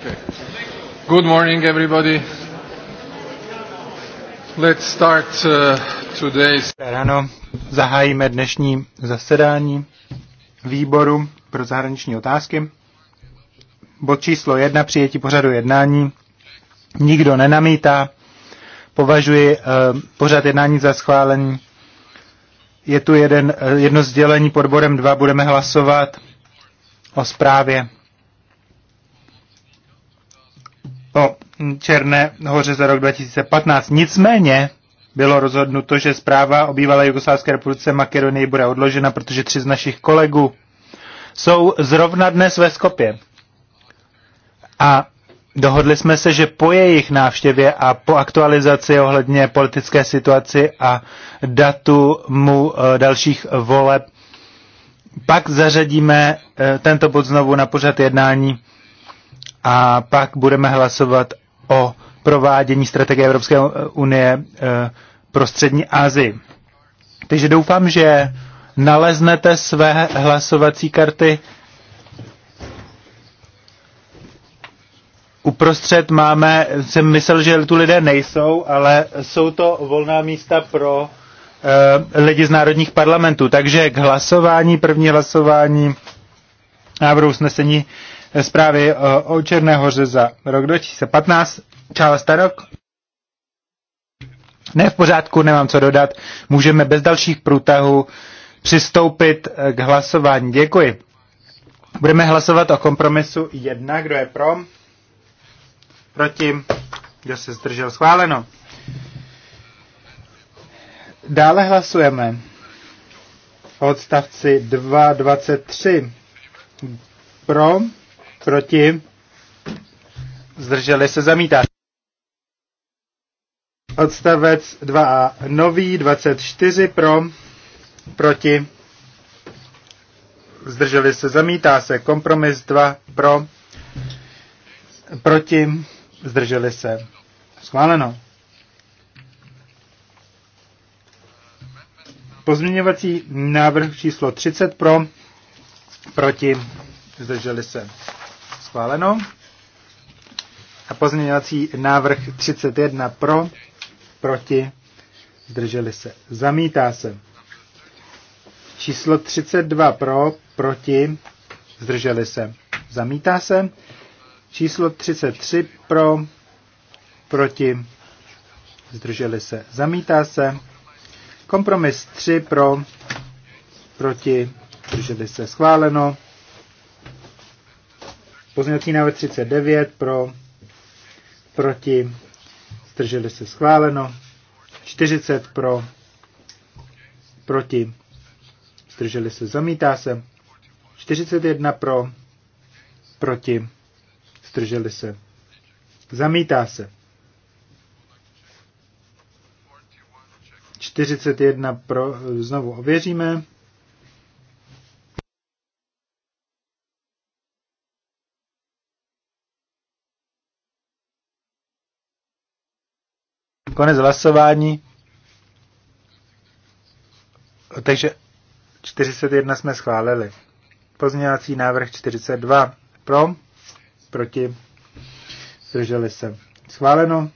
Okay. Good morning, everybody. Let's start uh, today's. Ráno zahájíme dnešní zasedání výboru pro zahraniční otázky. Bod číslo jedna, přijetí pořadu jednání. Nikdo nenamítá. Považuji uh, pořad jednání za schválení. Je tu jeden, uh, jedno sdělení pod bodem 2. Budeme hlasovat o zprávě o Černé hoře za rok 2015. Nicméně bylo rozhodnuto, že zpráva o bývalé Jugoslávské republice Makedonii bude odložena, protože tři z našich kolegů jsou zrovna dnes ve Skopě. A dohodli jsme se, že po jejich návštěvě a po aktualizaci ohledně politické situaci a datu mu e, dalších voleb, pak zařadíme e, tento bod znovu na pořad jednání a pak budeme hlasovat o provádění strategie Evropské unie eh, pro střední Asii. Takže doufám, že naleznete své hlasovací karty. Uprostřed máme, jsem myslel, že tu lidé nejsou, ale jsou to volná místa pro uh, lidi z národních parlamentů. Takže k hlasování, první hlasování návrhu usnesení Eh, zprávy eh, o Černé hoře za rok 2015. Čau, Starok. Ne v pořádku, nemám co dodat. Můžeme bez dalších průtahů přistoupit eh, k hlasování. Děkuji. Budeme hlasovat o kompromisu 1. Kdo je pro? Proti? Kdo se zdržel? Schváleno. Dále hlasujeme o odstavci 2.23. Pro? proti, zdrželi se zamítá. Odstavec 2a nový, 24 pro, proti, zdrželi se zamítá se. Kompromis 2 pro, proti, zdrželi se. Schváleno. Pozměňovací návrh číslo 30 pro, proti, zdrželi se. Schváleno. A pozměňovací návrh 31 pro, proti, zdrželi se. Zamítá se. Číslo 32 pro, proti, zdrželi se. Zamítá se. Číslo 33 pro, proti, zdrželi se. Zamítá se. Kompromis 3 pro, proti, zdrželi se. Schváleno. Pozměňovací návrh 39 pro, proti, zdrželi se schváleno. 40 pro, proti, zdrželi se, zamítá se. 41 pro, proti, zdrželi se, zamítá se. 41 pro, znovu ověříme. Konec hlasování. Takže 41 jsme schválili. Pozměňovací návrh 42. Pro, proti, zdrželi se. Schváleno.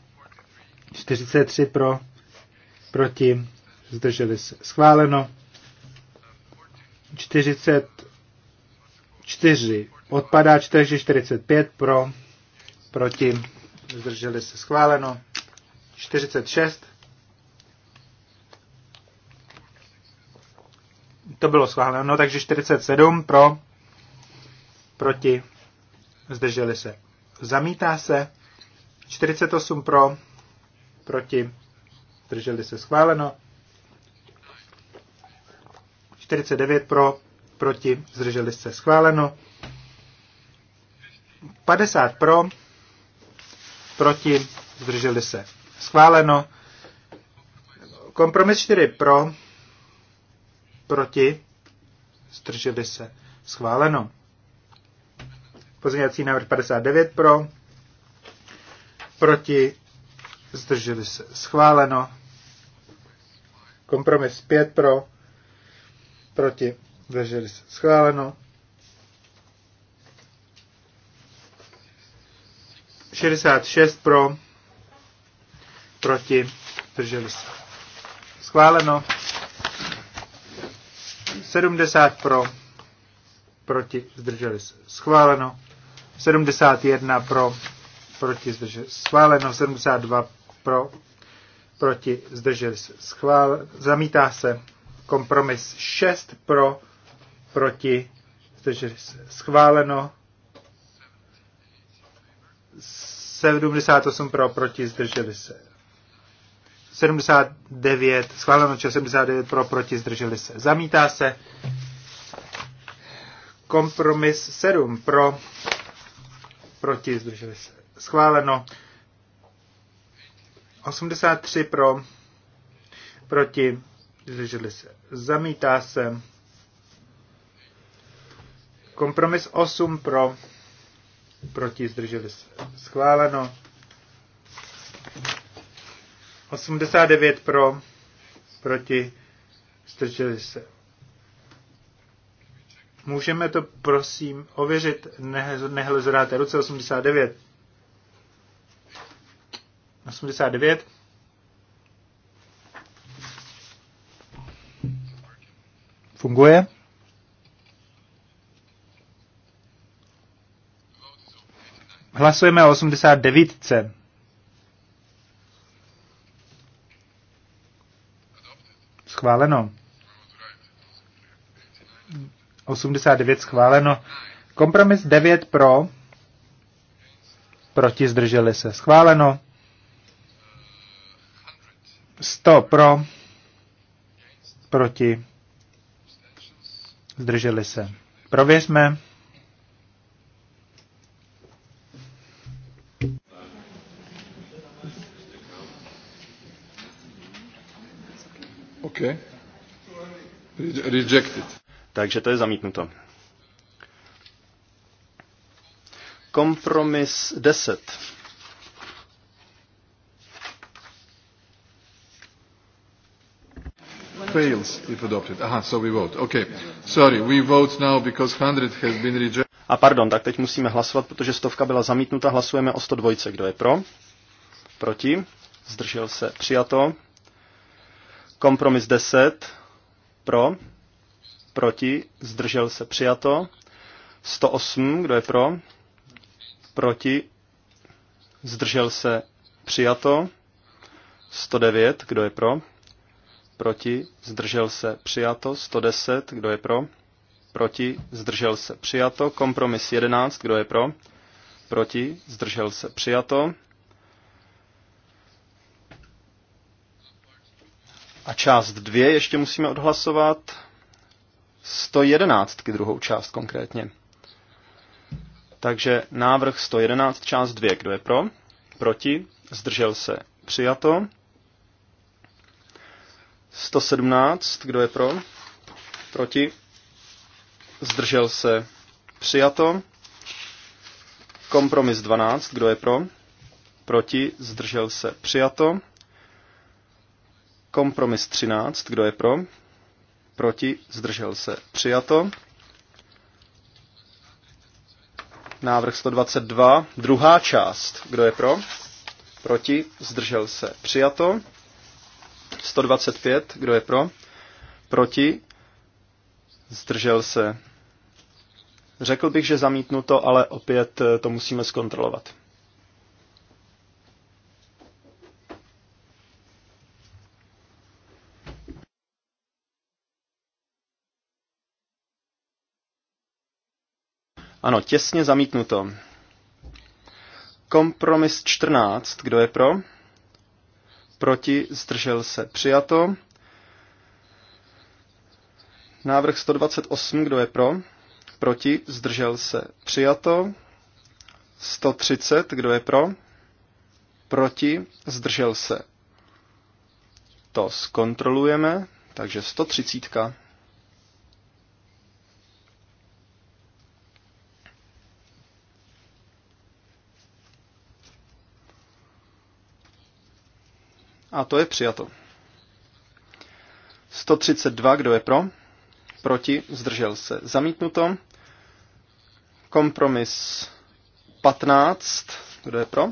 43 pro, proti, zdrželi se. Schváleno. 44 odpadá, 445 pro, proti, zdrželi se. Schváleno. 46. To bylo schváleno, no takže 47 pro, proti, zdrželi se. Zamítá se 48 pro, proti, zdrželi se schváleno. 49 pro, proti, zdrželi se schváleno. 50 pro, proti, zdrželi se Schváleno. Kompromis 4 pro, proti, zdrželi se. Schváleno. Pozměňovací návrh 59 pro, proti, zdrželi se. Schváleno. Kompromis 5 pro, proti, zdrželi se. Schváleno. 66 pro, proti, zdrželi se. Schváleno. 70 pro, proti, zdrželi se. Schváleno. 71 pro, proti, zdrželi se. Schváleno. 72 pro, proti, zdrželi se. Schvál, zamítá se. Kompromis 6 pro, proti, zdrželi se. Schváleno. 78 pro, proti, zdrželi se 79, schváleno 79 pro, proti, zdrželi se. Zamítá se kompromis 7 pro, proti, zdrželi se. Schváleno 83 pro, proti, zdrželi se. Zamítá se kompromis 8 pro, proti, zdrželi se. Schváleno 89 pro, proti, strčili se. Můžeme to prosím ověřit, nehle ruce 89. 89. Funguje? Hlasujeme o 89. schváleno. 89 schváleno. Kompromis 9 pro, proti zdrželi se. Schváleno. 100 pro, proti zdrželi se. Prověřme. Okay. Rejected. Takže to je zamítnuto. Kompromis 10. fails if adopted. Aha, so we vote. Okay. Sorry, we vote now because 100 has been rejected. A pardon, tak teď musíme hlasovat, protože stovka byla zamítnuta. Hlasujeme o 102. Kdo je pro? Proti? Zdržel se. Přijato. Kompromis 10 pro, proti, zdržel se přijato. 108, kdo je pro, proti, zdržel se přijato. 109, kdo je pro, proti, zdržel se přijato. 110, kdo je pro, proti, zdržel se přijato. Kompromis 11, kdo je pro, proti, zdržel se přijato. A část dvě ještě musíme odhlasovat. 111, druhou část konkrétně. Takže návrh 111, část 2. Kdo je pro? Proti? Zdržel se? Přijato. 117, kdo je pro? Proti? Zdržel se? Přijato. Kompromis 12, kdo je pro? Proti? Zdržel se? Přijato. Kompromis 13, kdo je pro? Proti, zdržel se, přijato. Návrh 122, druhá část, kdo je pro? Proti, zdržel se, přijato. 125, kdo je pro? Proti, zdržel se. Řekl bych, že zamítnuto, ale opět to musíme zkontrolovat. Ano, těsně zamítnuto. Kompromis 14. Kdo je pro? Proti? Zdržel se. Přijato. Návrh 128. Kdo je pro? Proti? Zdržel se. Přijato. 130. Kdo je pro? Proti? Zdržel se. To zkontrolujeme. Takže 130. A to je přijato. 132, kdo je pro? Proti, zdržel se. Zamítnuto. Kompromis 15, kdo je pro?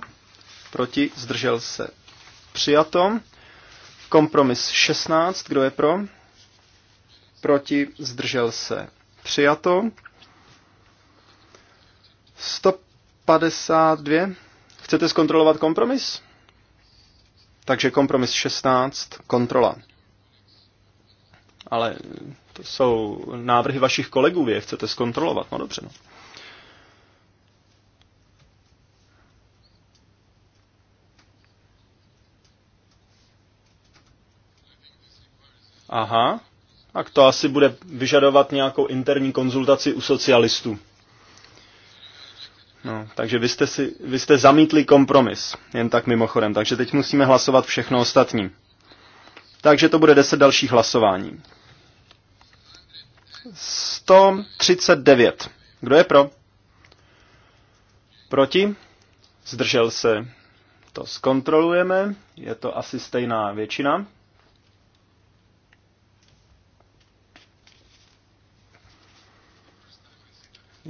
Proti, zdržel se. Přijato. Kompromis 16, kdo je pro? Proti, zdržel se. Přijato. 152. Chcete zkontrolovat kompromis? Takže kompromis 16, kontrola. Ale to jsou návrhy vašich kolegů, vy je chcete zkontrolovat. No dobře, no. Aha, tak to asi bude vyžadovat nějakou interní konzultaci u socialistů. No, takže vy jste, si, vy jste zamítli kompromis, jen tak mimochodem, takže teď musíme hlasovat všechno ostatní. Takže to bude 10 dalších hlasování. 139. Kdo je pro? Proti? Zdržel se. To zkontrolujeme. Je to asi stejná většina.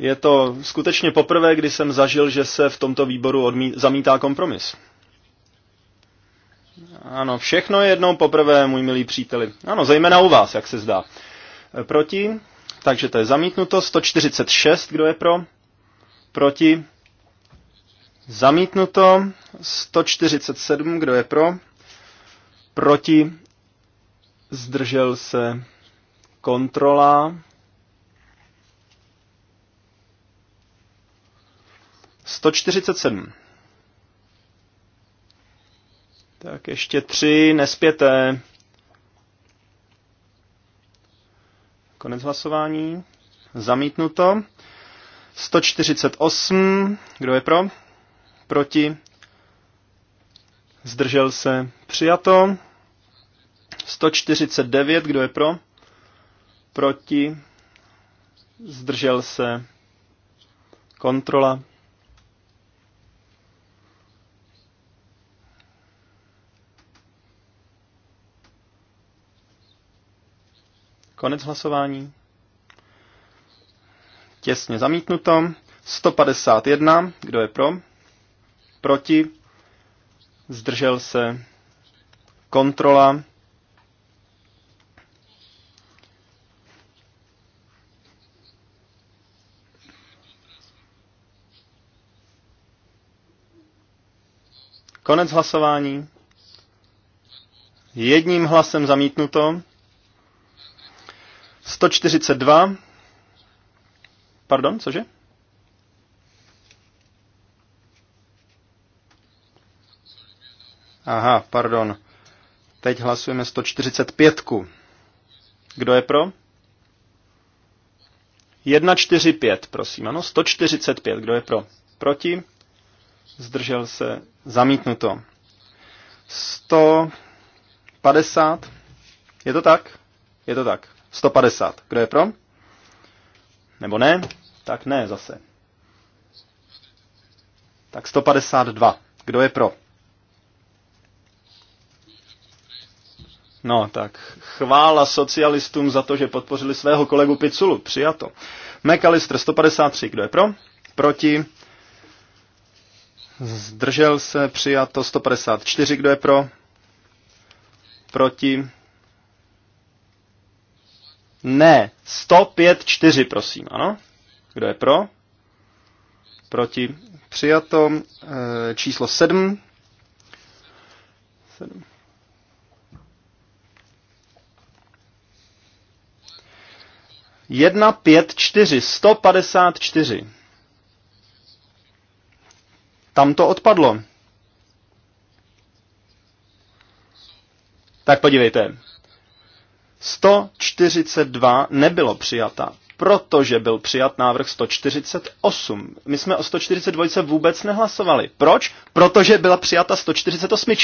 Je to skutečně poprvé, kdy jsem zažil, že se v tomto výboru odmí- zamítá kompromis. Ano, všechno je jednou poprvé, můj milý příteli. Ano, zejména u vás, jak se zdá. Proti, takže to je zamítnuto. 146, kdo je pro? Proti. Zamítnuto. 147, kdo je pro? Proti. Zdržel se kontrola. 147. Tak ještě tři, nespěté. Konec hlasování. Zamítnuto. 148. Kdo je pro? Proti? Zdržel se. Přijato. 149. Kdo je pro? Proti? Zdržel se. Kontrola. Konec hlasování. Těsně zamítnuto. 151. Kdo je pro? Proti? Zdržel se? Kontrola? Konec hlasování. Jedním hlasem zamítnuto. 142. Pardon, cože? Aha, pardon. Teď hlasujeme 145. Kdo je pro? 145, prosím. Ano, 145. Kdo je pro? Proti? Zdržel se. Zamítnuto. 150. Je to tak? Je to tak. 150. Kdo je pro? Nebo ne? Tak ne zase. Tak 152. Kdo je pro? No tak chvála socialistům za to, že podpořili svého kolegu Piculu. Přijato. McAllister 153. Kdo je pro? Proti. Zdržel se. Přijato 154. Kdo je pro? Proti. Ne, 105.4 prosím, ano. Kdo je pro? Proti přijato. E, číslo 7. 7. Jedna, pět, čtyři, sto padesát čtyři. Tam to odpadlo. Tak podívejte, 142 nebylo přijata, protože byl přijat návrh 148. My jsme o 142 vůbec nehlasovali. Proč? Protože byla přijata 148.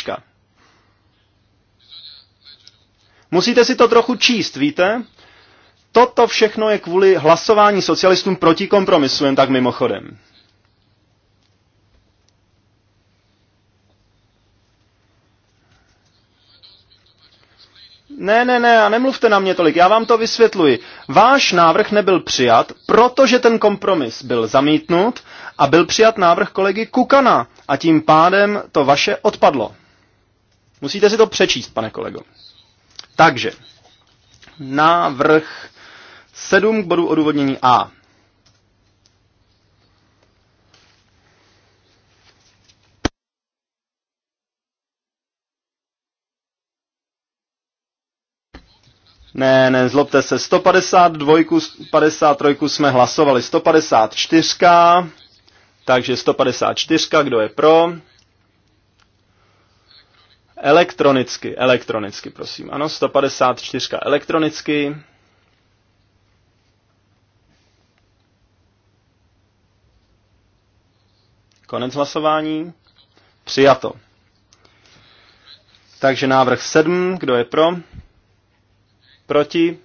Musíte si to trochu číst, víte? Toto všechno je kvůli hlasování socialistům proti kompromisu, jen tak mimochodem. Ne, ne, ne, a nemluvte na mě tolik, já vám to vysvětluji. Váš návrh nebyl přijat, protože ten kompromis byl zamítnut a byl přijat návrh kolegy Kukana a tím pádem to vaše odpadlo. Musíte si to přečíst, pane kolego. Takže, návrh 7 k bodu odůvodnění A. Ne, ne, zlobte se. 152, 53 jsme hlasovali. 154, takže 154, kdo je pro? Elektronicky, elektronicky, prosím. Ano, 154 elektronicky. Konec hlasování. Přijato. Takže návrh 7, kdo je pro? Proti?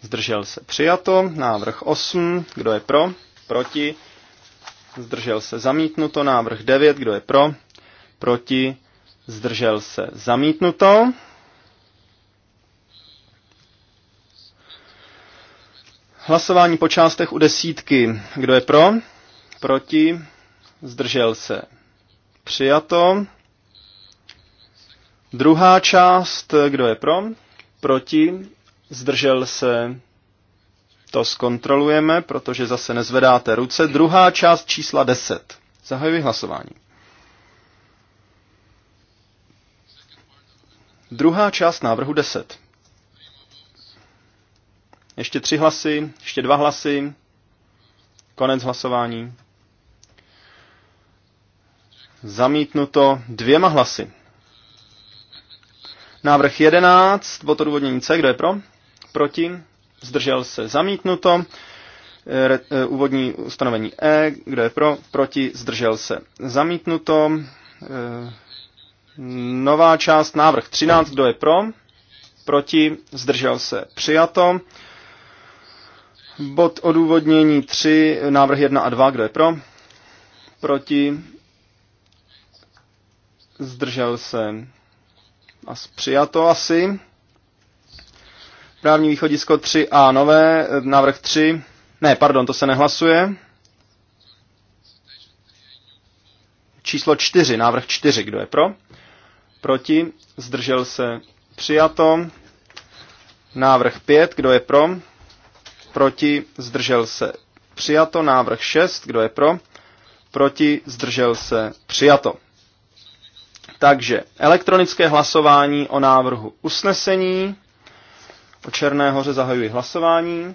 Zdržel se přijato. Návrh 8. Kdo je pro? Proti? Zdržel se zamítnuto. Návrh 9. Kdo je pro? Proti? Zdržel se zamítnuto. Hlasování po částech u desítky. Kdo je pro? Proti? Zdržel se. Přijato. Druhá část. Kdo je pro? proti, zdržel se, to zkontrolujeme, protože zase nezvedáte ruce. Druhá část čísla 10. Zahajuji hlasování. Druhá část návrhu 10. Ještě tři hlasy, ještě dva hlasy. Konec hlasování. Zamítnuto dvěma hlasy. Návrh 11, bod odůvodnění C, kdo je pro? Proti? Zdržel se zamítnuto. Re, e, úvodní ustanovení E, kdo je pro? Proti? Zdržel se zamítnuto. E, nová část, návrh 13, kdo je pro? Proti? Zdržel se přijato. Bod odůvodnění 3, návrh 1 a 2, kdo je pro? Proti? Zdržel se a přijato asi. Právní východisko 3a nové, návrh 3, ne, pardon, to se nehlasuje. Číslo 4, návrh 4, kdo je pro? Proti, zdržel se, přijato. Návrh 5, kdo je pro? Proti, zdržel se, přijato. Návrh 6, kdo je pro? Proti, zdržel se, přijato. Takže elektronické hlasování o návrhu usnesení. O Černé hoře zahajuji hlasování.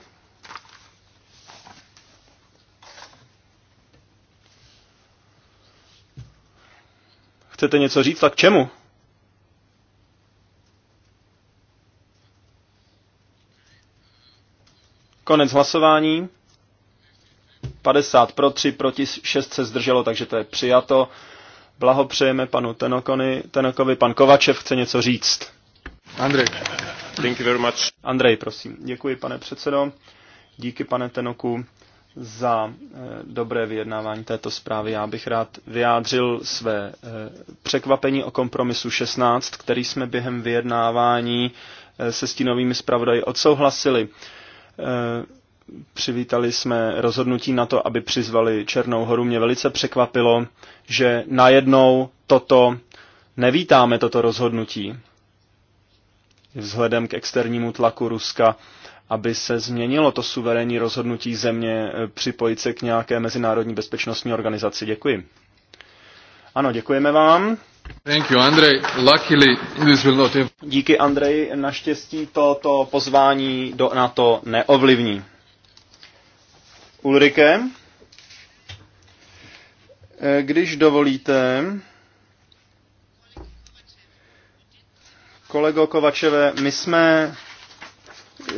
Chcete něco říct? Tak čemu? Konec hlasování. 50 pro, 3 proti, 6 se zdrželo, takže to je přijato. Blahopřejeme panu Tenokony, Tenokovi. Pan Kovačev chce něco říct. Andrej. Thank you very much. Andrej, prosím. Děkuji, pane předsedo. Díky, pane Tenoku, za eh, dobré vyjednávání této zprávy. Já bych rád vyjádřil své eh, překvapení o kompromisu 16, který jsme během vyjednávání eh, se stínovými zpravodaji odsouhlasili přivítali jsme rozhodnutí na to, aby přizvali Černou horu. Mě velice překvapilo, že najednou toto nevítáme, toto rozhodnutí, vzhledem k externímu tlaku Ruska, aby se změnilo to suverénní rozhodnutí země eh, připojit se k nějaké mezinárodní bezpečnostní organizaci. Děkuji. Ano, děkujeme vám. Thank you, Andrej. Luckily, this will not have... Díky, Andrej. Naštěstí toto pozvání do NATO neovlivní. Ulrike, eh, když dovolíte, kolego Kovačeve, my jsme, eh,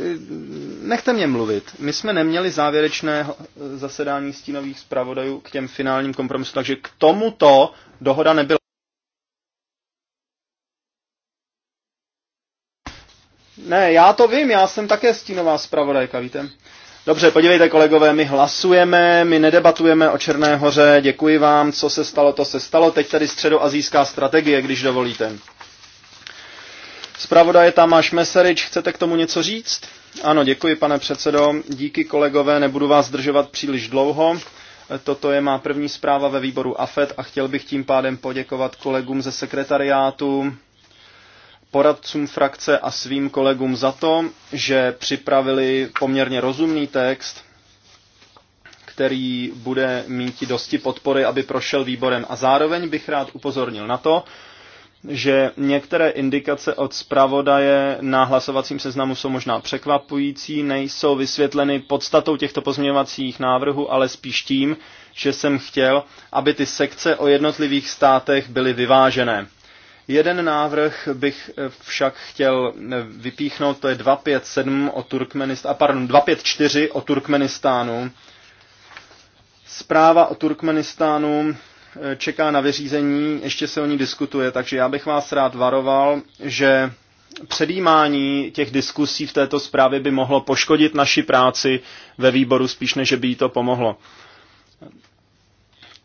nechte mě mluvit, my jsme neměli závěrečné zasedání stínových zpravodajů k těm finálním kompromisům, takže k tomuto dohoda nebyla. Ne, já to vím, já jsem také stínová zpravodajka, víte. Dobře, podívejte kolegové, my hlasujeme, my nedebatujeme o Černé hoře, děkuji vám, co se stalo, to se stalo, teď tady středoazijská strategie, když dovolíte. Zpravodaje Tamáš Meserič, chcete k tomu něco říct? Ano, děkuji pane předsedo, díky kolegové, nebudu vás zdržovat příliš dlouho. Toto je má první zpráva ve výboru AFET a chtěl bych tím pádem poděkovat kolegům ze sekretariátu, poradcům frakce a svým kolegům za to, že připravili poměrně rozumný text, který bude mít dosti podpory, aby prošel výborem. A zároveň bych rád upozornil na to, že některé indikace od zpravodaje na hlasovacím seznamu jsou možná překvapující, nejsou vysvětleny podstatou těchto pozměňovacích návrhů, ale spíš tím, že jsem chtěl, aby ty sekce o jednotlivých státech byly vyvážené. Jeden návrh bych eh, však chtěl eh, vypíchnout, to je 257 o Turkmenistánu, pardon, 254 o Turkmenistánu. Zpráva o Turkmenistánu eh, čeká na vyřízení, ještě se o ní diskutuje, takže já bych vás rád varoval, že předjímání těch diskusí v této zprávě by mohlo poškodit naši práci ve výboru spíš než by jí to pomohlo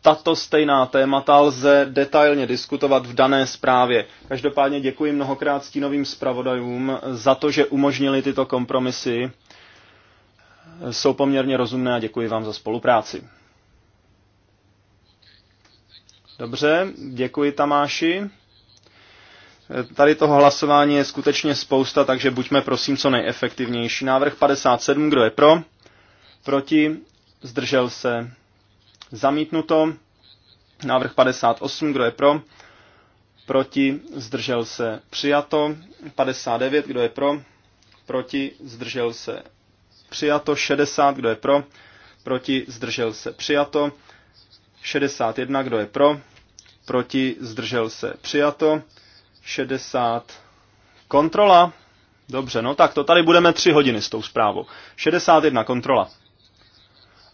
tato stejná témata lze detailně diskutovat v dané zprávě. Každopádně děkuji mnohokrát stínovým zpravodajům za to, že umožnili tyto kompromisy. Jsou poměrně rozumné a děkuji vám za spolupráci. Dobře, děkuji Tamáši. Tady toho hlasování je skutečně spousta, takže buďme prosím co nejefektivnější. Návrh 57, kdo je pro? Proti? Zdržel se? Zamítnuto. Návrh 58, kdo je pro? Proti, zdržel se, přijato. 59, kdo je pro? Proti, zdržel se, přijato. 60, kdo je pro? Proti, zdržel se, přijato. 61, kdo je pro? Proti, zdržel se, přijato. 60, kontrola. Dobře, no tak to tady budeme tři hodiny s tou zprávou. 61, kontrola.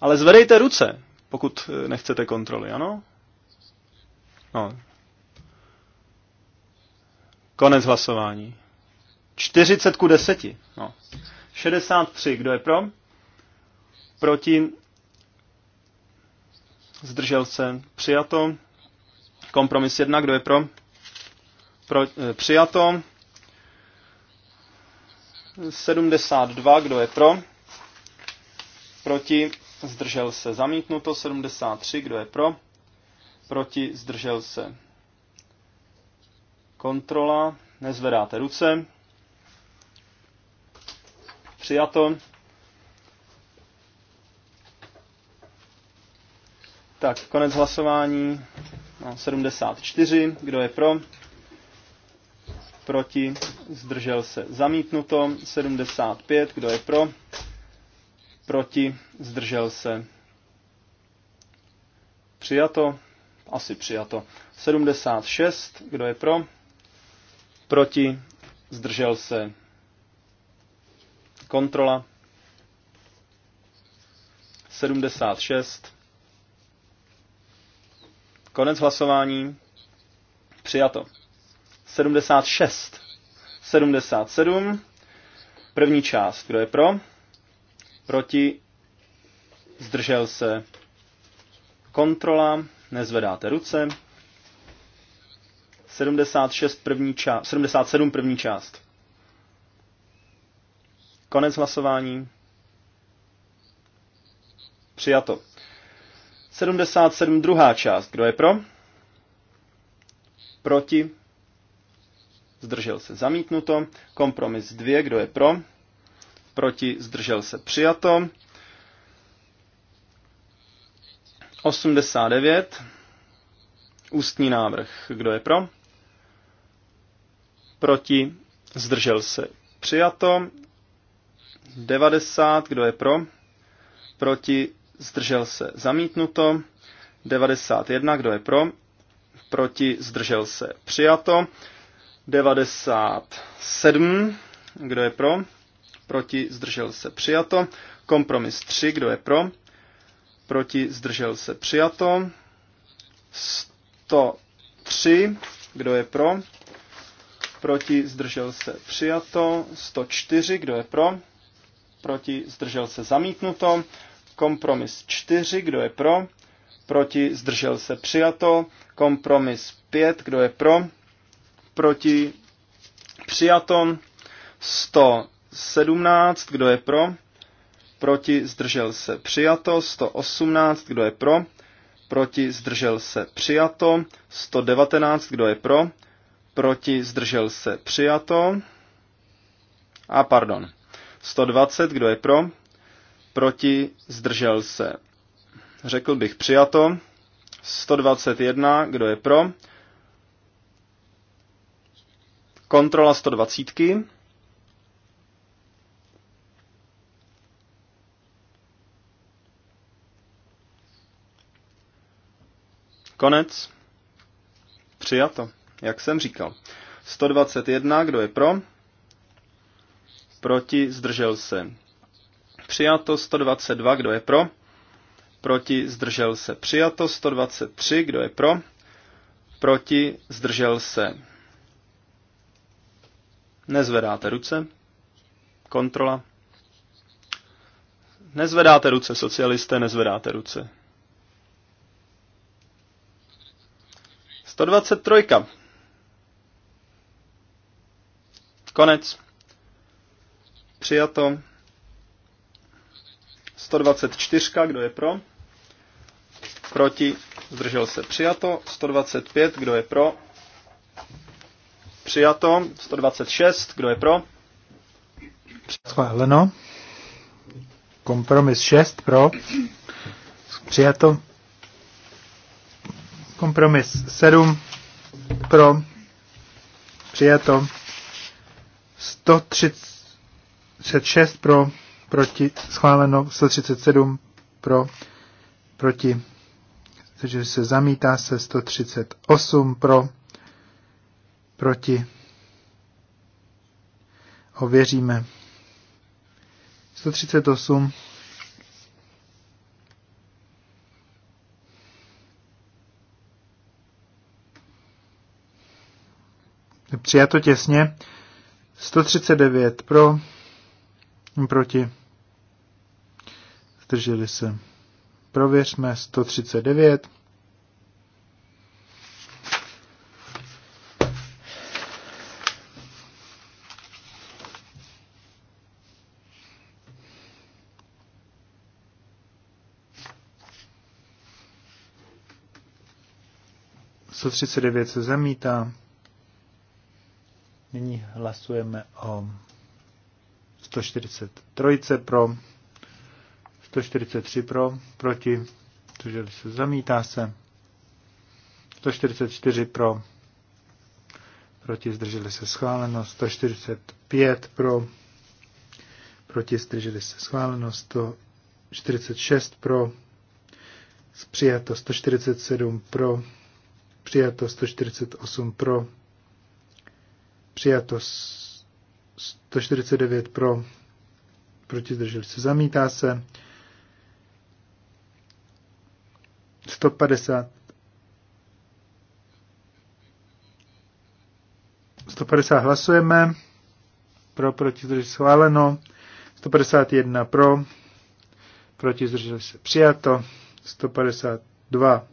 Ale zvedejte ruce. Pokud eh, nechcete kontroly, ano? No. Konec hlasování. 40 ku 10. No. 63. Kdo je pro? Proti? Zdržel se. Přijato. Kompromis 1. Kdo je pro? pro eh, přijato. 72. Kdo je pro? Proti? zdržel se zamítnuto, 73, kdo je pro, proti, zdržel se. Kontrola, nezvedáte ruce. Přijato. Tak, konec hlasování. No, 74, kdo je pro? Proti, zdržel se. Zamítnuto. 75, kdo je pro? proti, zdržel se. Přijato, asi přijato. 76, kdo je pro, proti, zdržel se. Kontrola. 76. Konec hlasování. Přijato. 76. 77. První část. Kdo je pro? proti, zdržel se, kontrola, nezvedáte ruce, 76 první část, 77 první část. Konec hlasování. Přijato. 77 druhá část. Kdo je pro? Proti? Zdržel se zamítnuto. Kompromis 2. Kdo je pro? proti, zdržel se, přijato. 89, ústní návrh, kdo je pro, proti, zdržel se, přijato. 90, kdo je pro, proti, zdržel se, zamítnuto. 91, kdo je pro, proti, zdržel se, přijato. 97, kdo je pro, proti, zdržel se, přijato. Kompromis 3, kdo je pro, proti, zdržel se, přijato. 103, kdo je pro, proti, zdržel se, přijato. 104, kdo je pro, proti, zdržel se, zamítnuto. Kompromis 4, kdo je pro, proti, zdržel se, přijato. Kompromis 5, kdo je pro, proti, přijato. 103. 117, kdo je pro, proti, zdržel se, přijato. 118, kdo je pro, proti, zdržel se, přijato. 119, kdo je pro, proti, zdržel se, přijato. A pardon. 120, kdo je pro, proti, zdržel se. Řekl bych přijato. 121, kdo je pro. Kontrola 120. Konec. Přijato, jak jsem říkal. 121, kdo je pro? Proti, zdržel se. Přijato 122, kdo je pro? Proti, zdržel se. Přijato 123, kdo je pro? Proti, zdržel se. Nezvedáte ruce? Kontrola. Nezvedáte ruce, socialisté, nezvedáte ruce. 123. Konec. Přijato. 124. Kdo je pro? Proti. Zdržel se. Přijato. 125. Kdo je pro? Přijato. 126. Kdo je pro? Schváleno. Kompromis 6 pro. Přijato. Kompromis 7 pro přijato. 136 pro proti schváleno. 137 pro proti. Takže se zamítá se 138 pro proti. Ověříme. 138 Přijato těsně. 139 pro, proti, zdrželi se. Prověřme 139. devět se zamítá. Nyní hlasujeme o 143 pro, 143 pro, proti, protože se, zamítá se. 144 pro, proti, zdrželi se, schváleno. 145 pro, proti, zdrželi se, schváleno. 146 pro, přijato 147 pro, přijato 148 pro, Přijato 149 pro, proti zdrželi se, zamítá se. 150 150 hlasujeme. Pro, proti, zdrželi se schváleno. 151 pro, proti, zdrželi se přijato. 152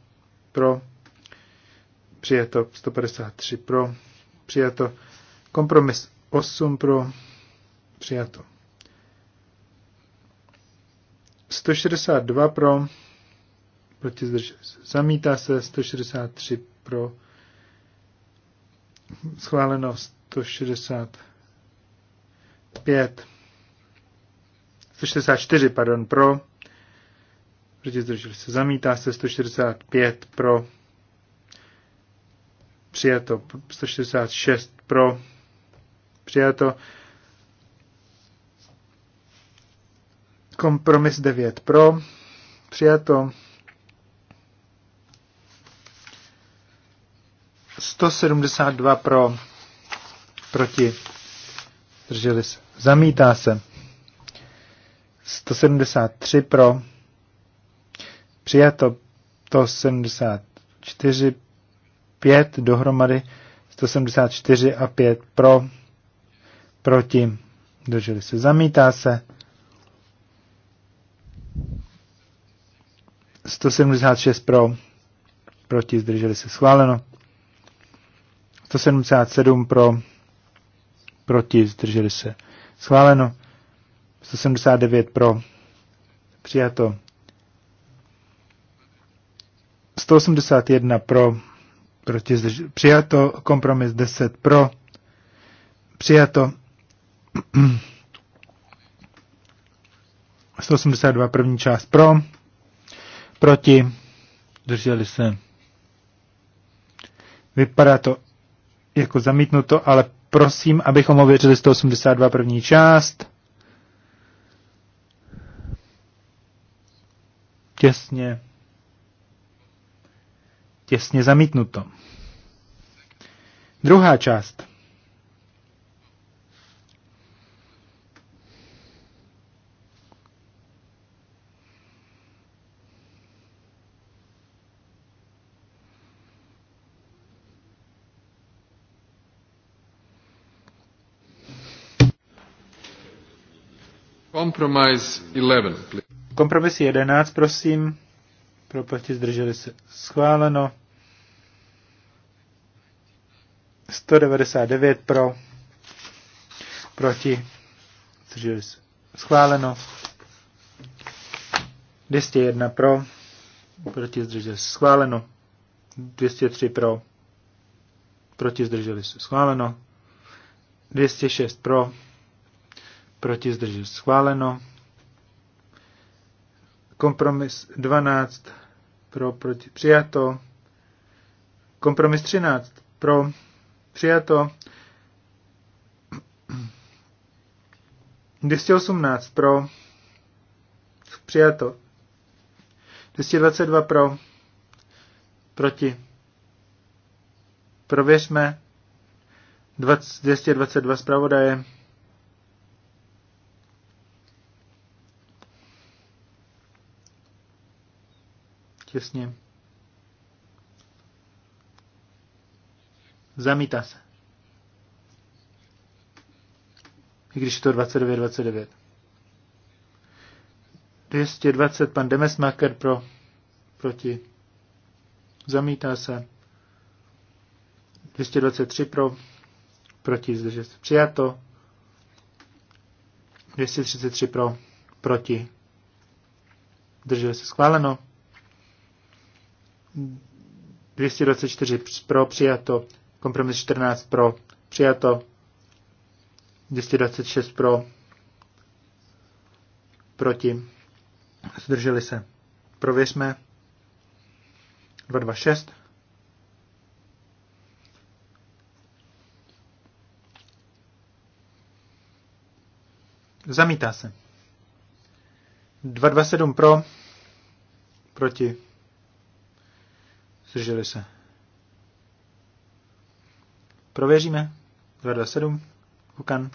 pro, přijato. 153 pro, přijato. Kompromis 8 pro přijato. 162 pro, proti zdrž, zamítá se 163 pro, schváleno 165, 164, pardon, pro, proti zdrželi se, zamítá se 165 pro, přijato 166 pro, přijato. Kompromis 9 pro, přijato. 172 pro, proti, drželi se, zamítá se. 173 pro, přijato 174, 5 dohromady, 174 a 5 pro, proti, drželi se, zamítá se. 176 pro, proti, zdrželi se, schváleno. 177 pro, proti, zdrželi se, schváleno. 179 pro, přijato. 181 pro, proti, zdrž, přijato, kompromis 10 pro, přijato. 182 první část pro, proti, drželi se. Vypadá to jako zamítnuto, ale prosím, abychom ověřili 182 první část. Těsně. Těsně zamítnuto. Druhá část. Compromise 11, please. Kompromis 11, prosím. Pro proti zdrželi se. Schváleno. 199 pro. Proti. Zdrželi se. Schváleno. 201 pro. Proti zdrželi se. Schváleno. 203 pro. Proti zdrželi se. Schváleno. 206 pro proti zdržel schváleno. Kompromis 12 pro proti přijato. Kompromis 13 pro přijato. 218 pro přijato. 222 pro proti. Prověřme 222 zpravodaje. těsně. Zamítá se. I když je to 29-29. 220 pan Demesmaker pro, proti. Zamítá se. 223 pro, proti zdržet se. Přijato. 233 pro, proti. Drželi se schváleno. 224 pro přijato, kompromis 14 pro přijato, 226 pro proti, zdrželi se. Prověřme 226. Zamítá se. 227 pro, proti Zdrželi se. Prověříme. 227. Kukan.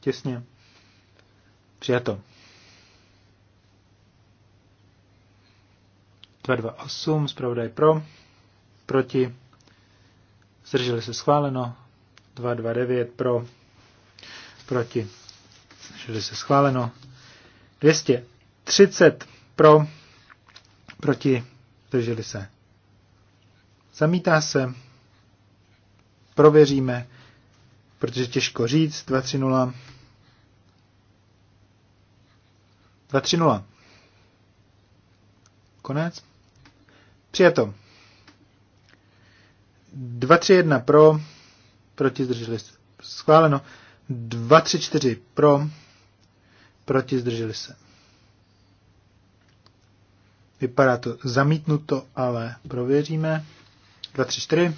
Těsně. Přijato. 228. Zpravodaj pro. Proti. Zdrželi se schváleno. 229 pro. Proti. Zdrželi se schváleno. 200 30 pro, proti, drželi se. Zamítá se, prověříme, protože těžko říct, 2-3-0. 2-3-0. Konec. Přijato. 2-3-1 pro, proti zdrželi se. Schváleno. 2-3-4 pro, proti zdrželi se. Vypadá to zamítnuto, ale prověříme. 2, 3, 4.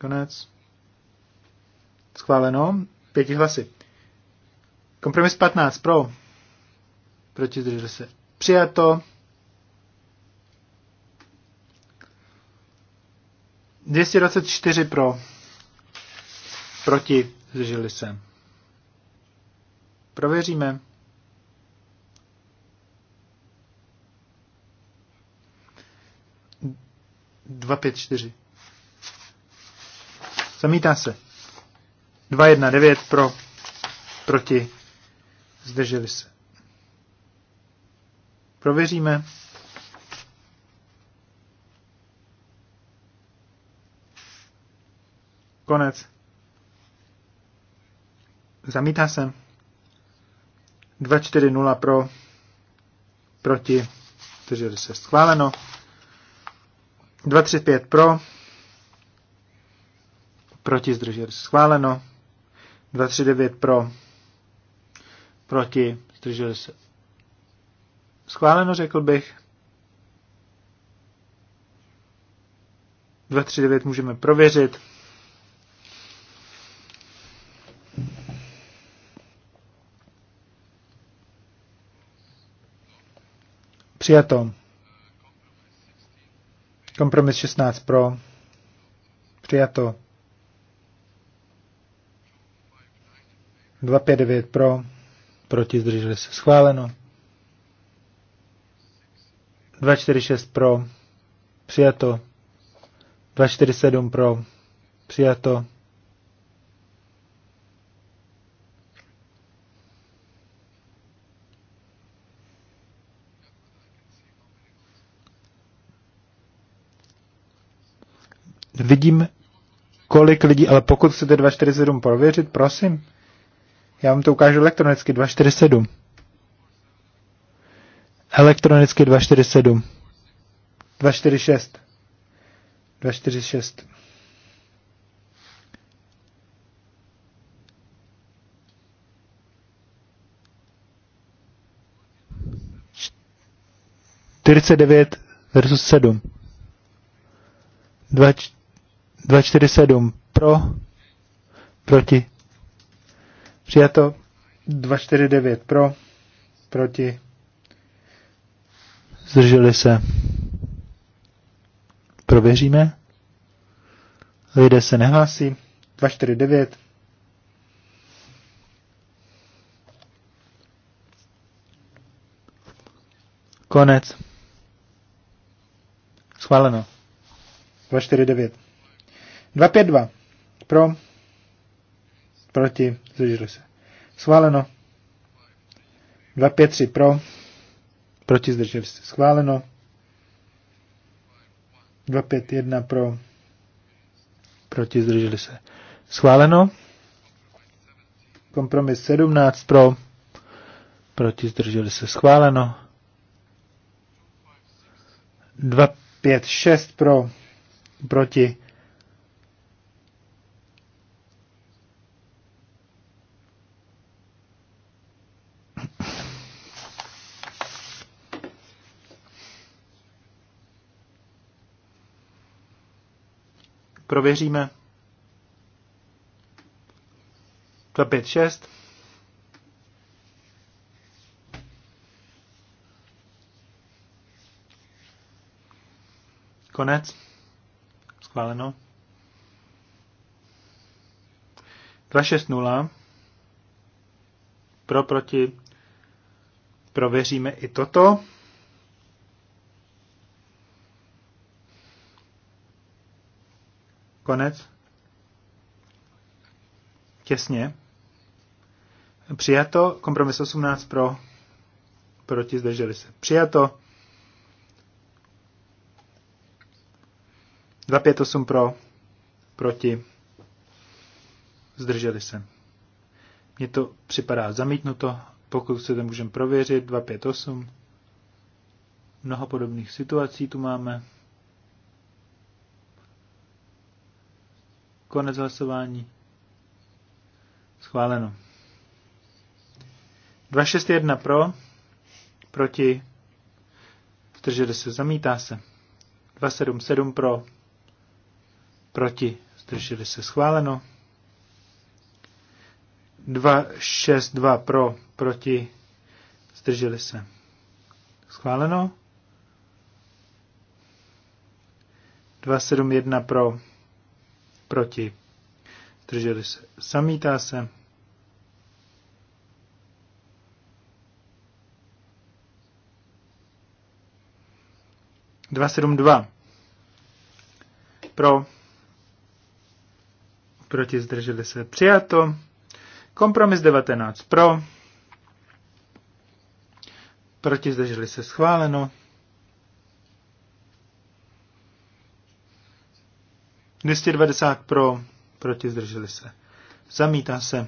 Konec. Schváleno. Pěti hlasy. Kompromis 15 pro. Proti zdrželi se. Přijato. 224 pro. Proti zdrželi se. Prověříme. Dva, pět, čtyři. Zamítá se. dva jedna devět pro, proti, zdrželi se. Prověříme. Konec. Zamítá se. 240 pro, proti, zdrželi se schváleno. 235 pro, proti, zdrželi se schváleno. 239 pro, proti, zdrželi se schváleno, řekl bych. 239 můžeme prověřit. Přijato. Kompromis 16 pro. Přijato. 259 pro. Proti zdrželi se. Schváleno. 246 pro. Přijato. 247 pro. Přijato. vidím, kolik lidí, ale pokud chcete 247 prověřit, prosím, já vám to ukážu elektronicky, 247. Elektronicky 247. 246. 246. Čtyřicet devět versus sedm. 247 pro, proti, přijato, 249 pro, proti, zdrželi se. Prověříme. Lidé se nehlásí. 249. Konec. Schváleno. 249. 252. Pro. Proti. Zdrželi se. Schváleno. 253 pro. Proti zdrželi se. Schváleno. 251 pro. Proti zdrželi se. Schváleno. Kompromis 17 pro. Proti zdrželi se. Schváleno. 256 pro. Proti Prověříme. 6. Konec. Schváleno. 0. Pro, proti. Prověříme i toto. Konec. Těsně. Přijato. Kompromis 18 pro. Proti zdrželi se. Přijato. 258 pro. Proti. Zdrželi se. Mně to připadá zamítnuto, pokud se to můžeme prověřit, 258. Mnoho podobných situací tu máme. Konec hlasování. Schváleno. 261 pro, proti, zdrželi se, zamítá se. 277 pro, proti, zdrželi se, schváleno. 262 pro, proti, zdrželi se. Schváleno. 271 pro, proti, drželi se, Samítá se. Dva sedm dva. Pro. Proti zdrželi se. Přijato. Kompromis 19 pro. Proti zdrželi se schváleno. 290 pro, proti zdrželi se. Zamítá se.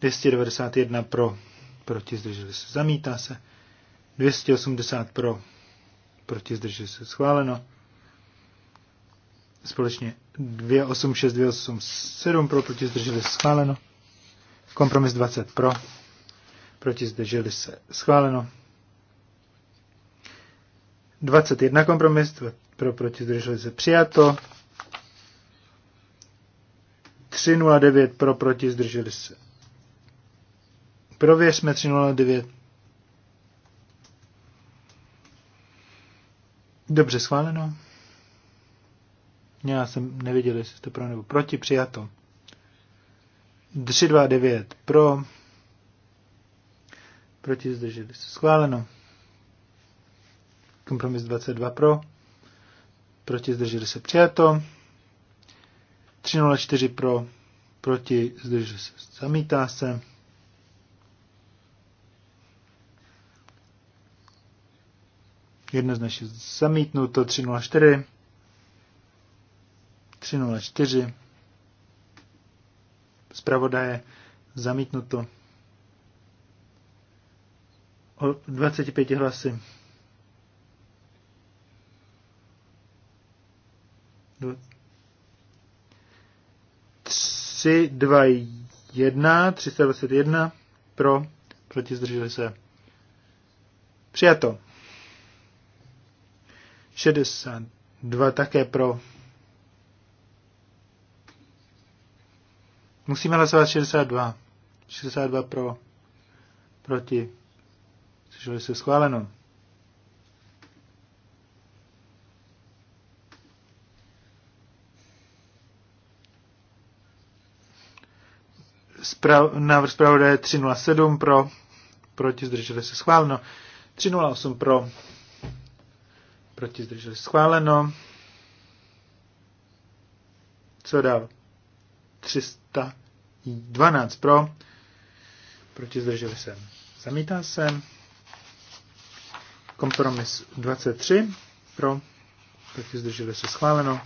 291 pro, proti zdrželi se. Zamítá se. 280 pro, proti zdrželi se. Schváleno. Společně 286, 287 pro, proti zdrželi se. Schváleno. Kompromis 20 pro, proti zdrželi se. Schváleno. 21 kompromis pro, proti zdrželi se. Přijato. 309 pro, proti, zdrželi se. Prověřme 309. Dobře, schváleno. Já jsem neviděl, jestli jste pro nebo proti, přijato. 329 pro, proti, zdrželi se. Schváleno. Kompromis 22 pro, proti, zdrželi se. Přijato. 304 pro, proti, zdržel se, zamítá se. Jednoznačně zamítnuto 304. 304. Zpravodaje zamítnuto o 25 hlasy. 3, 2, 1, 321 pro, proti zdrželi se. Přijato. 62 také pro. Musíme hlasovat 62. 62 pro, proti. Zdrželi se schváleno. návrh zpravodaje 307 pro, proti zdrželi se schváleno. 308 pro, proti zdrželi se schváleno. Co dál? 312 pro, proti zdrželi se. Zamítá se. Kompromis 23 pro, proti zdrželi se schváleno.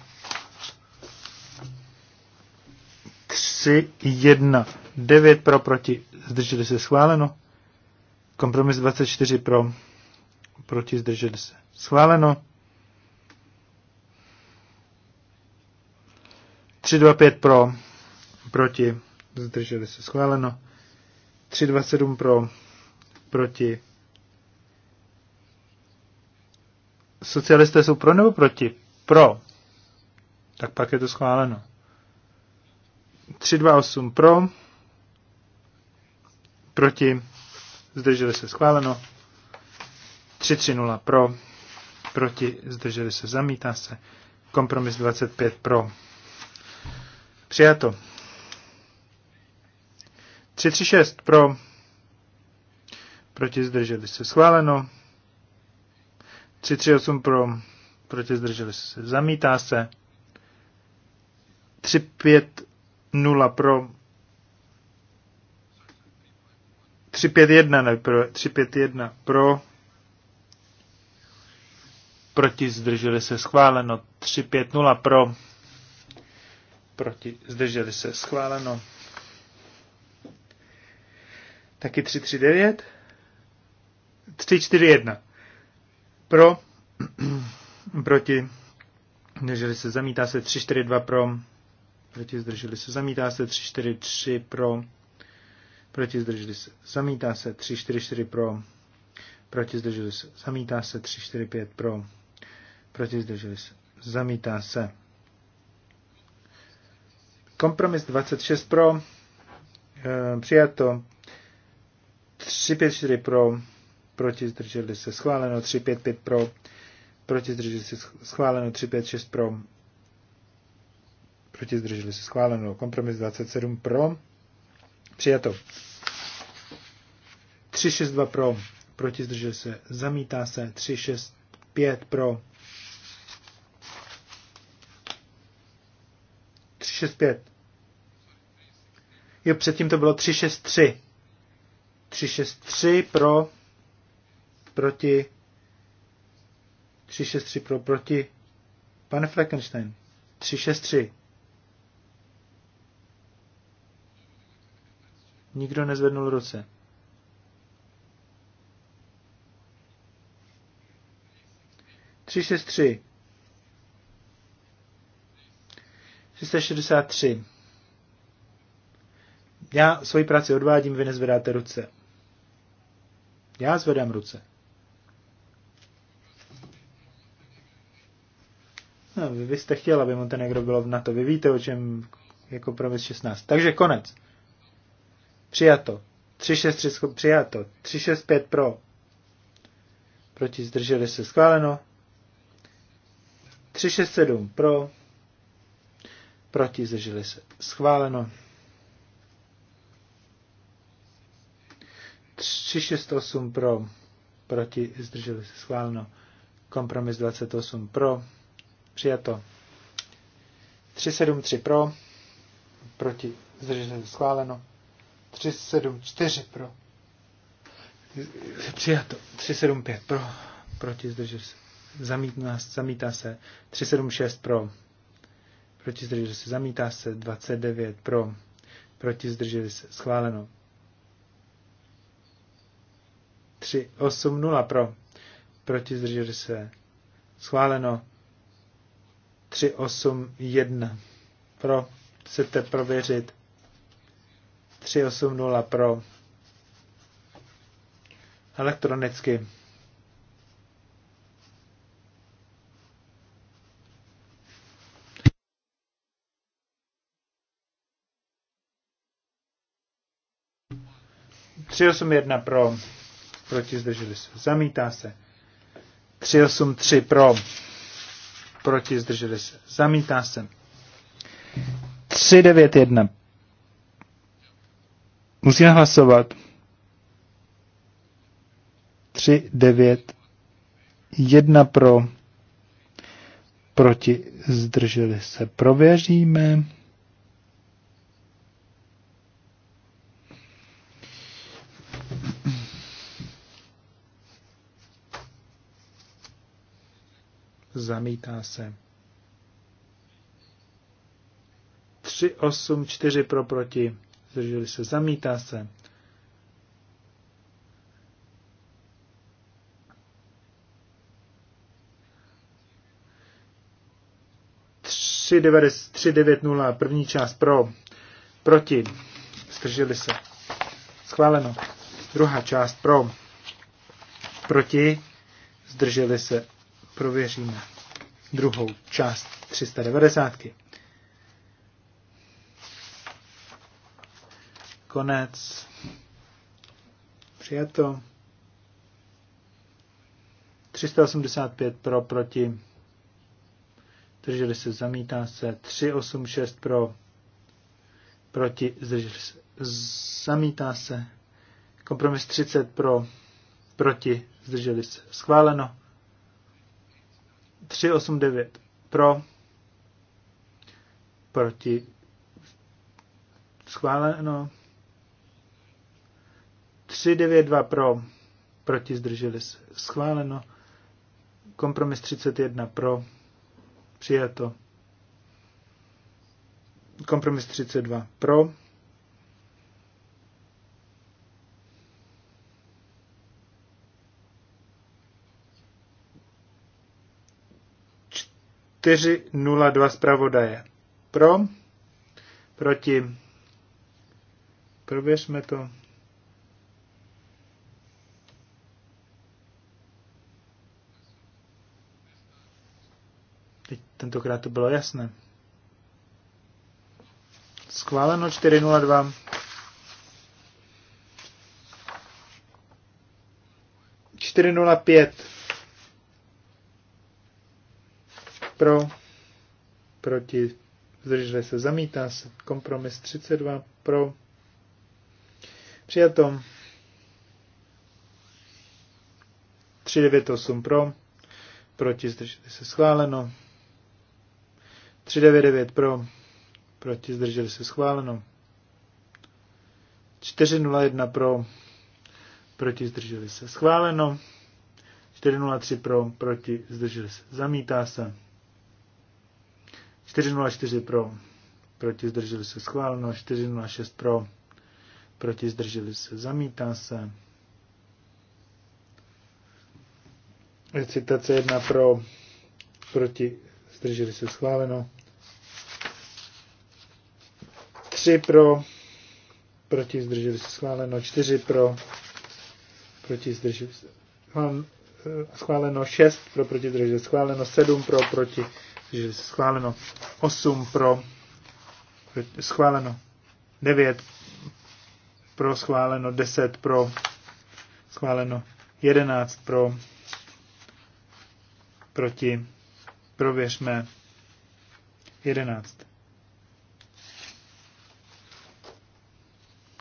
3, 1, 9 pro, proti, zdrželi se schváleno. Kompromis 24 pro, proti, zdrželi se schváleno. 325 pro, proti, zdrželi se schváleno. 327 pro, proti. Socialisté jsou pro nebo proti? Pro. Tak pak je to schváleno. 328 pro, proti, zdrželi se schváleno, 330 pro, proti, zdrželi se, zamítá se, kompromis 25 pro, přijato, 336 pro, proti, zdrželi se, schváleno, 3-3-8 pro, proti, zdrželi se, zamítá se, 350 pro, 351, ne, 5 1 pro, proti zdrželi se schváleno, 3-5-0 pro, proti zdrželi se schváleno, taky 3-4-1 pro, proti zdrželi se zamítá se 3-4-2 pro, proti zdrželi se zamítá se 3-4-3 pro, proti zdrželi se, zamítá se 3, 4, 4 pro, proti zdrželi se, zamítá se 3, 4, 5 pro, proti zdrželi se, zamítá se. Kompromis 26 pro, e, přijato 3, 5, 4 pro, proti zdrželi se, schváleno 3, 5, 5 pro, proti zdrželi se, schváleno 3, 5, 6 pro, proti zdrželi se, schváleno kompromis 27 pro, Přijato. 362 pro, proti zdržel se, zamítá se, 365 pro, 365. Jo, předtím to bylo 363. 363 pro, proti, 363 pro, proti, pane Frankenstein, 363. Nikdo nezvednul ruce. Tři šest tři. 363. Já svoji práci odvádím, vy nezvedáte ruce. Já zvedám ruce. No, vy, vy jste chtěl, aby Montenegro bylo v NATO. Vy víte, o čem jako promis 16. Takže konec. Přijato. 363 přijato. 365 pro. Proti zdrželi se schváleno. 367 pro. Proti zdrželi se schváleno. 368 pro. Proti zdrželi se schváleno. Kompromis 28 pro. Přijato. 373 pro. Proti zdrželi se schváleno. 374 pro. Přijato. 375 pro. Proti zdržel se. Zamítá, zamítá se. 376 pro. Proti zdržel se. Zamítá se. 29 pro. Proti zdržel se. Schváleno. 380 pro. Proti zdržel se. Schváleno. 381 pro. Chcete prověřit. 380 pro elektronicky. Tři osm jedna pro, proti zdrželi se, zamítá se. Tři osm tři pro, proti zdrželi se, zamítá se. Tři devět jedna Musíme hlasovat. 3, 9, 1 pro, proti, zdrželi se. Prověříme. Zamítá se. 3, 8, 4 pro proti zdrželi se, zamítá se. nula, první část pro, proti, zdrželi se. Schváleno. Druhá část pro, proti, zdrželi se. Prověříme druhou část 390. Konec. Přijato. 385 pro, proti. Drželi se, zamítá se. 386 pro, proti. Zdrželi se, zamítá se. Kompromis 30 pro, proti. Zdrželi se. Schváleno. 389 pro, proti schváleno 392 pro, proti zdrželi se. Schváleno. Kompromis 31 pro, přijato. Kompromis 32 pro. Čtyři nula dva zpravodaje. Pro, proti, prověřme to. Tentokrát to bylo jasné. Schváleno 402. Čtyři nula pět. Pro. Proti. Zdrželi se. Zamítá se. Kompromis 32. Pro. Přijato. 398 pro. Proti. Zdrželi se. Schváleno. 399 pro, proti zdrželi se schváleno. 401 pro, proti zdrželi se schváleno. 403 pro, proti zdrželi se zamítá se. 404 pro, proti zdrželi se schváleno. 406 pro, proti zdrželi se zamítá se. Recitace 1 pro, proti zdrželi se schváleno. 3 pro, proti zdrželi se schváleno, 4 pro, proti zdrželi se mám eh, schváleno 6 pro, proti zdrželi se schváleno, 7 pro, proti zdrželi se schváleno, 8 pro, schváleno, 9 pro, schváleno, 10 pro, schváleno, 11 pro, proti, prověřme, 11.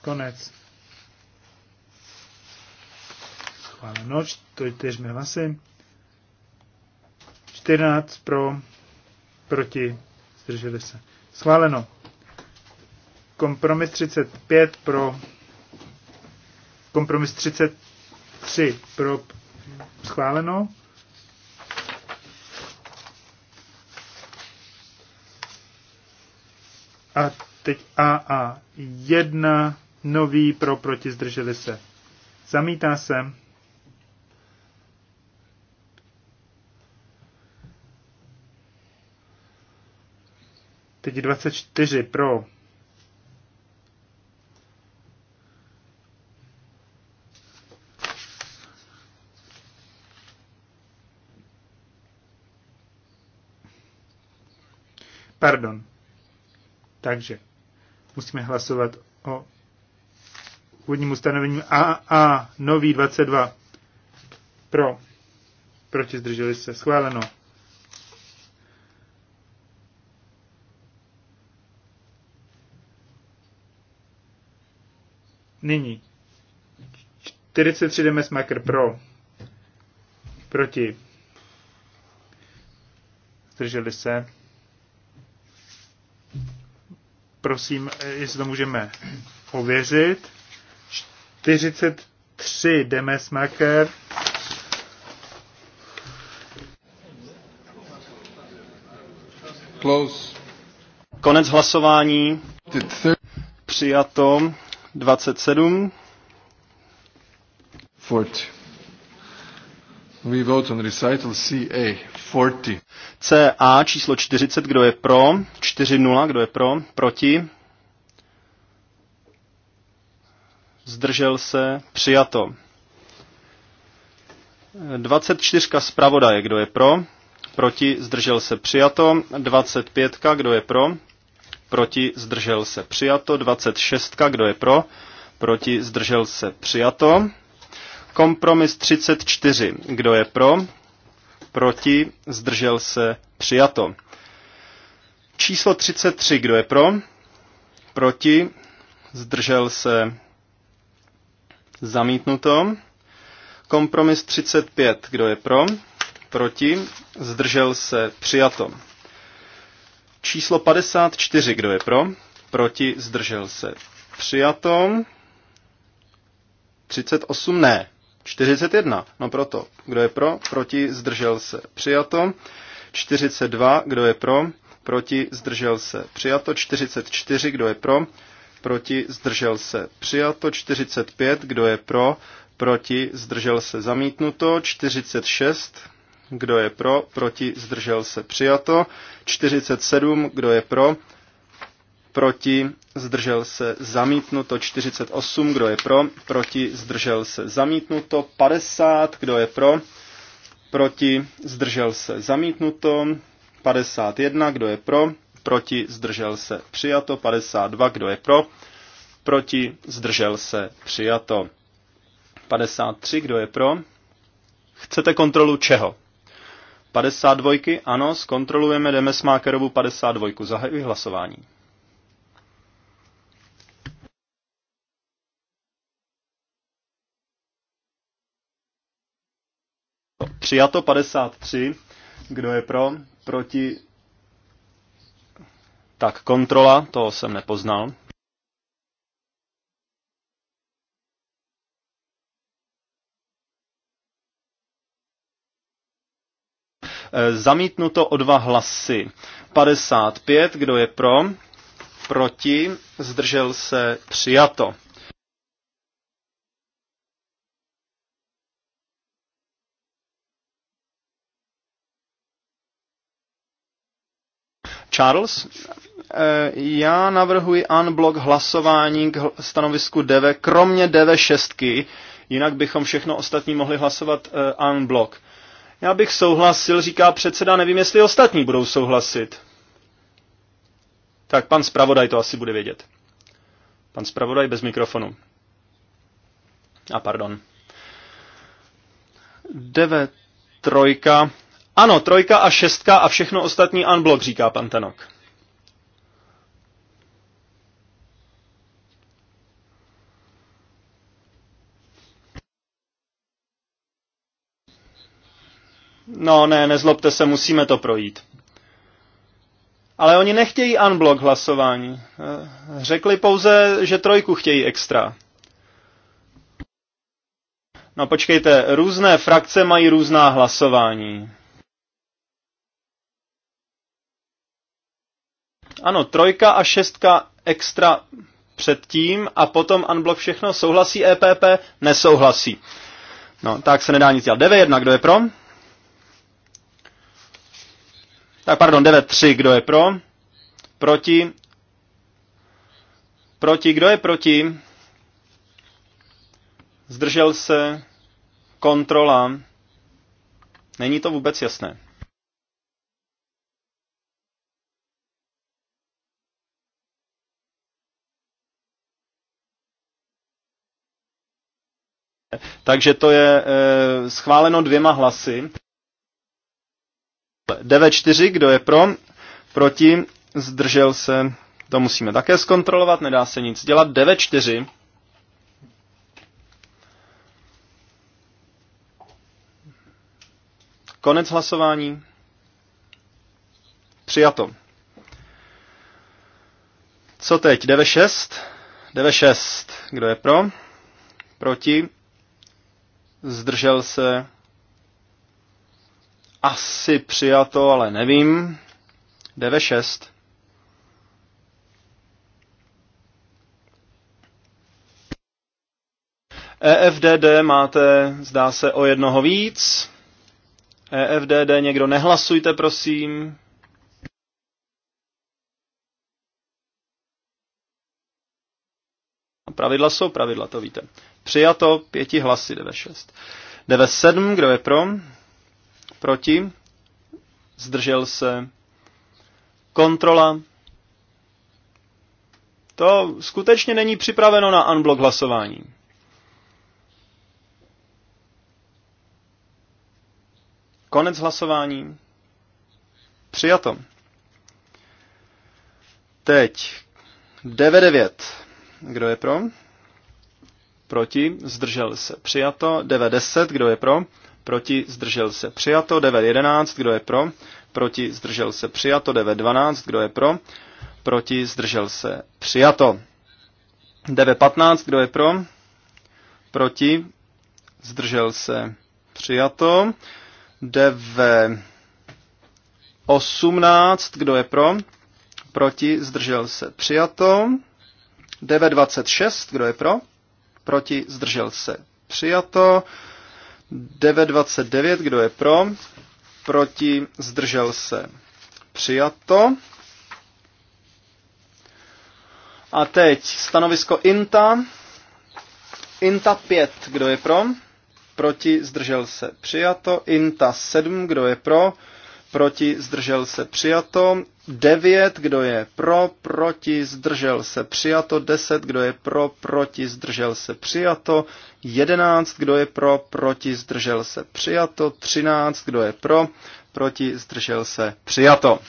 Konec. Chvále noč, to je tež čtyřmi hlasy. 14 pro, proti, zdrželi se. Schváleno. Kompromis 35 pro, kompromis 33 pro, schváleno. A teď AA1 nový pro proti zdrželi se. Zamítá se. Teď 24 pro. Pardon. Takže musíme hlasovat o úvodním ustanovením AA, nový 22. Pro. Proti zdrželi se. Schváleno. Nyní. 43 DMS Maker pro. Proti. Zdrželi se. Prosím, jestli to můžeme ověřit. 43 Demesmaker. Close. Konec hlasování. Přijato 27. Fort. We vote on recital CA 40. CA číslo 40, kdo je pro? 4-0, kdo je pro? Proti? zdržel se, přijato. 24 zpravodaje, kdo je pro, proti, zdržel se, přijato. 25, kdo je pro, proti, zdržel se, přijato. 26, kdo je pro, proti, zdržel se, přijato. Kompromis 34, kdo je pro, proti, zdržel se, přijato. Číslo 33, kdo je pro, proti, zdržel se, Zamítnuto. Kompromis 35. Kdo je pro? Proti? Zdržel se? Přijato. Číslo 54. Kdo je pro? Proti? Zdržel se? Přijato. 38 ne. 41. No proto. Kdo je pro? Proti? Zdržel se? Přijato. 42. Kdo je pro? Proti? Zdržel se? Přijato. 44. Kdo je pro? proti, zdržel se. Přijato 45, kdo je pro, proti, zdržel se. Zamítnuto 46, kdo je pro, proti, zdržel se. Přijato 47, kdo je pro, proti, zdržel se. Zamítnuto 48, kdo je pro, proti, zdržel se. Zamítnuto 50, kdo je pro, proti, zdržel se. Zamítnuto 51, kdo je pro, proti, zdržel se, přijato. 52, kdo je pro, proti, zdržel se, přijato. 53, kdo je pro? Chcete kontrolu čeho? 52, ano, zkontrolujeme Demesmákerovu 52, zahajuji hlasování. Přijato 53, kdo je pro? Proti tak kontrola, to jsem nepoznal. E, zamítnuto o dva hlasy. 55, kdo je pro? Proti, zdržel se, přijato. Charles, eh, já navrhuji unblock hlasování k stanovisku DV, kromě DV6, jinak bychom všechno ostatní mohli hlasovat eh, unblock. Já bych souhlasil, říká předseda, nevím, jestli ostatní budou souhlasit. Tak pan zpravodaj to asi bude vědět. Pan zpravodaj bez mikrofonu. A pardon. DV trojka ano, trojka a šestka a všechno ostatní unblock, říká pan Tenok. No ne, nezlobte se, musíme to projít. Ale oni nechtějí unblock hlasování. Eh, řekli pouze, že trojku chtějí extra. No počkejte, různé frakce mají různá hlasování. Ano, trojka a šestka extra předtím a potom unblock všechno. Souhlasí EPP? Nesouhlasí. No, tak se nedá nic dělat. jedna, kdo je pro? Tak pardon, tři, kdo je pro? Proti? Proti, kdo je proti? Zdržel se? Kontrola? Není to vůbec jasné. Takže to je eh, schváleno dvěma hlasy. 9 4 kdo je pro, proti, zdržel se, to musíme také zkontrolovat, nedá se nic dělat. 9 4 Konec hlasování. Přijato. Co teď? 96? 96. Kdo je pro? Proti? zdržel se, asi přijato, ale nevím, DV6. EFDD máte, zdá se, o jednoho víc. EFDD někdo nehlasujte, prosím. Pravidla jsou pravidla, to víte. Přijato pěti hlasy 96. 97, kdo je pro? Proti? Zdržel se? Kontrola? To skutečně není připraveno na unblock hlasování. Konec hlasování. Přijato. Teď 99. Kdo je pro? proti, zdržel se, přijato, 90, kdo je pro, proti, zdržel se, přijato, 911, kdo je pro, proti, zdržel se, přijato, 912, kdo je pro, proti, zdržel se, přijato. 915, kdo je pro, proti, zdržel se, přijato. 918, kdo je pro, proti, zdržel se, přijato. 926, kdo je pro, proti, zdržel se. Přijato. 929, kdo je pro, proti, zdržel se. Přijato. A teď stanovisko INTA. INTA 5, kdo je pro, proti, zdržel se. Přijato. INTA 7, kdo je pro, proti, zdržel se přijato. 9, kdo je pro, proti, zdržel se přijato. 10, kdo je pro, proti, zdržel se přijato. 11, kdo je pro, proti, zdržel se přijato. 13, kdo je pro, proti, zdržel se přijato.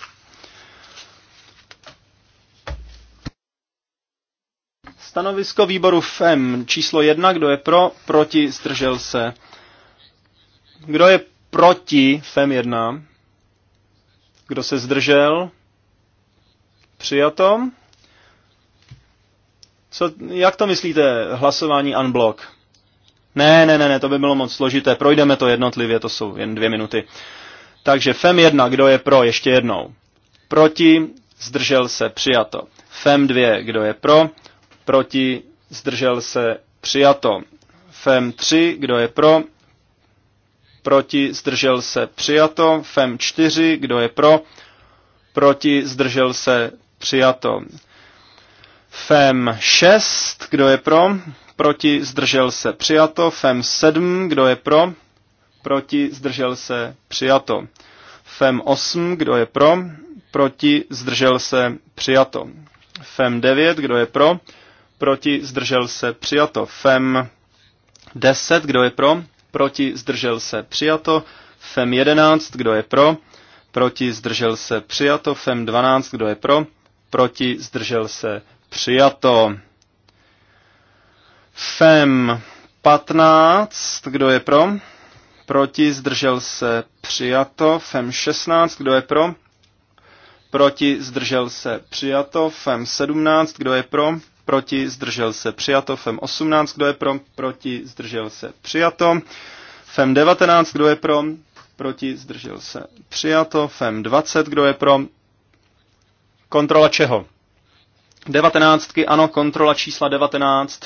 Stanovisko výboru FEM číslo 1, kdo je pro, proti, zdržel se. Kdo je proti FEM 1? Kdo se zdržel? Přijato. Co, jak to myslíte, hlasování unblock? Ne, ne, ne, ne, to by bylo moc složité. Projdeme to jednotlivě, to jsou jen dvě minuty. Takže FEM 1, kdo je pro, ještě jednou. Proti, zdržel se, přijato. FEM 2, kdo je pro, proti, zdržel se, přijato. FEM 3, kdo je pro, proti, zdržel se, přijato. FEM 4, kdo je pro, proti, zdržel se, přijato. FEM 6, kdo je pro, proti, zdržel se, přijato. FEM 7, kdo je pro, proti, zdržel se, přijato. FEM 8, kdo je pro, proti, zdržel se, přijato. FEM 9, kdo je pro, proti, zdržel se, přijato. FEM 10, kdo je pro, proti, zdržel se, přijato. FEM 11, kdo je pro, proti, zdržel se, přijato. FEM 12, kdo je pro, proti, zdržel se, přijato. FEM 15, kdo je pro, proti, zdržel se, přijato. FEM 16, kdo je pro, proti, zdržel se, přijato. FEM 17, kdo je pro, proti, zdržel se přijato. FEM 18, kdo je pro, proti, zdržel se přijato. FEM 19, kdo je pro, proti, zdržel se přijato. FEM 20, kdo je pro, kontrola čeho? Devatenáctky, ano, kontrola čísla 19.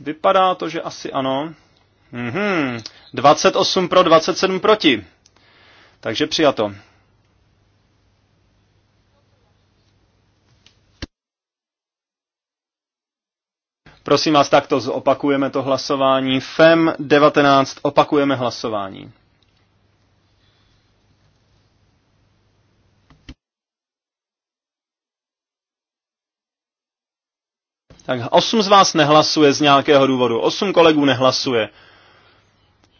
Vypadá to, že asi ano. Mhm. 28 pro, 27 proti. Takže přijato. Prosím vás, takto zopakujeme to hlasování. FEM 19, opakujeme hlasování. Tak osm z vás nehlasuje z nějakého důvodu. Osm kolegů nehlasuje.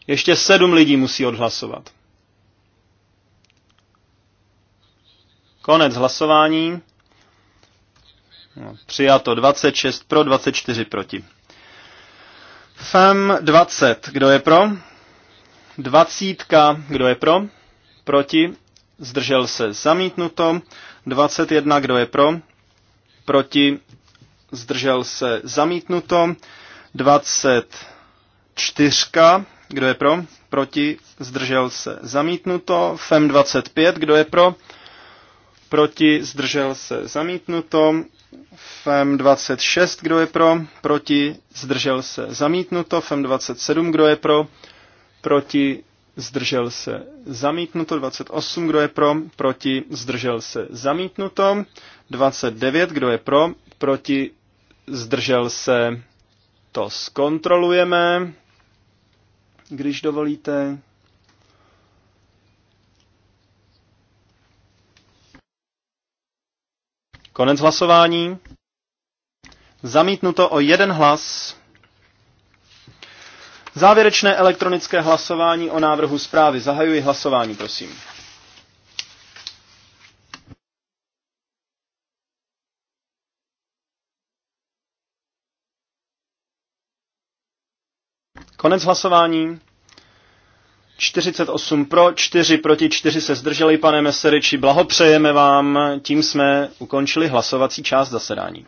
Ještě sedm lidí musí odhlasovat. Konec hlasování. No, přijato 26 pro, 24 proti. FEM 20, kdo je pro? 20, kdo je pro? Proti? Zdržel se zamítnuto. 21, kdo je pro? Proti? Zdržel se zamítnuto. 24, kdo je pro? Proti? Zdržel se zamítnuto. FEM 25, kdo je pro? proti, zdržel se zamítnuto. FEM 26, kdo je pro, proti, zdržel se zamítnuto. FEM 27, kdo je pro, proti, zdržel se zamítnuto. 28, kdo je pro, proti, zdržel se zamítnuto. 29, kdo je pro, proti, zdržel se. To zkontrolujeme, když dovolíte. Konec hlasování. Zamítnuto o jeden hlas. Závěrečné elektronické hlasování o návrhu zprávy. Zahajuji hlasování, prosím. Konec hlasování. 48 pro, 4 proti, 4 se zdrželi, pane Meseriči, blahopřejeme vám, tím jsme ukončili hlasovací část zasedání.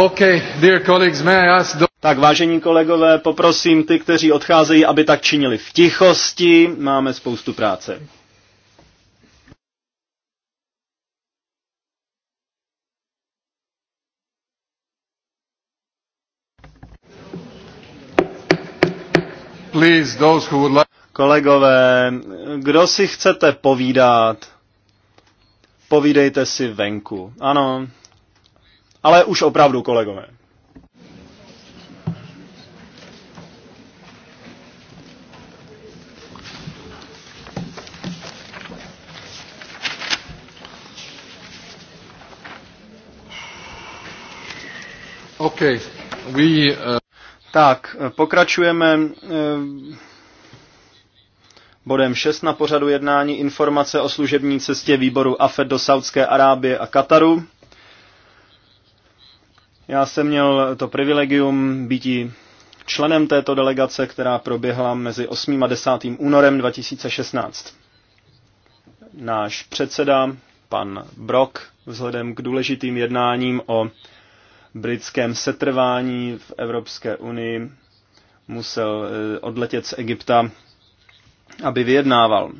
Okay, dear colleagues, may I ask... Tak vážení kolegové, poprosím ty, kteří odcházejí, aby tak činili v tichosti. Máme spoustu práce. Please, those who would like... Kolegové, kdo si chcete povídat, povídejte si venku. Ano, ale už opravdu, kolegové. Okay. We, uh... Tak, pokračujeme eh, bodem 6 na pořadu jednání informace o služební cestě výboru AFED do Saudské Arábie a Kataru. Já jsem měl to privilegium být členem této delegace, která proběhla mezi 8. a 10. únorem 2016. Náš předseda, pan Brock, vzhledem k důležitým jednáním o britském setrvání v Evropské unii, musel eh, odletět z Egypta, aby vyjednával.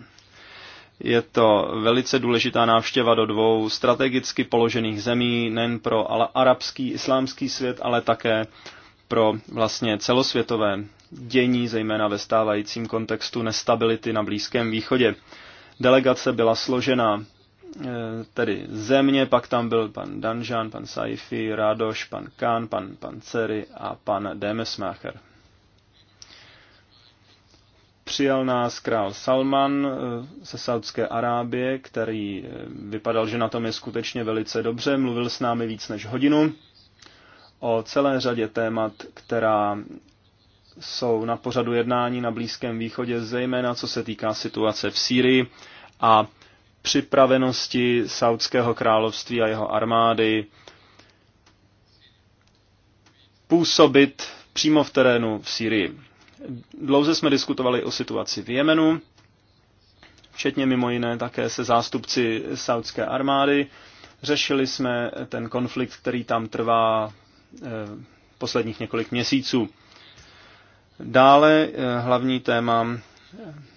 Je to velice důležitá návštěva do dvou strategicky položených zemí, nejen pro ale arabský, islámský svět, ale také pro vlastně celosvětové dění, zejména ve stávajícím kontextu nestability na Blízkém východě. Delegace byla složena e, tedy země, pak tam byl pan Danžan, pan Saifi, Radoš, pan Kán, pan Panceri a pan Demesmacher. Přijal nás král Salman eh, ze Saudské Arábie, který eh, vypadal, že na tom je skutečně velice dobře, mluvil s námi víc než hodinu o celé řadě témat, která jsou na pořadu jednání na Blízkém východě, zejména co se týká situace v Sýrii a připravenosti Saudského království a jeho armády působit přímo v terénu v Sýrii. Dlouze jsme diskutovali o situaci v Jemenu, včetně mimo jiné také se zástupci saudské armády. Řešili jsme ten konflikt, který tam trvá eh, posledních několik měsíců. Dále eh, hlavní téma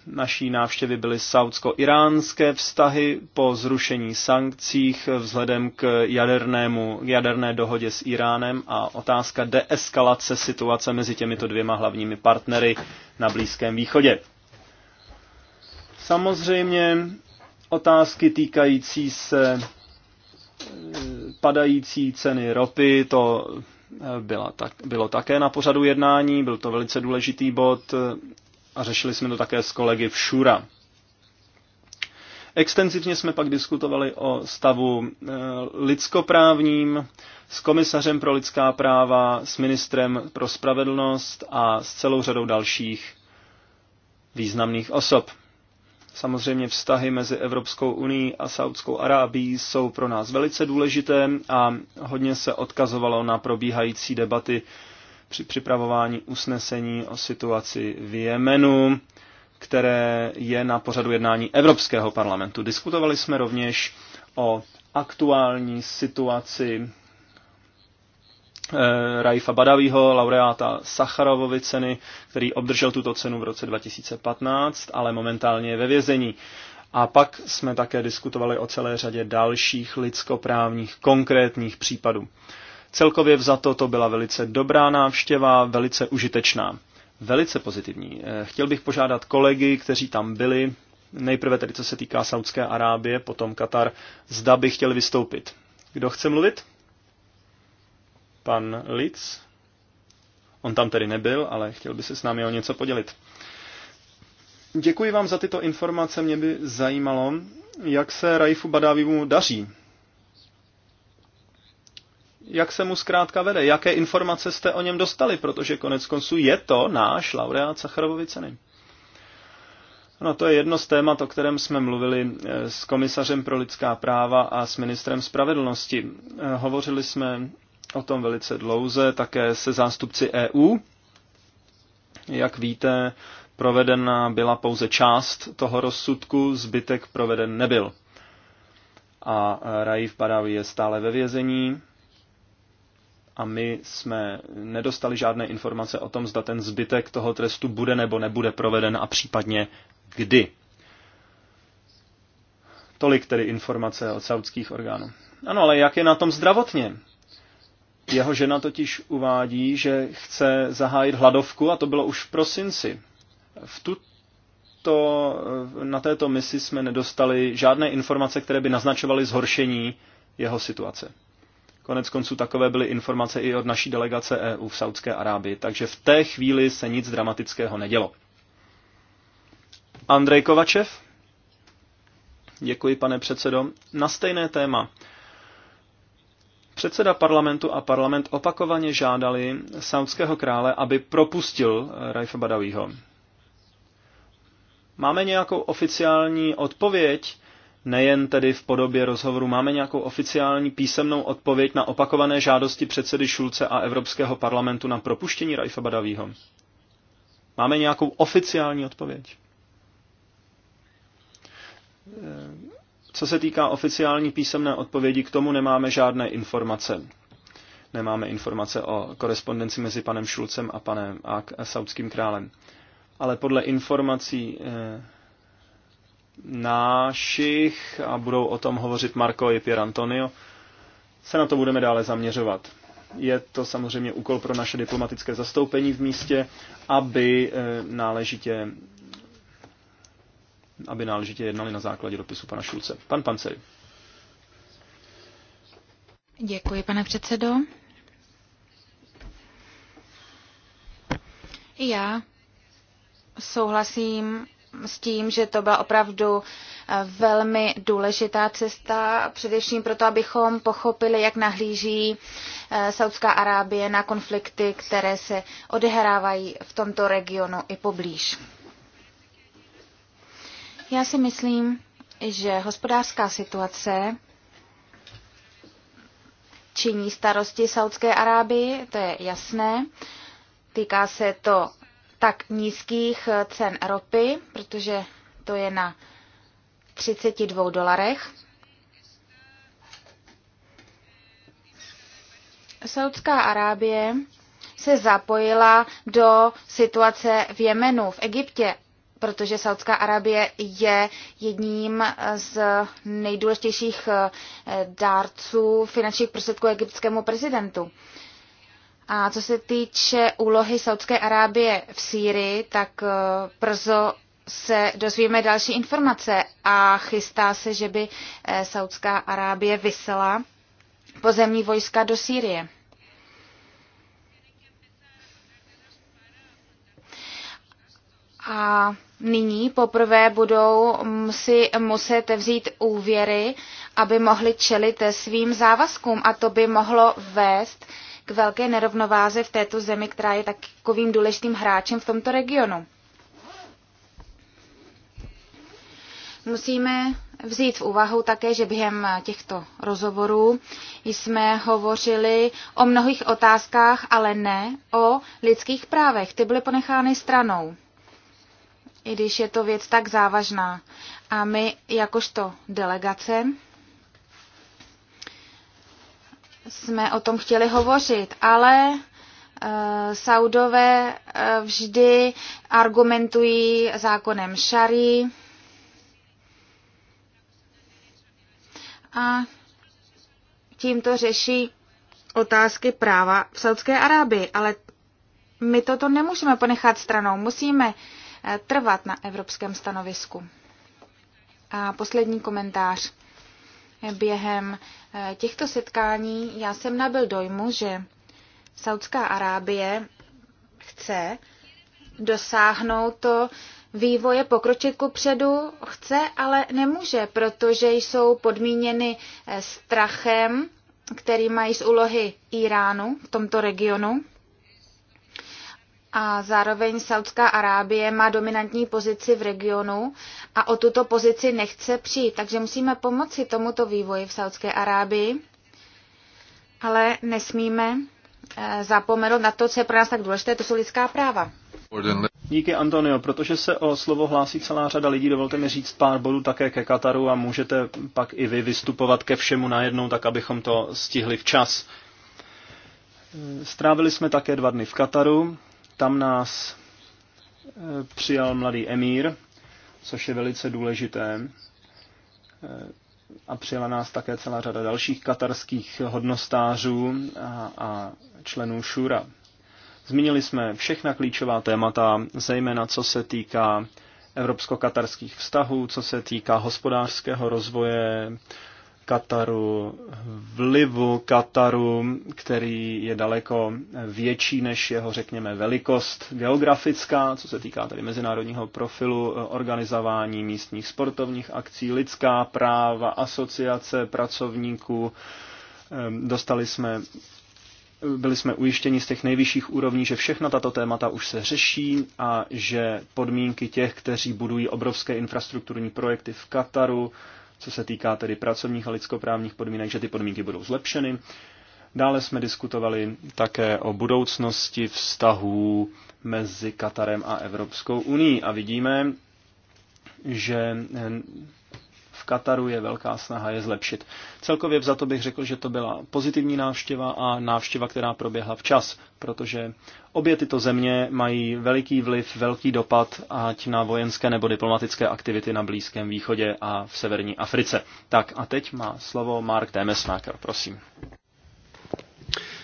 naší návštěvy byly saudsko-iránské vztahy po zrušení sankcích vzhledem k jadernému, jaderné dohodě s Iránem a otázka deeskalace situace mezi těmito dvěma hlavními partnery na Blízkém východě. Samozřejmě otázky týkající se eh, padající ceny ropy, to eh, byla tak, bylo také na pořadu jednání, byl to velice důležitý bod a řešili jsme to také s kolegy v Šura. Extenzivně jsme pak diskutovali o stavu eh, lidskoprávním s komisařem pro lidská práva, s ministrem pro spravedlnost a s celou řadou dalších významných osob. Samozřejmě vztahy mezi Evropskou unii a Saudskou Arábií jsou pro nás velice důležité a hodně se odkazovalo na probíhající debaty při připravování usnesení o situaci v Jemenu, které je na pořadu jednání Evropského parlamentu. Diskutovali jsme rovněž o aktuální situaci eh, Raifa Badavího, laureáta Sacharovovy ceny, který obdržel tuto cenu v roce 2015, ale momentálně je ve vězení. A pak jsme také diskutovali o celé řadě dalších lidskoprávních konkrétních případů. Celkově vzato to byla velice dobrá návštěva, velice užitečná. Velice pozitivní. Eh, chtěl bych požádat kolegy, kteří tam byli, nejprve tedy co se týká Saudské Arábie, potom Katar, zda by chtěli vystoupit. Kdo chce mluvit? Pan Litz? On tam tedy nebyl, ale chtěl by se s námi o něco podělit. Děkuji vám za tyto informace, mě by zajímalo, jak se Raifu Badavimu daří jak se mu zkrátka vede, jaké informace jste o něm dostali, protože konec konců je to náš laureát Sacharovovy ceny. No to je jedno z témat, o kterém jsme mluvili eh, s komisařem pro lidská práva a s ministrem spravedlnosti. Eh, hovořili jsme o tom velice dlouze, také se zástupci EU. Jak víte, provedena byla pouze část toho rozsudku, zbytek proveden nebyl. A eh, Raif Badawi je stále ve vězení, a my jsme nedostali žádné informace o tom, zda ten zbytek toho trestu bude nebo nebude proveden a případně kdy. Tolik tedy informace od saudských orgánů. Ano, ale jak je na tom zdravotně? Jeho žena totiž uvádí, že chce zahájit hladovku a to bylo už v prosinci. V tuto, na této misi jsme nedostali žádné informace, které by naznačovaly zhoršení jeho situace. Konec konců takové byly informace i od naší delegace EU v Saudské Arábii, takže v té chvíli se nic dramatického nedělo. Andrej Kovačev. Děkuji, pane předsedo. Na stejné téma. Předseda parlamentu a parlament opakovaně žádali saudského krále, aby propustil eh, Raifa Badawiho. Máme nějakou oficiální odpověď nejen tedy v podobě rozhovoru. Máme nějakou oficiální písemnou odpověď na opakované žádosti předsedy Šulce a Evropského parlamentu na propuštění Raifa Badavího? Máme nějakou oficiální odpověď? Eh, co se týká oficiální písemné odpovědi, k tomu nemáme žádné informace. Nemáme informace o korespondenci mezi panem Šulcem a panem a saudským králem. Ale podle informací eh, našich, a budou o tom hovořit Marko i Pier Antonio, se na to budeme dále zaměřovat. Je to samozřejmě úkol pro naše diplomatické zastoupení v místě, aby eh, náležitě aby náležitě jednali na základě dopisu pana Šulce. Pan Panceri. Děkuji, pane předsedo. I já souhlasím s tím, že to byla opravdu eh, velmi důležitá cesta, především proto, abychom pochopili, jak nahlíží eh, Saudská Arábie na konflikty, které se odehrávají v tomto regionu i poblíž. Já si myslím, že hospodářská situace činí starosti Saudské Arábii, to je jasné. Týká se to tak nízkých eh, cen ropy, protože to je na 32 dolarech. Saudská Arábie se zapojila do situace v Jemenu, v Egyptě, protože Saudská Arábie je jedním z nejdůležitějších eh, dárců finančních prostředků egyptskému prezidentu. A co se týče úlohy Saudské Arábie v Sýrii, tak eh, brzo se dozvíme další informace a chystá se, že by eh, Saudská Arábie vysela pozemní vojska do Sýrie. A nyní poprvé budou si muset vzít úvěry, aby mohli čelit svým závazkům a to by mohlo vést velké nerovnováze v této zemi, která je takovým důležitým hráčem v tomto regionu. Musíme vzít v úvahu také, že během těchto rozhovorů jsme hovořili o mnohých otázkách, ale ne o lidských právech. Ty byly ponechány stranou, i když je to věc tak závažná. A my, jakožto delegace, jsme o tom chtěli hovořit, ale eh, Saudové eh, vždy argumentují zákonem šarí a tímto řeší otázky práva v Saudské Arábii, ale my toto nemůžeme ponechat stranou. Musíme eh, trvat na evropském stanovisku. A poslední komentář během eh, těchto setkání já jsem nabil dojmu, že Saudská Arábie chce dosáhnout to vývoje pokročit ku předu, chce, ale nemůže, protože jsou podmíněny eh, strachem, který mají z úlohy Iránu v tomto regionu a zároveň Saudská Arábie má dominantní pozici v regionu a o tuto pozici nechce přijít. Takže musíme pomoci tomuto vývoji v Saudské Arábii, ale nesmíme eh, zapomenout na to, co je pro nás tak důležité, to jsou lidská práva. Díky Antonio, protože se o slovo hlásí celá řada lidí, dovolte mi říct pár bodů také ke Kataru a můžete pak i vy vystupovat ke všemu najednou, tak abychom to stihli včas. Strávili jsme také dva dny v Kataru, tam nás eh, přijal mladý emír, což je velice důležité. Eh, a přijela nás také celá řada dalších katarských hodnostářů a, a členů šura. Zmínili jsme všechna klíčová témata, zejména co se týká evropsko-katarských vztahů, co se týká hospodářského rozvoje, Kataru, vlivu Kataru, který je daleko větší než jeho, řekněme, velikost geografická, co se týká tedy mezinárodního profilu, organizování místních sportovních akcí, lidská práva, asociace pracovníků. Ehm, dostali jsme byli jsme ujištěni z těch nejvyšších úrovní, že všechna tato témata už se řeší a že podmínky těch, kteří budují obrovské infrastrukturní projekty v Kataru, co se týká tedy pracovních a lidskoprávních podmínek, že ty podmínky budou zlepšeny. Dále jsme diskutovali také o budoucnosti vztahů mezi Katarem a Evropskou unii a vidíme, že v Kataru je velká snaha je zlepšit. Celkově za to bych řekl, že to byla pozitivní návštěva a návštěva, která proběhla včas, protože obě tyto země mají veliký vliv, velký dopad ať na vojenské nebo diplomatické aktivity na Blízkém východě a v severní Africe. Tak a teď má slovo Mark Demesmaker, prosím.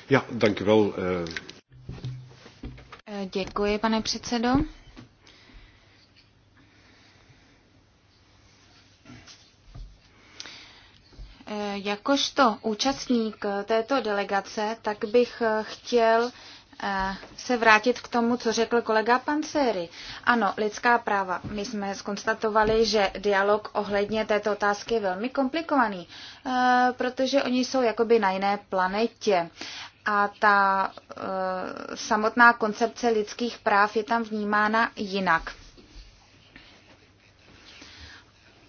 Ja, dank u wel. Eh. Eh, děkuji, pane předsedo. Jakožto účastník eh, této delegace, tak bych eh, chtěl eh, se vrátit k tomu, co řekl kolega Pancéry. Ano, lidská práva. My jsme skonstatovali, že dialog ohledně této otázky je velmi komplikovaný, protože oni jsou jakoby na jiné planetě. A ta samotná koncepce lidských práv je tam vnímána jinak.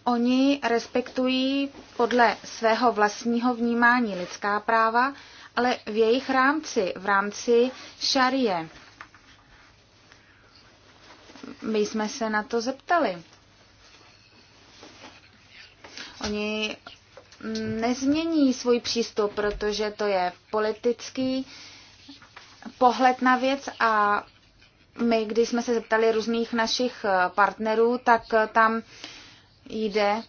Oni respektují podle svého vlastního vnímání lidská práva, ale v jejich rámci, v rámci šarie. My jsme se na to zeptali. Oni nezmění svůj přístup, protože to je politický pohled na věc a my, když jsme se zeptali různých našich partnerů, tak tam jde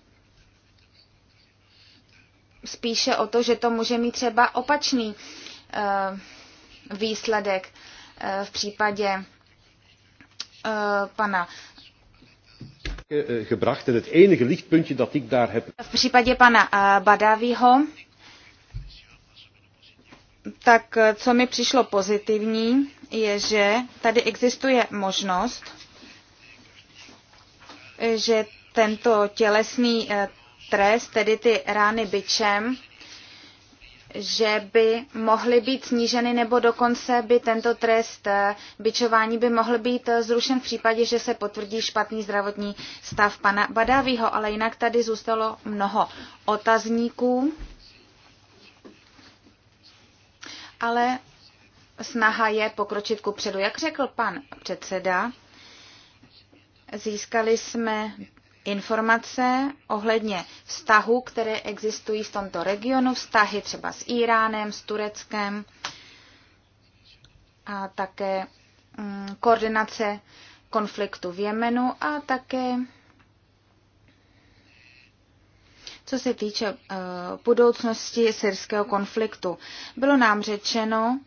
spíše o to, že to může mít třeba opačný eh, výsledek eh, v případě eh, pana gebracht. En het enige lichtpuntje dat ik daar heb. V případě pana Badavího, tak co mi přišlo pozitivní, je, že tady existuje možnost, že tento tělesný eh, trest, tedy ty rány byčem, že by mohly být sníženy nebo dokonce by tento trest eh, byčování by mohl být eh, zrušen v případě, že se potvrdí špatný zdravotní stav pana Badavího, ale jinak tady zůstalo mnoho otazníků. Ale snaha je pokročit ku předu. Jak řekl pan předseda, získali jsme informace ohledně vztahů, které existují v tomto regionu, vztahy třeba s Iránem, s Tureckem a také mm, koordinace konfliktu v Jemenu a také co se týče eh, budoucnosti syrského konfliktu. Bylo nám řečeno,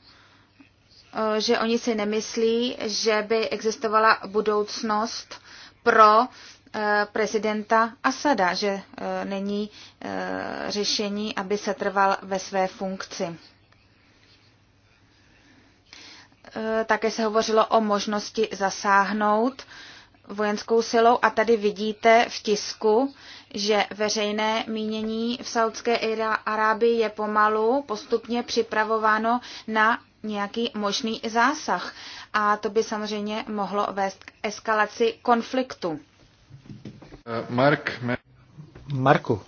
eh, že oni si nemyslí, že by existovala budoucnost pro Eh, prezidenta Asada, že eh, není eh, řešení, aby se trval ve své funkci. Také se hovořilo o možnosti zasáhnout vojenskou silou a tady vidíte v tisku, že veřejné mínění v Saudské Arábii je pomalu postupně připravováno na nějaký možný zásah. A to by samozřejmě mohlo vést k eskalaci konfliktu. Eh, Mark. Marku.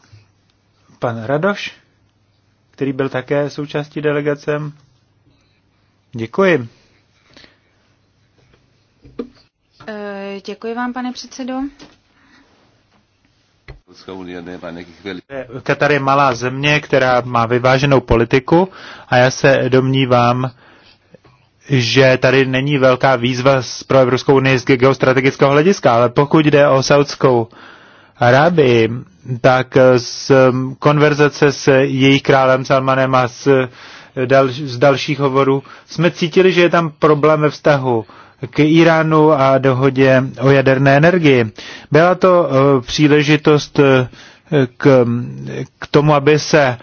Pan Radoš, který byl také součástí delegacem. Děkuji. Eh, děkuji vám, pane předsedo. Eh, Katar je malá země, která má vyváženou politiku a já se domnívám, že tady není velká výzva pro Evropskou unii z geostrategického hlediska, ale pokud jde o Saudskou Arabii, tak z konverzace s jejich králem Salmanem a s dal, z dalších hovorů jsme cítili, že je tam problém ve vztahu k Iránu a dohodě o jaderné energii. Byla to e, příležitost e, k, k tomu, aby se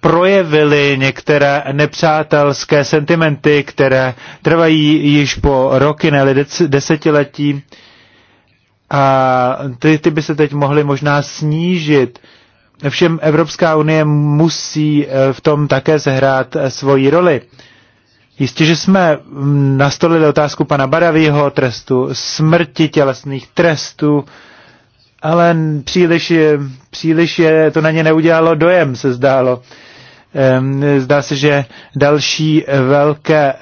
projevily některé nepřátelské sentimenty, které trvají již po roky, ne desetiletí. A ty, ty by se teď mohly možná snížit. Všem Evropská unie musí eh, v tom také zehrát eh, svoji roli. Jistě, že jsme mm, nastolili otázku pana Baravího trestu, smrti tělesných trestů, ale příliš, příliš je, to na ně neudělalo dojem, se zdálo. Zdá se, že další velké eh,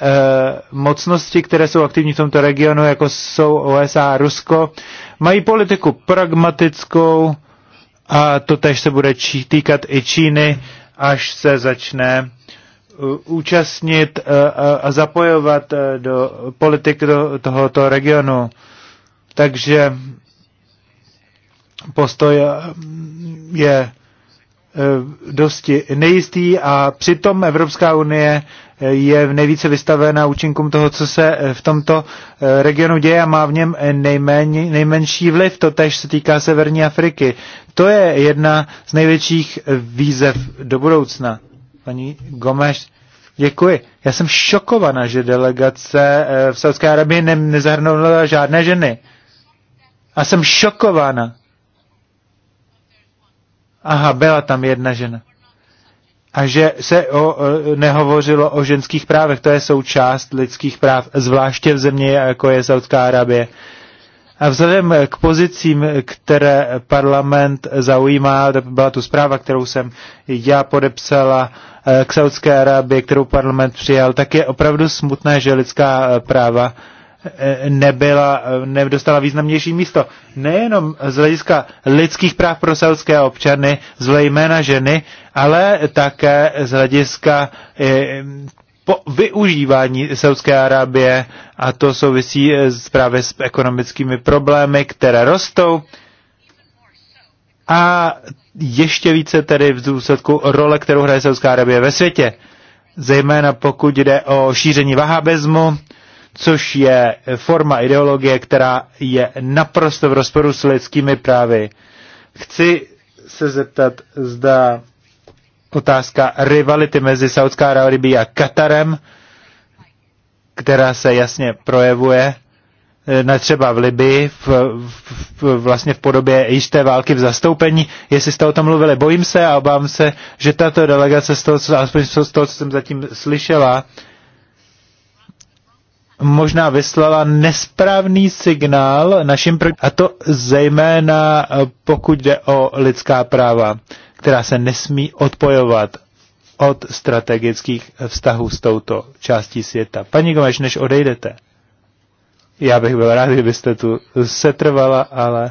mocnosti, které jsou aktivní v tomto regionu, jako jsou USA a Rusko, mají politiku pragmatickou a to tež se bude týkat i Číny, až se začne eh, účastnit eh, a zapojovat do politik tohoto regionu. Takže postoj eh, je eh, dosti nejistý a přitom Evropská unie eh, je nejvíce vystavená účinkům toho, co se v tomto regionu děje a má v něm nejméně, nejmenší vliv. To tež se týká Severní Afriky. To je jedna z největších výzev do budoucna. Paní Gomeš, děkuji. Já jsem šokovaná, že delegace v Saudské Arabii ne, nezahrnula žádné ženy. A jsem šokována Aha, byla tam jedna žena. A že se o, nehovořilo o ženských právech, to je součást lidských práv, zvláště v země, jako je Saudská Arábie. A vzhledem k pozicím, které parlament zaujímá, byla tu zpráva, kterou jsem já podepsala eh, k Saudské Arábii, kterou parlament přijal, tak je opravdu smutné, že lidská eh, práva Eh, nebyla, eh, nedostala významnější místo. Nejenom z hlediska lidských práv pro selské občany, zle jména ženy, ale také z hlediska eh, po využívání Saudské Arábie a to souvisí právě s ekonomickými problémy, které rostou. A ještě více tedy v důsledku role, kterou hraje Saudská Arabie ve světě. Zejména pokud jde o šíření vahabezmu, což je forma ideologie, která je naprosto v rozporu s lidskými právy. Chci se zeptat, zda otázka rivality mezi Saudská Arábií a Katarem, která se jasně projevuje, eh, ne třeba v Libii, v, v, v, vlastně v podobě jisté války v zastoupení, jestli jste o tom mluvili. Bojím se a obávám se, že tato delegace, z toho, co, aspoň z toho, co jsem zatím slyšela, možná vyslala nesprávný signál našim pro... a to zejména eh, pokud jde o lidská práva, která se nesmí odpojovat od strategických vztahů s touto částí světa. Paní Gomeš, než odejdete, já bych byl rád, kdybyste tu setrvala, ale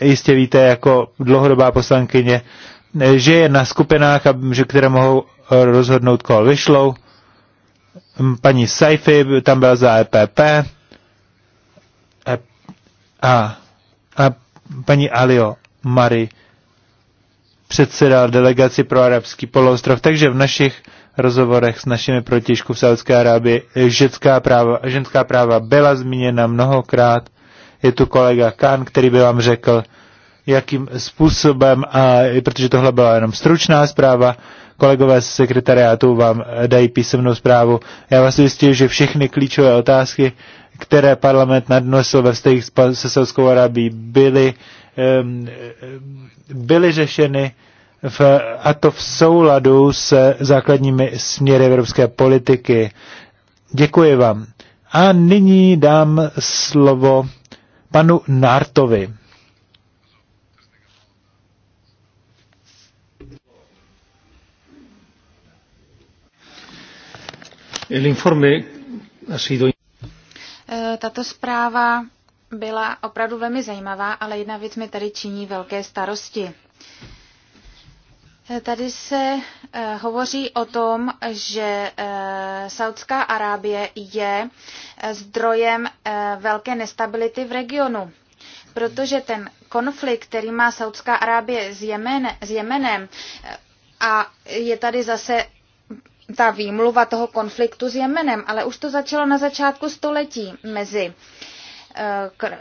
jistě víte, jako dlouhodobá poslankyně, eh, že je na skupinách, které mohou eh, rozhodnout, koho vyšlou paní Saifi tam byla za EPP e, a, a paní Alio Mari předseda delegaci pro arabský poloostrov, takže v našich rozhovorech s našimi protěžku v Saudské Arábii ženská práva, ženská práva byla zmíněna mnohokrát. Je tu kolega Khan, který by vám řekl, jakým způsobem, a protože tohle byla jenom stručná zpráva, kolegové z sekretariátu vám dají písemnou zprávu. Já vás ujistuju, že všechny klíčové otázky, které parlament nadnosil ve vztahích se Saudskou Arabí, byly, byly řešeny v, a to v souladu s základními směry evropské politiky. Děkuji vám. A nyní dám slovo panu Nartovi. El informe ha sido... Eh, tato zpráva byla opravdu velmi zajímavá, ale jedna věc mi tady činí velké starosti. Eh, tady se eh, hovoří o tom, že Saudská Arábie je zdrojem velké nestability v regionu, protože ten konflikt, který má Saudská Arábie s, Jemen, s Jemenem, a je tady zase ta výmluva toho konfliktu s Jemenem, ale už to začalo na začátku století mezi eh, eh,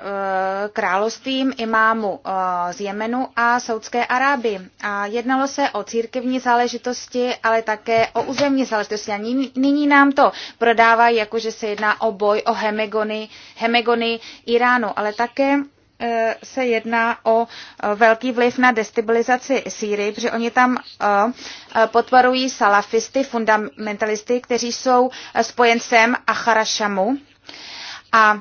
královstvím imámu eh, z Jemenu a Saudské Arábii. A jednalo se o církevní záležitosti, ale také o územní záležitosti. A nyní nám to prodávají, jakože se jedná o boj o hemegony, hemegony Iránu, ale také Eh, se jedná o velký vliv na destabilizaci Sýrii, protože oni tam eh, eh, podporují salafisty, fundamentalisty, kteří jsou spojencem Acharašamu. A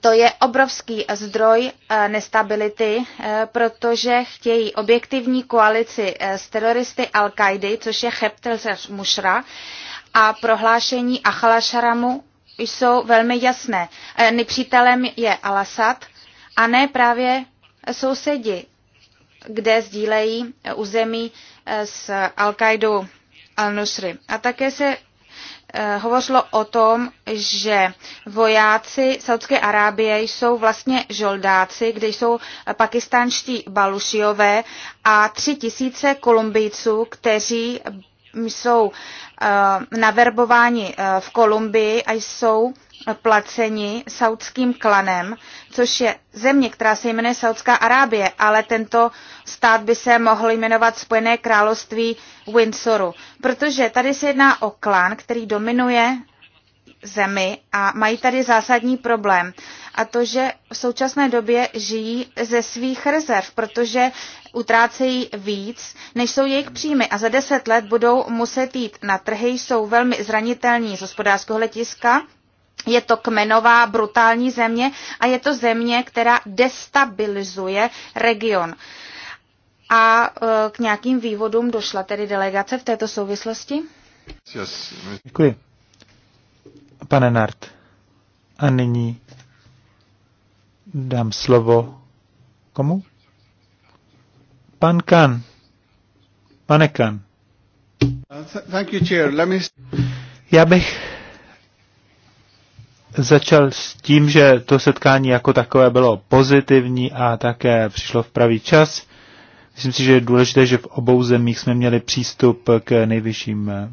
to je obrovský zdroj nestability, protože chtějí objektivní koalici s teroristy Al-Kaidi, což je Heptel Mushra, a prohlášení Achalašaramu jsou velmi jasné. Nepřítelem je Al-Assad a ne právě sousedi, kde sdílejí území eh, s Al-Qaidou Al-Nusri. A také se eh, hovořilo o tom, že vojáci Saudské Arábie jsou vlastně žoldáci, kde jsou pakistánští balušiové a tři tisíce kolumbijců, kteří jsou eh, naverbováni v Kolumbii a jsou placeni saudským klanem, což je země, která se jmenuje Saudská Arábie, ale tento stát by se mohl jmenovat Spojené království Windsoru, protože tady se jedná o klan, který dominuje zemi a mají tady zásadní problém. A to, že v současné době žijí ze svých rezerv, protože utrácejí víc, než jsou jejich příjmy a za deset let budou muset jít na trhy, jsou velmi zranitelní z hospodářského letiska, je to kmenová brutální země a je to země, která destabilizuje region. A e, k nějakým vývodům došla tedy delegace v této souvislosti? Děkuji. Pane Nart, a nyní dám slovo komu? Pan Kan. Pane Kan. Já bych začal s tím, že to setkání jako takové bylo pozitivní a také přišlo v pravý čas. Myslím si, že je důležité, že v obou zemích jsme měli přístup k nejvyšším eh,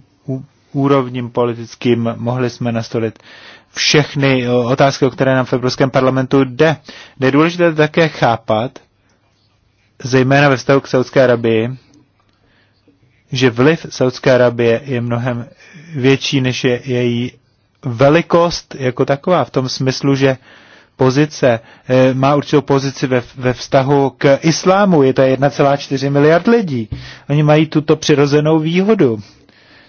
úrovním politickým. Mohli jsme nastolit všechny eh, otázky, o které nám v Evropském parlamentu jde. Je důležité také chápat, zejména ve vztahu k Saudské Arabii, že vliv Saudské Arabie je mnohem větší, než je její velikost jako taková, v tom smyslu, že pozice, eh, má určitou pozici ve, ve vztahu k islámu, je to 1,4 miliard lidí. Oni mají tuto přirozenou výhodu.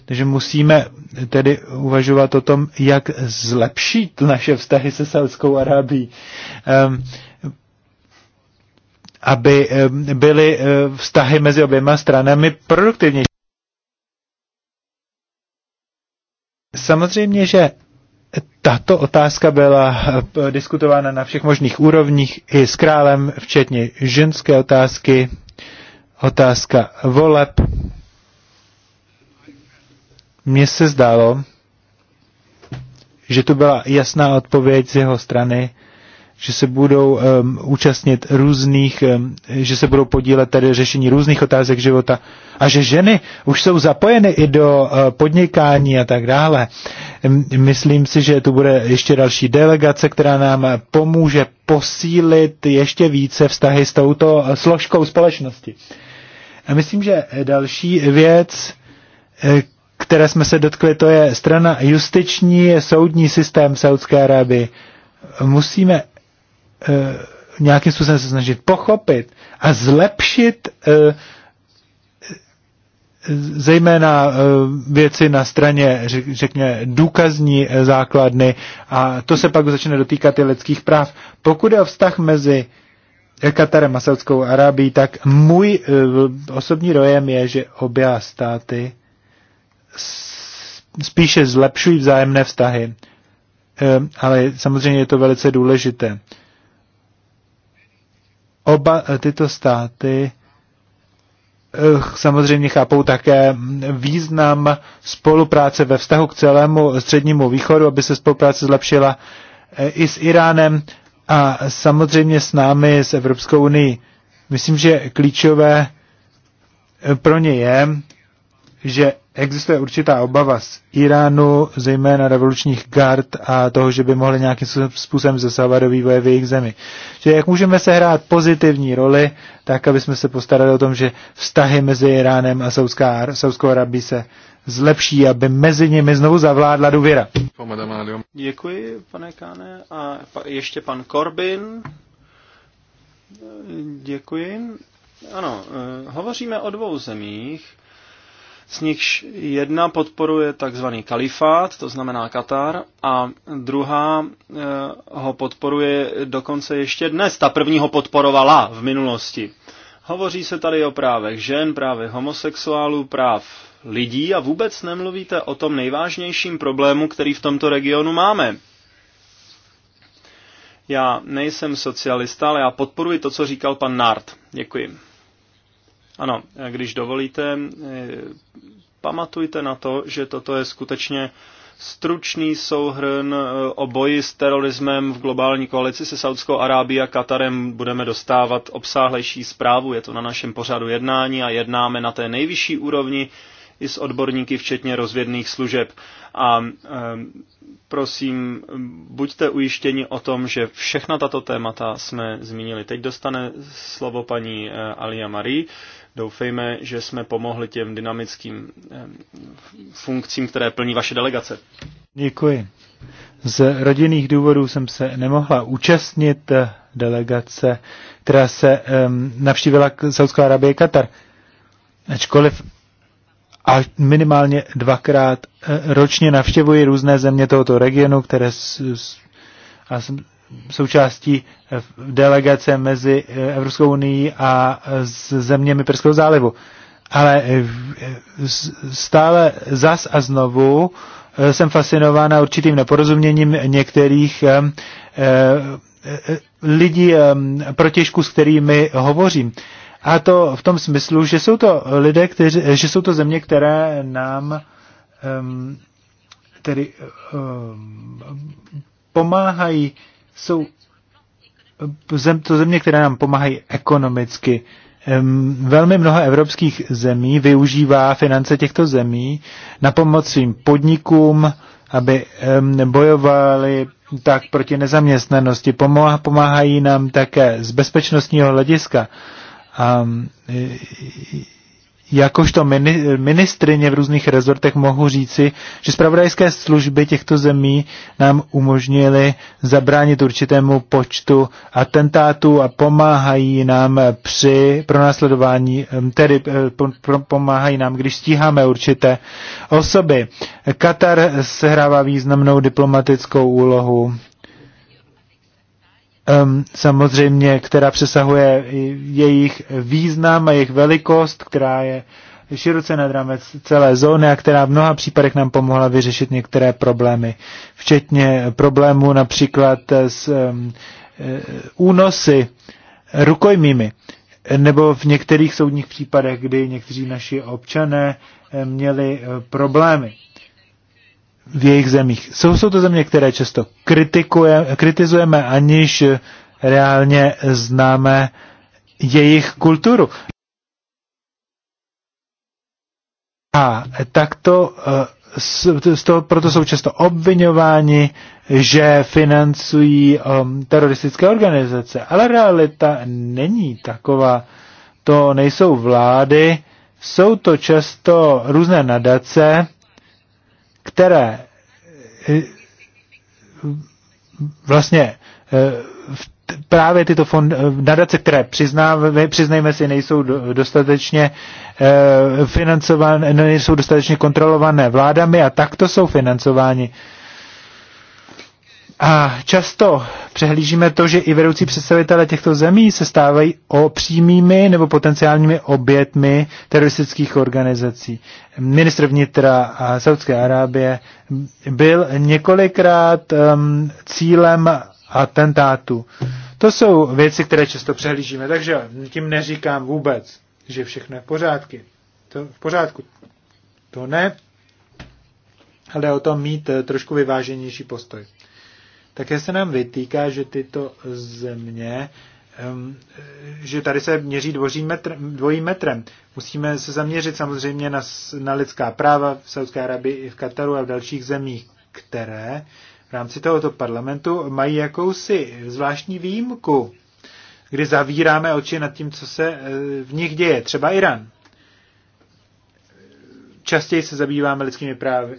Takže musíme tedy uvažovat o tom, jak zlepšit naše vztahy se Saudskou Arábí, ehm, aby ehm, byly eh, vztahy mezi oběma stranami produktivnější. Samozřejmě, že tato otázka byla eh, diskutována na všech možných úrovních i s králem, včetně ženské otázky, otázka voleb. Mně se zdálo, že to byla jasná odpověď z jeho strany, že se budou um, účastnit různých, um, že se budou podílet tady řešení různých otázek života a že ženy už jsou zapojeny i do uh, podnikání a tak dále. Myslím si, že tu bude ještě další delegace, která nám pomůže posílit ještě více vztahy s touto složkou společnosti. A myslím, že další věc, e, které jsme se dotkli, to je strana justiční soudní systém Saudské Arábie. Musíme e, nějakým způsobem se snažit pochopit a zlepšit e, zejména eh, věci na straně, řekněme, důkazní eh, základny a to se pak začne dotýkat i lidských práv. Pokud je o vztah mezi Katarem a Saudskou Arábií, tak můj eh, osobní dojem je, že obě státy spíše zlepšují vzájemné vztahy, ale samozřejmě je to velice důležité. Oba tyto státy Eh, samozřejmě chápou také význam spolupráce ve vztahu k celému střednímu východu, aby se spolupráce zlepšila eh, i s Iránem a samozřejmě s námi, s Evropskou unii. Myslím, že klíčové eh, pro ně je, že existuje určitá obava z Iránu, zejména revolučních gard a toho, že by mohli nějakým způsobem zasahovat do vývoje v jejich zemi. Že jak můžeme sehrát pozitivní roli, tak aby jsme se postarali o tom, že vztahy mezi Iránem a Saudská, Saudskou Arabí se zlepší, aby mezi nimi znovu zavládla důvěra. Děkuji, pane Káne. A ještě pan Korbin. Děkuji. Ano, eh, hovoříme o dvou zemích, z nichž jedna podporuje takzvaný kalifát, to znamená Katar, a druhá eh, ho podporuje dokonce ještě dnes. Ta první ho podporovala v minulosti. Hovoří se tady o právech žen, právech homosexuálů, práv lidí a vůbec nemluvíte o tom nejvážnějším problému, který v tomto regionu máme. Já nejsem socialista, ale já podporuji to, co říkal pan Nart. Děkuji. Ano, když dovolíte, eh, pamatujte na to, že toto je skutečně stručný souhrn eh, o boji s terorismem v globální koalici se Saudskou Arábií a Katarem budeme dostávat obsáhlejší zprávu. Je to na našem pořadu jednání a jednáme na té nejvyšší úrovni i s odborníky, včetně rozvědných služeb. A e, prosím, buďte ujištěni o tom, že všechna tato témata jsme zmínili. Teď dostane slovo paní Alia Marie, Doufejme, že jsme pomohli těm dynamickým funkcím, které plní vaše delegace. Děkuji. Z rodinných důvodů jsem se nemohla účastnit delegace, která se um, navštívila Saudská Arabie Katar. Ačkoliv a minimálně dvakrát eh, ročně navštěvuji různé země tohoto regionu, které s, s, a jsem součástí delegace mezi Evropskou unii a zeměmi Perského zálivu. Ale eh, stále zas a znovu eh, jsem fascinována určitým neporozuměním některých eh, lidí, protěžků, s kterými hovořím. A to v tom smyslu, že jsou to lidé, kteři, že jsou to země, které nám ehm, tedy ehm, pomáhají jsou zem, to země, které nám pomáhají ekonomicky. Velmi mnoho evropských zemí využívá finance těchto zemí na pomoc svým podnikům, aby bojovali tak proti nezaměstnanosti. Pomáhají nám také z bezpečnostního hlediska. Um, jakožto ministrině v různých rezortech mohu říci, že spravodajské služby těchto zemí nám umožnily zabránit určitému počtu atentátů a pomáhají nám při pronásledování, tedy eh, pomáhají nám, když stíháme určité osoby. Katar sehrává významnou diplomatickou úlohu Ehm, samozřejmě, která přesahuje jejich význam a jejich velikost, která je široce nad rámec celé zóny a která v mnoha případech nám pomohla vyřešit některé problémy, včetně problémů například s ehm, e, únosy rukojmími nebo v některých soudních případech, kdy někteří naši občané eh, měli eh, problémy v jejich zemích. Jsou, jsou to země, které často kritikuje, kritizujeme, aniž reálně známe jejich kulturu. A takto eh, z toho, proto jsou často obvinováni, že financují um, teroristické organizace. Ale realita není taková. To nejsou vlády, jsou to často různé nadace, které eh, vlastně eh, právě tyto fond, eh, nadace, které přiznáme, přiznejme si, nejsou dostatečně financované, nejsou dostatečně kontrolované vládami a takto jsou financováni a často přehlížíme to, že i vedoucí představitelé těchto zemí se stávají o přímými nebo potenciálními obětmi teroristických organizací. Ministr vnitra a Saudské Arábie byl několikrát um, cílem atentátu. To jsou věci, které často přehlížíme, takže tím neříkám vůbec, že všechno je v pořádku. To v pořádku. To ne, ale o tom mít eh, trošku vyváženější postoj. Také se nám vytýká, že tyto země, že tady se měří metr, dvojím metrem. Musíme se zaměřit samozřejmě na, na lidská práva v Saudské Arabii i v Kataru a v dalších zemích, které v rámci tohoto parlamentu mají jakousi zvláštní výjimku, kdy zavíráme oči nad tím, co se eh, v nich děje. Třeba Irán. Častěji se zabýváme lidskými právy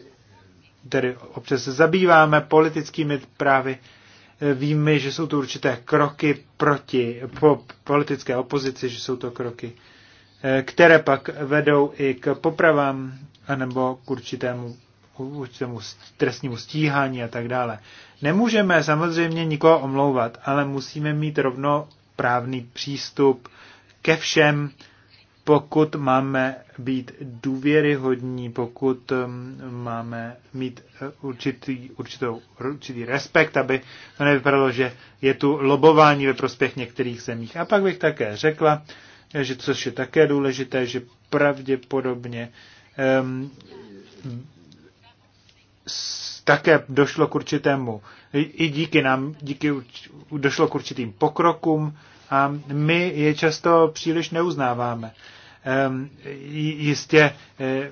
tedy občas se zabýváme politickými právy, víme, že jsou to určité kroky proti po politické opozici, že jsou to kroky, eh, které pak vedou i k popravám anebo k určitému, určitému trestnímu stíhání a tak dále. Nemůžeme samozřejmě nikoho omlouvat, ale musíme mít rovnoprávný přístup ke všem pokud máme být důvěryhodní, pokud um, máme mít eh, určitý, určitou, určitý respekt, aby to nevypadalo, že je tu lobování ve prospěch některých zemích. A pak bych také řekla, že což je také důležité, že pravděpodobně um, také došlo k určitému, i díky nám, díky došlo k určitým pokrokům, a my je často příliš neuznáváme. Ehm, jistě eh,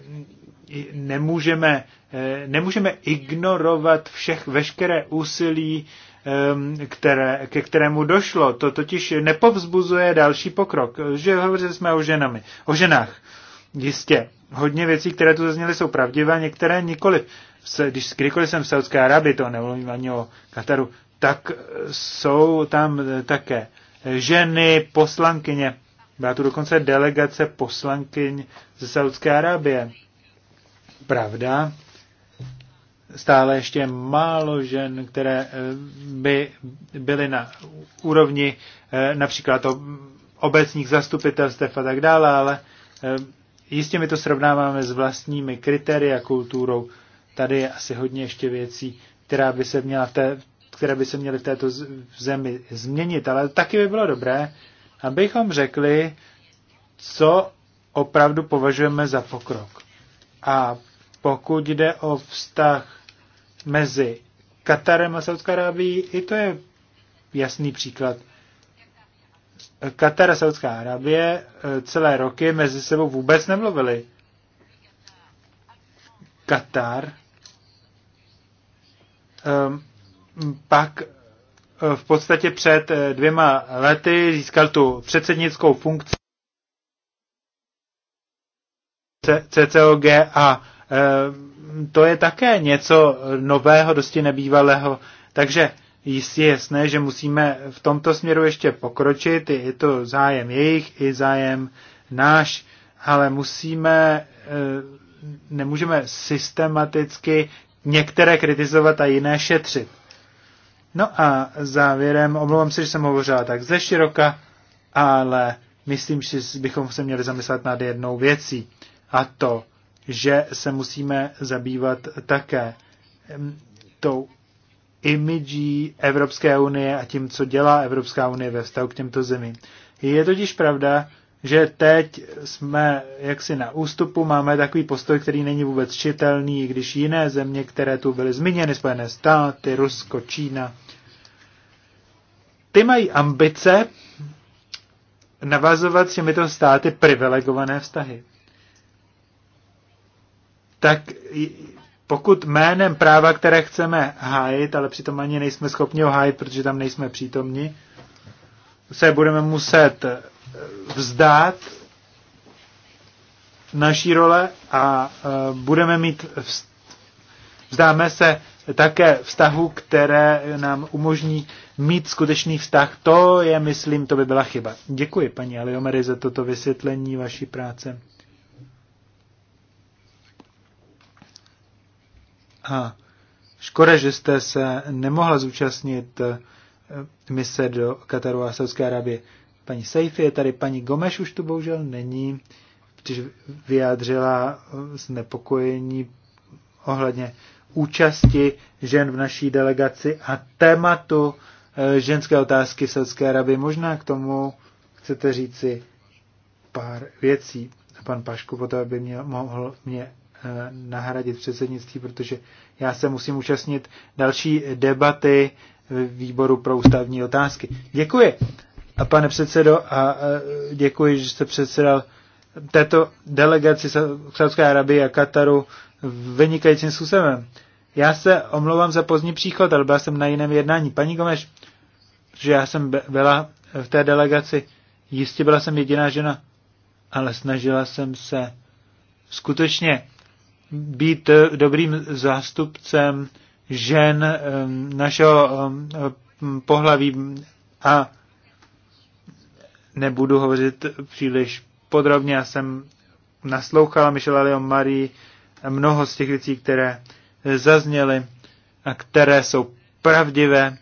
nemůžeme, eh, nemůžeme ignorovat všech, veškeré úsilí, ehm, které, ke kterému došlo. To totiž nepovzbuzuje další pokrok. Že hovořili jsme o, ženami, o ženách. Jistě, hodně věcí, které tu zazněly, jsou pravdivé, některé nikoli. Když kdykoliv jsem v Saudské Arabii, to nemluvím ani o Kataru, tak jsou tam také ženy, poslankyně. Byla tu dokonce delegace poslankyň ze Saudské Arábie. Pravda, stále ještě málo žen, které eh, by byly na úrovni eh, například obecních zastupitelstev a tak dále, ale eh, jistě my to srovnáváme s vlastními kritérii a kulturou. Tady je asi hodně ještě věcí, která by se měla v té, které by se měly v této zemi změnit, ale taky by bylo dobré, abychom řekli, co opravdu považujeme za pokrok. A pokud jde o vztah mezi Katarem a Saudskou Arábií, i to je jasný příklad. Katar a Saudská Arábie eh, celé roky mezi sebou vůbec nemluvili. Katar um, pak eh, v podstatě před eh, dvěma lety získal tu předsednickou funkci CCOG a eh, to je také něco nového, dosti nebývalého. Takže jistě je jasné, že musíme v tomto směru ještě pokročit. Je to zájem jejich i zájem náš, ale musíme, nemůžeme systematicky některé kritizovat a jiné šetřit. No a závěrem, omlouvám se, že jsem hovořila tak ze široka, ale myslím, že bychom se měli zamyslet nad jednou věcí. A to, že se musíme zabývat také mm, tou imidží Evropské unie a tím, co dělá Evropská unie ve vztahu k těmto zemím. Je totiž pravda, že teď jsme jaksi na ústupu, máme takový postoj, který není vůbec čitelný, i když jiné země, které tu byly zmíněny, Spojené státy, Rusko, Čína, ty mají ambice navazovat s těmito státy privilegované vztahy. Tak pokud jménem práva, které chceme hájit, ale přitom ani nejsme schopni ho hájit, protože tam nejsme přítomni, se budeme muset vzdát naší role a e, budeme mít, vzdáme se také vztahu, které nám umožní mít skutečný vztah. To je, myslím, to by byla chyba. Děkuji, paní Aliomery, za toto vysvětlení vaší práce. A škoda, že jste se nemohla zúčastnit e, mise do Kataru a Saudské Arabie paní Seifi, je tady paní Gomeš, už tu bohužel není, protože vyjádřila znepokojení ohledně účasti žen v naší delegaci a tématu eh, ženské otázky v Saudské Arabii. Možná k tomu chcete říci pár věcí. Pan Pašku potom by mě, mohl mě eh, nahradit předsednictví, protože já se musím účastnit další debaty výboru pro ústavní otázky. Děkuji. A pane předsedo, a děkuji, že jste předsedal této delegaci Saudské Arabie a Kataru vynikajícím způsobem. Já se omlouvám za pozdní příchod, ale byl jsem na jiném jednání. Paní Gomeš, že já jsem byla v té delegaci, jistě byla jsem jediná žena, ale snažila jsem se skutečně být dobrým zástupcem žen našeho pohlaví a nebudu hovořit příliš podrobně. Já jsem naslouchala Michel Leo Marie mnoho z těch věcí, které zazněly a které jsou pravdivé.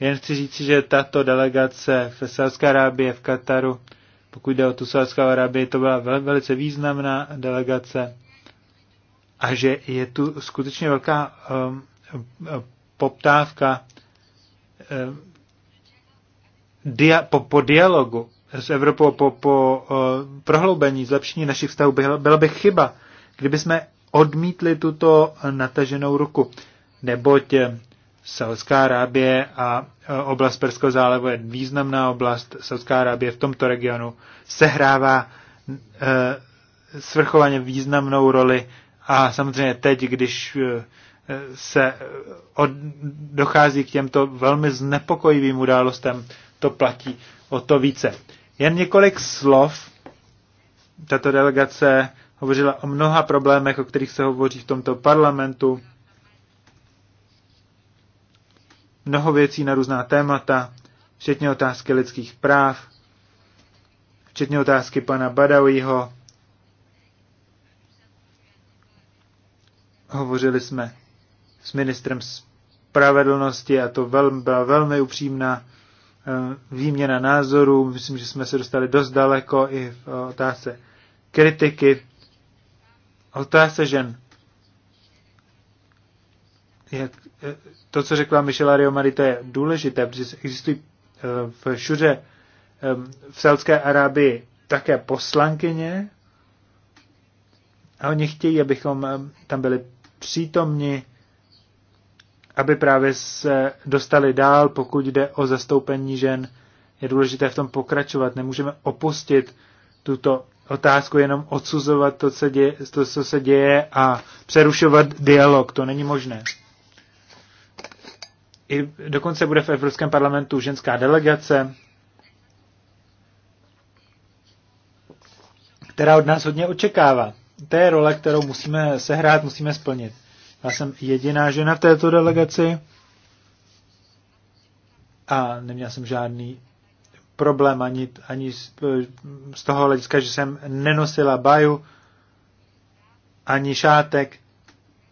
Jen chci říct, že tato delegace v Saudské Arábie, v Kataru, pokud jde o tu Saudskou Arábii, to byla velice významná delegace a že je tu skutečně velká um, poptávka um, dia, po, po dialogu s Evropou po, po uh, prohloubení, zlepšení našich vztahů, byla, byla by chyba, kdyby jsme odmítli tuto nataženou ruku. Neboť eh, Saudská Arábie a eh, oblast Perského zálevu je významná oblast. Saudská Arábie v tomto regionu sehrává uh, svrchovaně významnou roli a samozřejmě teď, když uh, se od, dochází k těmto velmi znepokojivým událostem, to platí o to více. Jen několik slov. Tato delegace hovořila o mnoha problémech, o kterých se hovoří v tomto parlamentu. Mnoho věcí na různá témata, včetně otázky lidských práv, včetně otázky pana Badawiho. Hovořili jsme s ministrem spravedlnosti a to velmi, byla velmi upřímná Eh, výměna názorů. Myslím, že jsme se dostali dost daleko i v eh, otázce kritiky, otázce žen. Jak, eh, to, co řekla Ario Marie to je důležité, protože existují v šuře v Saudské Arábii také poslankyně a oni chtějí, abychom tam byli přítomni aby právě se dostali dál, pokud jde o zastoupení žen. Je důležité v tom pokračovat. Nemůžeme opustit tuto otázku, jenom odsuzovat to, co, děje, to, co se děje a přerušovat dialog. To není možné. I dokonce bude v Evropském parlamentu ženská delegace, která od nás hodně očekává. To je role, kterou musíme sehrát, musíme splnit. Já jsem jediná žena v této delegaci a neměl jsem žádný problém ani, ani z, z toho hlediska, že jsem nenosila baju, ani šátek,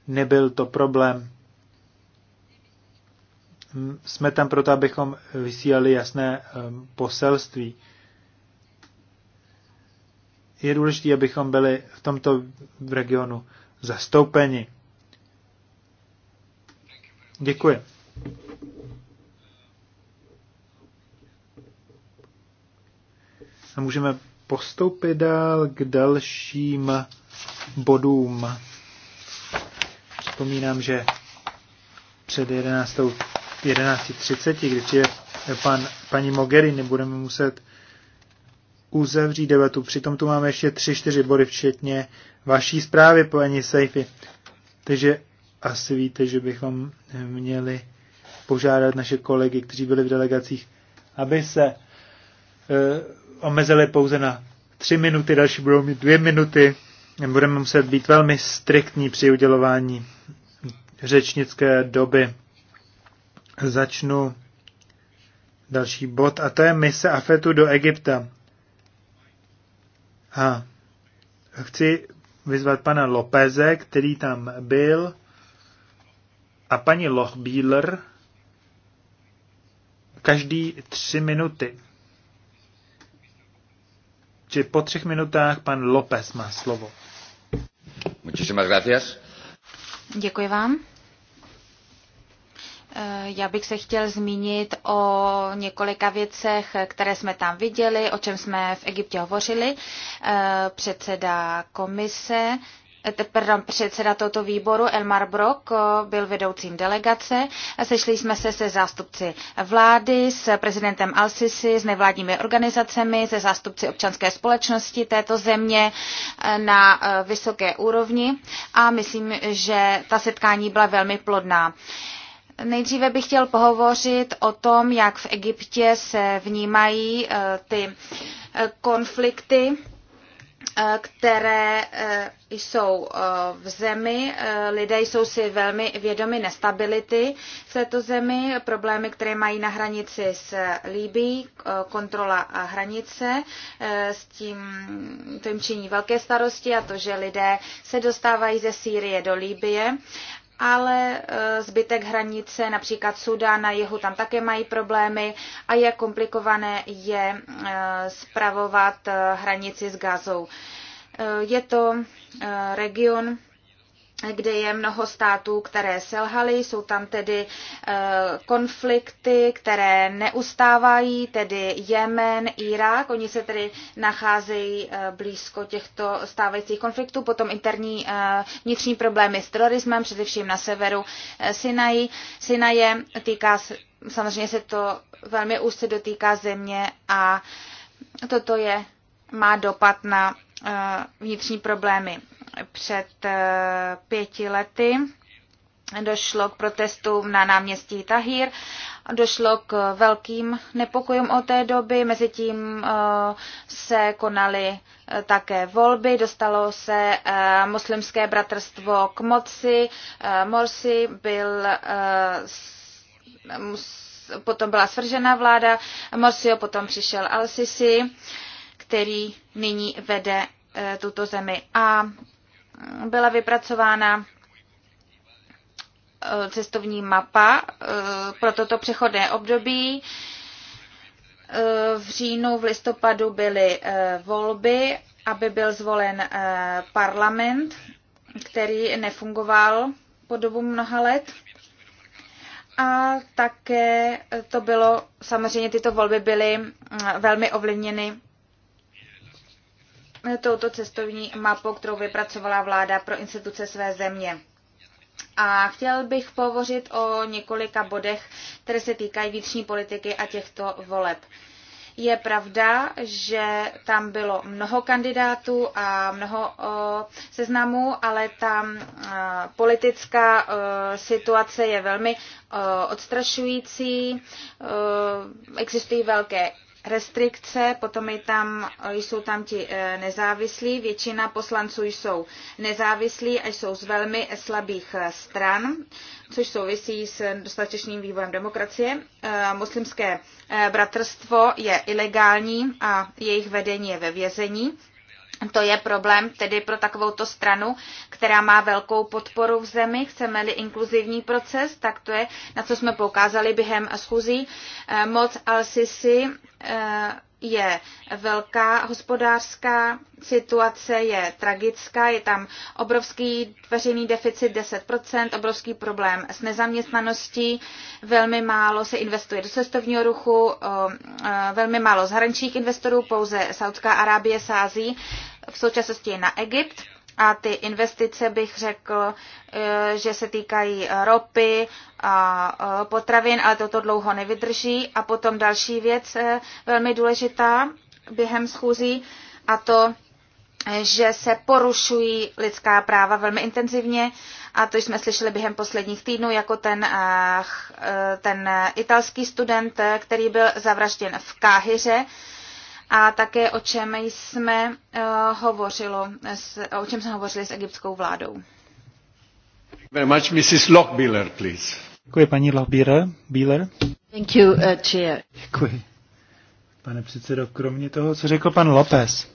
nebyl to problém. Jsme tam proto, abychom vysílali jasné poselství. Je důležité, abychom byli v tomto regionu zastoupeni. Děkuji. A můžeme postoupit dál k dalším bodům. Vzpomínám, že před 11. 11.30, když je pan, paní Mogery, nebudeme muset uzavřít debatu. Přitom tu máme ještě 3-4 body, včetně vaší zprávy, paní Seifi. Takže asi víte, že bychom měli požádat naše kolegy, kteří byli v delegacích, aby se e, omezili pouze na tři minuty, další budou mít dvě minuty. Budeme muset být velmi striktní při udělování řečnické doby. Začnu další bod a to je mise Afetu do Egypta. A chci vyzvat pana Lopeze, který tam byl a paní Lochbíler každý tři minuty. Či po třech minutách pan López má slovo. Muchísimas gracias. Děkuji vám. Eh, já bych se chtěl zmínit o několika věcech, které jsme tam viděli, o čem jsme v Egyptě hovořili. Eh, předseda komise Eh, pardon, předseda tohoto výboru Elmar Brok eh, byl vedoucím delegace. Sešli jsme se se zástupci vlády, s prezidentem Al-Sisi, s nevládními organizacemi, se zástupci občanské společnosti této země eh, na vysoké úrovni a myslím, že ta setkání byla velmi plodná. Nejdříve bych chtěl pohovořit o tom, jak v Egyptě se vnímají ty konflikty Eh, které eh, jsou eh, v zemi. Lidé jsou si velmi vědomi nestability v této zemi, problémy, které mají na hranici s Líbí, kontrola a hranice, s tím to jim činí velké starosti a to, že lidé se dostávají ze Sýrie do Líbie ale e, zbytek hranice, například Suda na jihu, tam také mají problémy a je komplikované je e, spravovat e, hranici s Gazou. Je to region, kde je mnoho států, které selhaly, jsou tam tedy eh, konflikty, které neustávají, tedy Jemen, Irák, oni se tedy nacházejí eh, blízko těchto stávajících konfliktů, potom interní eh, vnitřní problémy s terorismem, především na severu Sinaji. Sinaje týká, samozřejmě se to velmi úzce dotýká země a toto je, má dopad na vnitřní problémy. Před eh, pěti lety došlo k protestům na náměstí Tahir, došlo k velkým nepokojům o té doby, mezi tím eh, se konaly eh, také volby, dostalo se muslimské bratrstvo k moci, Morsi byl potom byla svržena vláda, Morsio potom přišel Al-Sisi, který nyní vede tuto zemi. A byla vypracována eh, cestovní mapa eh, pro toto přechodné období. Eh, v říjnu, v listopadu byly volby, aby byl zvolen parlament, který nefungoval po dobu mnoha let. A také to bylo, samozřejmě tyto volby byly mm, velmi ovlivněny touto cestovní mapou, kterou vypracovala vláda pro instituce své země. A chtěl bych povořit o několika bodech, které se týkají vnitřní politiky a těchto voleb. Je pravda, že tam bylo mnoho kandidátů a mnoho seznamů, ale ta politická situace je velmi odstrašující. Existují velké restrikce, potom je tam, jsou tam ti e, nezávislí, většina poslanců jsou nezávislí a jsou z velmi slabých e, stran, což souvisí s dostatečným vývojem demokracie. E, muslimské bratrstvo je ilegální a jejich vedení je ve vězení. To je problém tedy pro takovouto stranu, která má velkou podporu v zemi. Chceme-li inkluzivní proces, tak to je, na co jsme poukázali během schůzí. Eh, moc Al-Sisi eh, je velká, hospodářská situace je tragická, je tam obrovský veřejný deficit 10%, obrovský problém s nezaměstnaností, velmi málo se investuje do cestovního ruchu, velmi málo zahraničních investorů, pouze Saudská Arábie sází v současnosti na Egypt a ty investice bych řekl, e, že se týkají ropy a e, potravin, ale toto dlouho nevydrží. A potom další věc e, velmi důležitá během schůzí a to, že se porušují lidská práva velmi intenzivně a to jsme slyšeli během posledních týdnů, jako ten, ten italský student, který byl zavražděn v Káhyře a také o čem jsme eh, hovořilo, o čem jsme hovořili s egyptskou vládou. Very much, Mrs. Lockbiller, please. Děkuji, paní Lockbiller. Bieler. Thank you, uh, chair. Děkuji. Pane předsedo, kromě toho, co řekl pan López,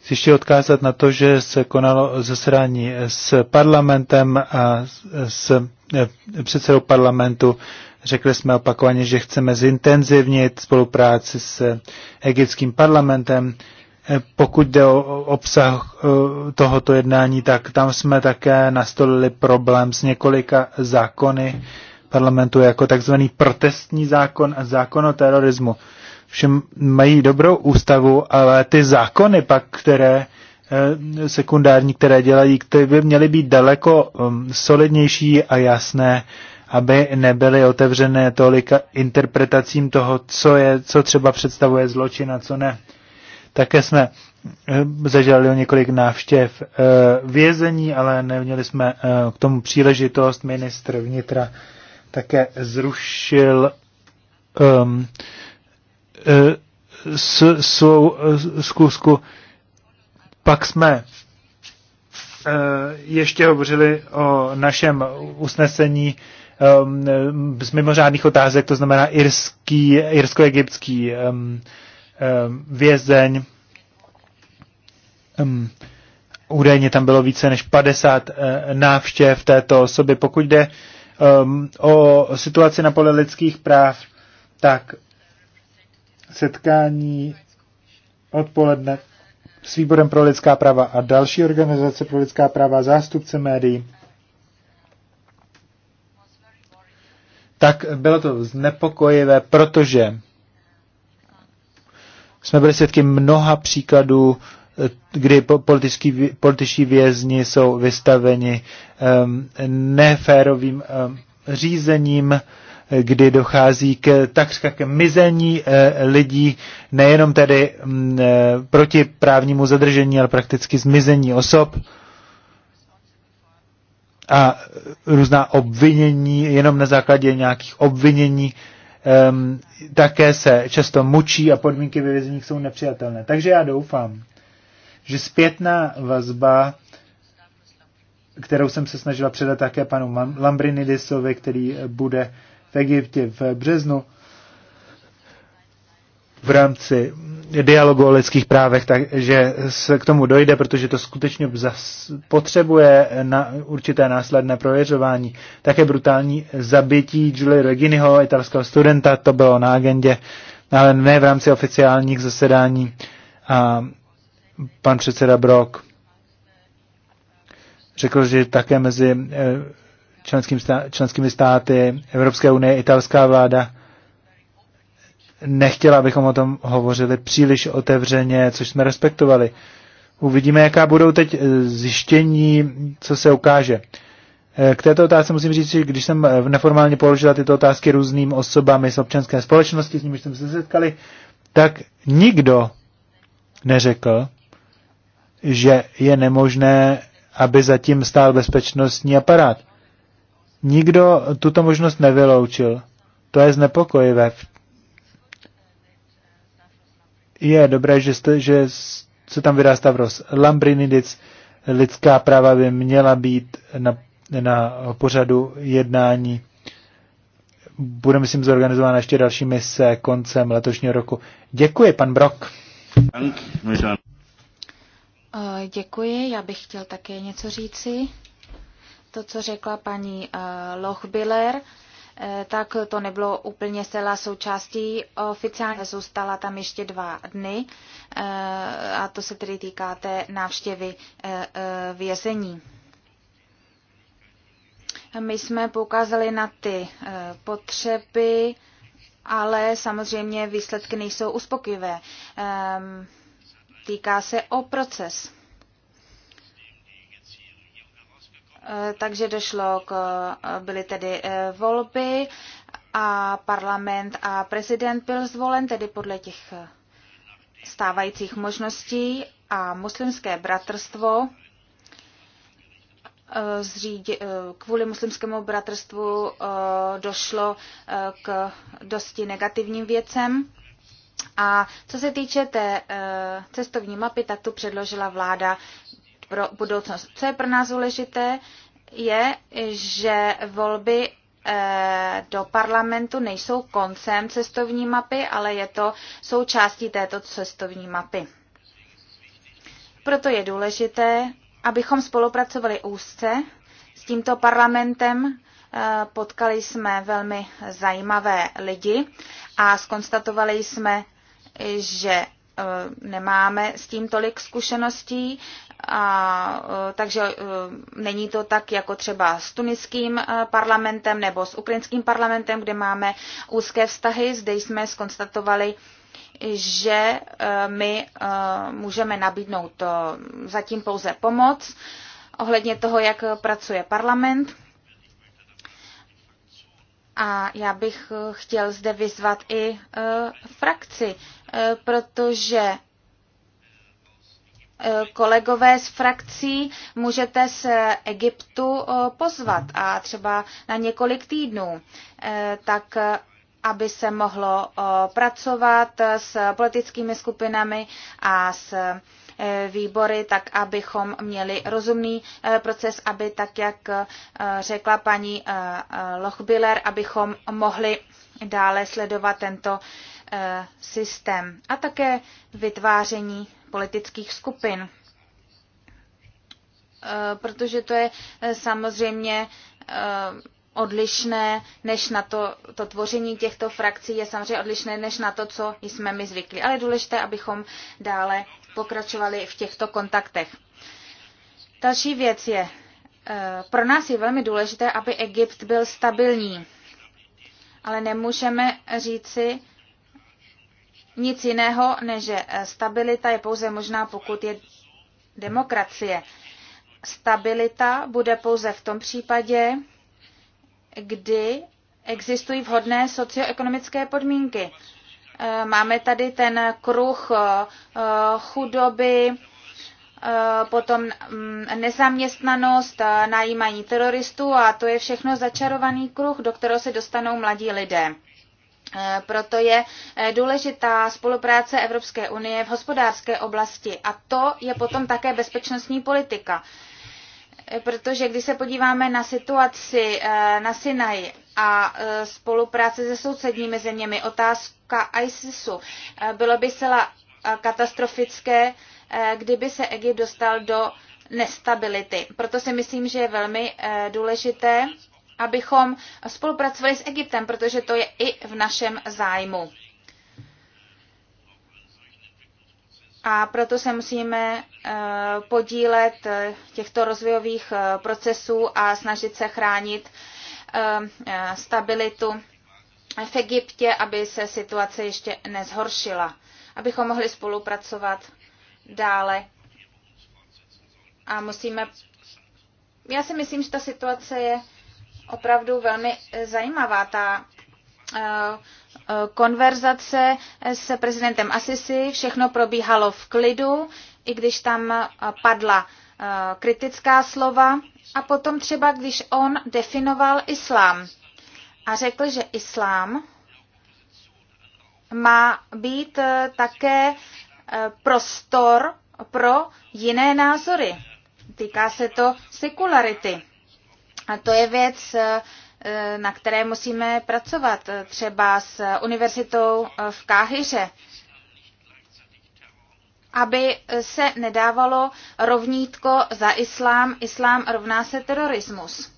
chci ještě odkázat na to, že se konalo zasedání s parlamentem a s eh, předsedou parlamentu Řekli jsme opakovaně, že chceme zintenzivnit spolupráci s egyptským parlamentem. Eh, pokud jde o obsah eh, tohoto jednání, tak tam jsme také nastolili problém s několika zákony parlamentu, jako takzvaný protestní zákon a zákon o terorismu. Všem mají dobrou ústavu, ale ty zákony pak, které eh, sekundární, které dělají, které by měly být daleko solidnější a jasné aby nebyly otevřené tolika interpretacím toho, co, je, co třeba představuje zločin a co ne. Také jsme eh, zažili několik návštěv eh, vězení, ale neměli jsme eh, k tomu příležitost. Ministr vnitra také zrušil um, s, svou zkusku. Pak jsme ještě hovořili o našem usnesení um, z mimořádných otázek, to znamená irský, irsko-egyptský um, um, vězeň. Um, údajně tam bylo více než 50 uh, eh, návštěv této osoby. Pokud jde um, o situaci na pole lidských práv, tak setkání odpoledne s Výborem pro lidská práva a další organizace pro lidská práva, zástupce médií, tak bylo to znepokojivé, protože jsme byli svědky mnoha příkladů, eh, kdy politický, političtí vězni jsou vystaveni um, neférovým um, řízením, eh, kdy dochází k takřka k mizení e, lidí, nejenom tedy m, mm, e, proti právnímu zadržení, ale prakticky zmizení osob a různá obvinění, jenom na základě nějakých obvinění, um, také se často mučí a podmínky ve vězeních jsou nepřijatelné. Takže já doufám, že zpětná vazba, kterou jsem se snažila předat také panu Lambrinidisovi, který bude v Egyptě v březnu, v rámci dialogu o lidských právech, takže se k tomu dojde, protože to skutečně potřebuje na určité následné prověřování. Také brutální zabití Julie Reginiho, italského studenta, to bylo na agendě, ale ne v rámci oficiálních zasedání. A pan předseda Brok řekl, že také mezi eh, členským stá, členskými státy Evropské unie italská vláda nechtěla, abychom o tom hovořili příliš otevřeně, což jsme respektovali. Uvidíme, jaká budou teď eh, zjištění, co se ukáže. Eh, k této otázce musím říct, že když jsem eh, neformálně položila tyto otázky různým osobám, z občanské společnosti, s nimi jsme se setkali, tak nikdo neřekl, že je nemožné, aby zatím stál bezpečnostní aparát. Nikdo tuto možnost nevyloučil. To je znepokojivé. V je dobré, že, jste, že se tam vydá Stavros Lambrinidis. Lidská práva by měla být na, na pořadu jednání. Bude, myslím, zorganizována ještě další mise koncem letošního roku. Děkuji, pan Brok. Děkuji, já bych chtěl také něco říci. To, co řekla paní Lochbiller, Eh, tak to nebylo úplně celá součástí oficiálně. Zůstala tam ještě dva dny eh, a to se tedy týká té návštěvy eh, vězení. My jsme poukázali na ty potřeby, ale samozřejmě výsledky nejsou uspokojivé. Ehm, týká se o proces. Eh, takže došlo k, eh, byly tedy eh, volby a parlament a prezident byl zvolen tedy podle těch stávajících možností a muslimské bratrstvo kvůli muslimskému bratrstvu došlo k dosti negativním věcem. A co se týče té cestovní mapy, tak tu předložila vláda pro budoucnost. Co je pro nás důležité, je, že volby eh, do parlamentu nejsou koncem cestovní mapy, ale je to součástí této cestovní mapy. Proto je důležité, abychom spolupracovali úzce s tímto parlamentem. Eh, potkali jsme velmi zajímavé lidi a skonstatovali jsme, že Eh, nemáme s tím tolik zkušeností, a, eh, takže eh, není to tak jako třeba s tuniským parlamentem nebo s ukrajinským parlamentem, kde máme úzké vztahy. Zde jsme skonstatovali, že my můžeme nabídnout zatím pouze pomoc ohledně toho, jak pracuje parlament. A já bych chtěl zde vyzvat i frakci, Eh, protože eh, kolegové z frakcí můžete z Egyptu eh, pozvat a třeba na několik týdnů, tak aby se mohlo pracovat s politickými skupinami a s výbory, tak abychom měli rozumný proces, aby tak, jak řekla paní Lochbiller, abychom mohli dále sledovat tento Eh, systém a také vytváření politických skupin. Eh, protože to je eh, samozřejmě odlišné než na to, to tvoření těchto frakcí je samozřejmě odlišné než na to, co jsme my zvykli. Ale je důležité, abychom dále pokračovali v těchto kontaktech. Další věc je, pro nás je velmi důležité, aby Egypt byl stabilní. Ale nemůžeme říci, nic jiného, než eh, stabilita je pouze možná, pokud je demokracie. Stabilita bude pouze v tom případě, kdy existují vhodné socioekonomické podmínky. Eh, máme tady ten kruh eh, chudoby, potom mm, nezaměstnanost, najímání teroristů a to je všechno začarovaný kruh, do kterého se dostanou mladí lidé. Proto je eh, důležitá spolupráce Evropské unie v hospodářské oblasti a to je potom také bezpečnostní politika. Eh, protože když se podíváme na situaci eh, na Sinaji a spolupráce se sousedními zeměmi, otázka ISISu, bylo by zcela katastrofické, kdyby se Egypt dostal do nestability. Proto si myslím, že je velmi důležité, abychom spolupracovali s Egyptem, protože to je i v našem zájmu. A proto se musíme eh, podílet eh, těchto rozvojových eh, procesů a snažit se chránit stabilitu v Egyptě, aby se situace ještě nezhoršila, abychom mohli spolupracovat dále. A musíme. Já si myslím, že ta situace je opravdu velmi zajímavá ta eh, eh, konverzace s prezidentem Asisi. Všechno probíhalo v klidu, i když tam eh, padla kritická slova. A potom třeba, když on definoval islám a řekl, že islám má být také prostor pro jiné názory. Týká se to sekularity. A to je věc, eh, eh, na které musíme pracovat, eh, třeba s univerzitou v Káhyře, aby se nedávalo rovnítko za islám, islám rovná se terorismus.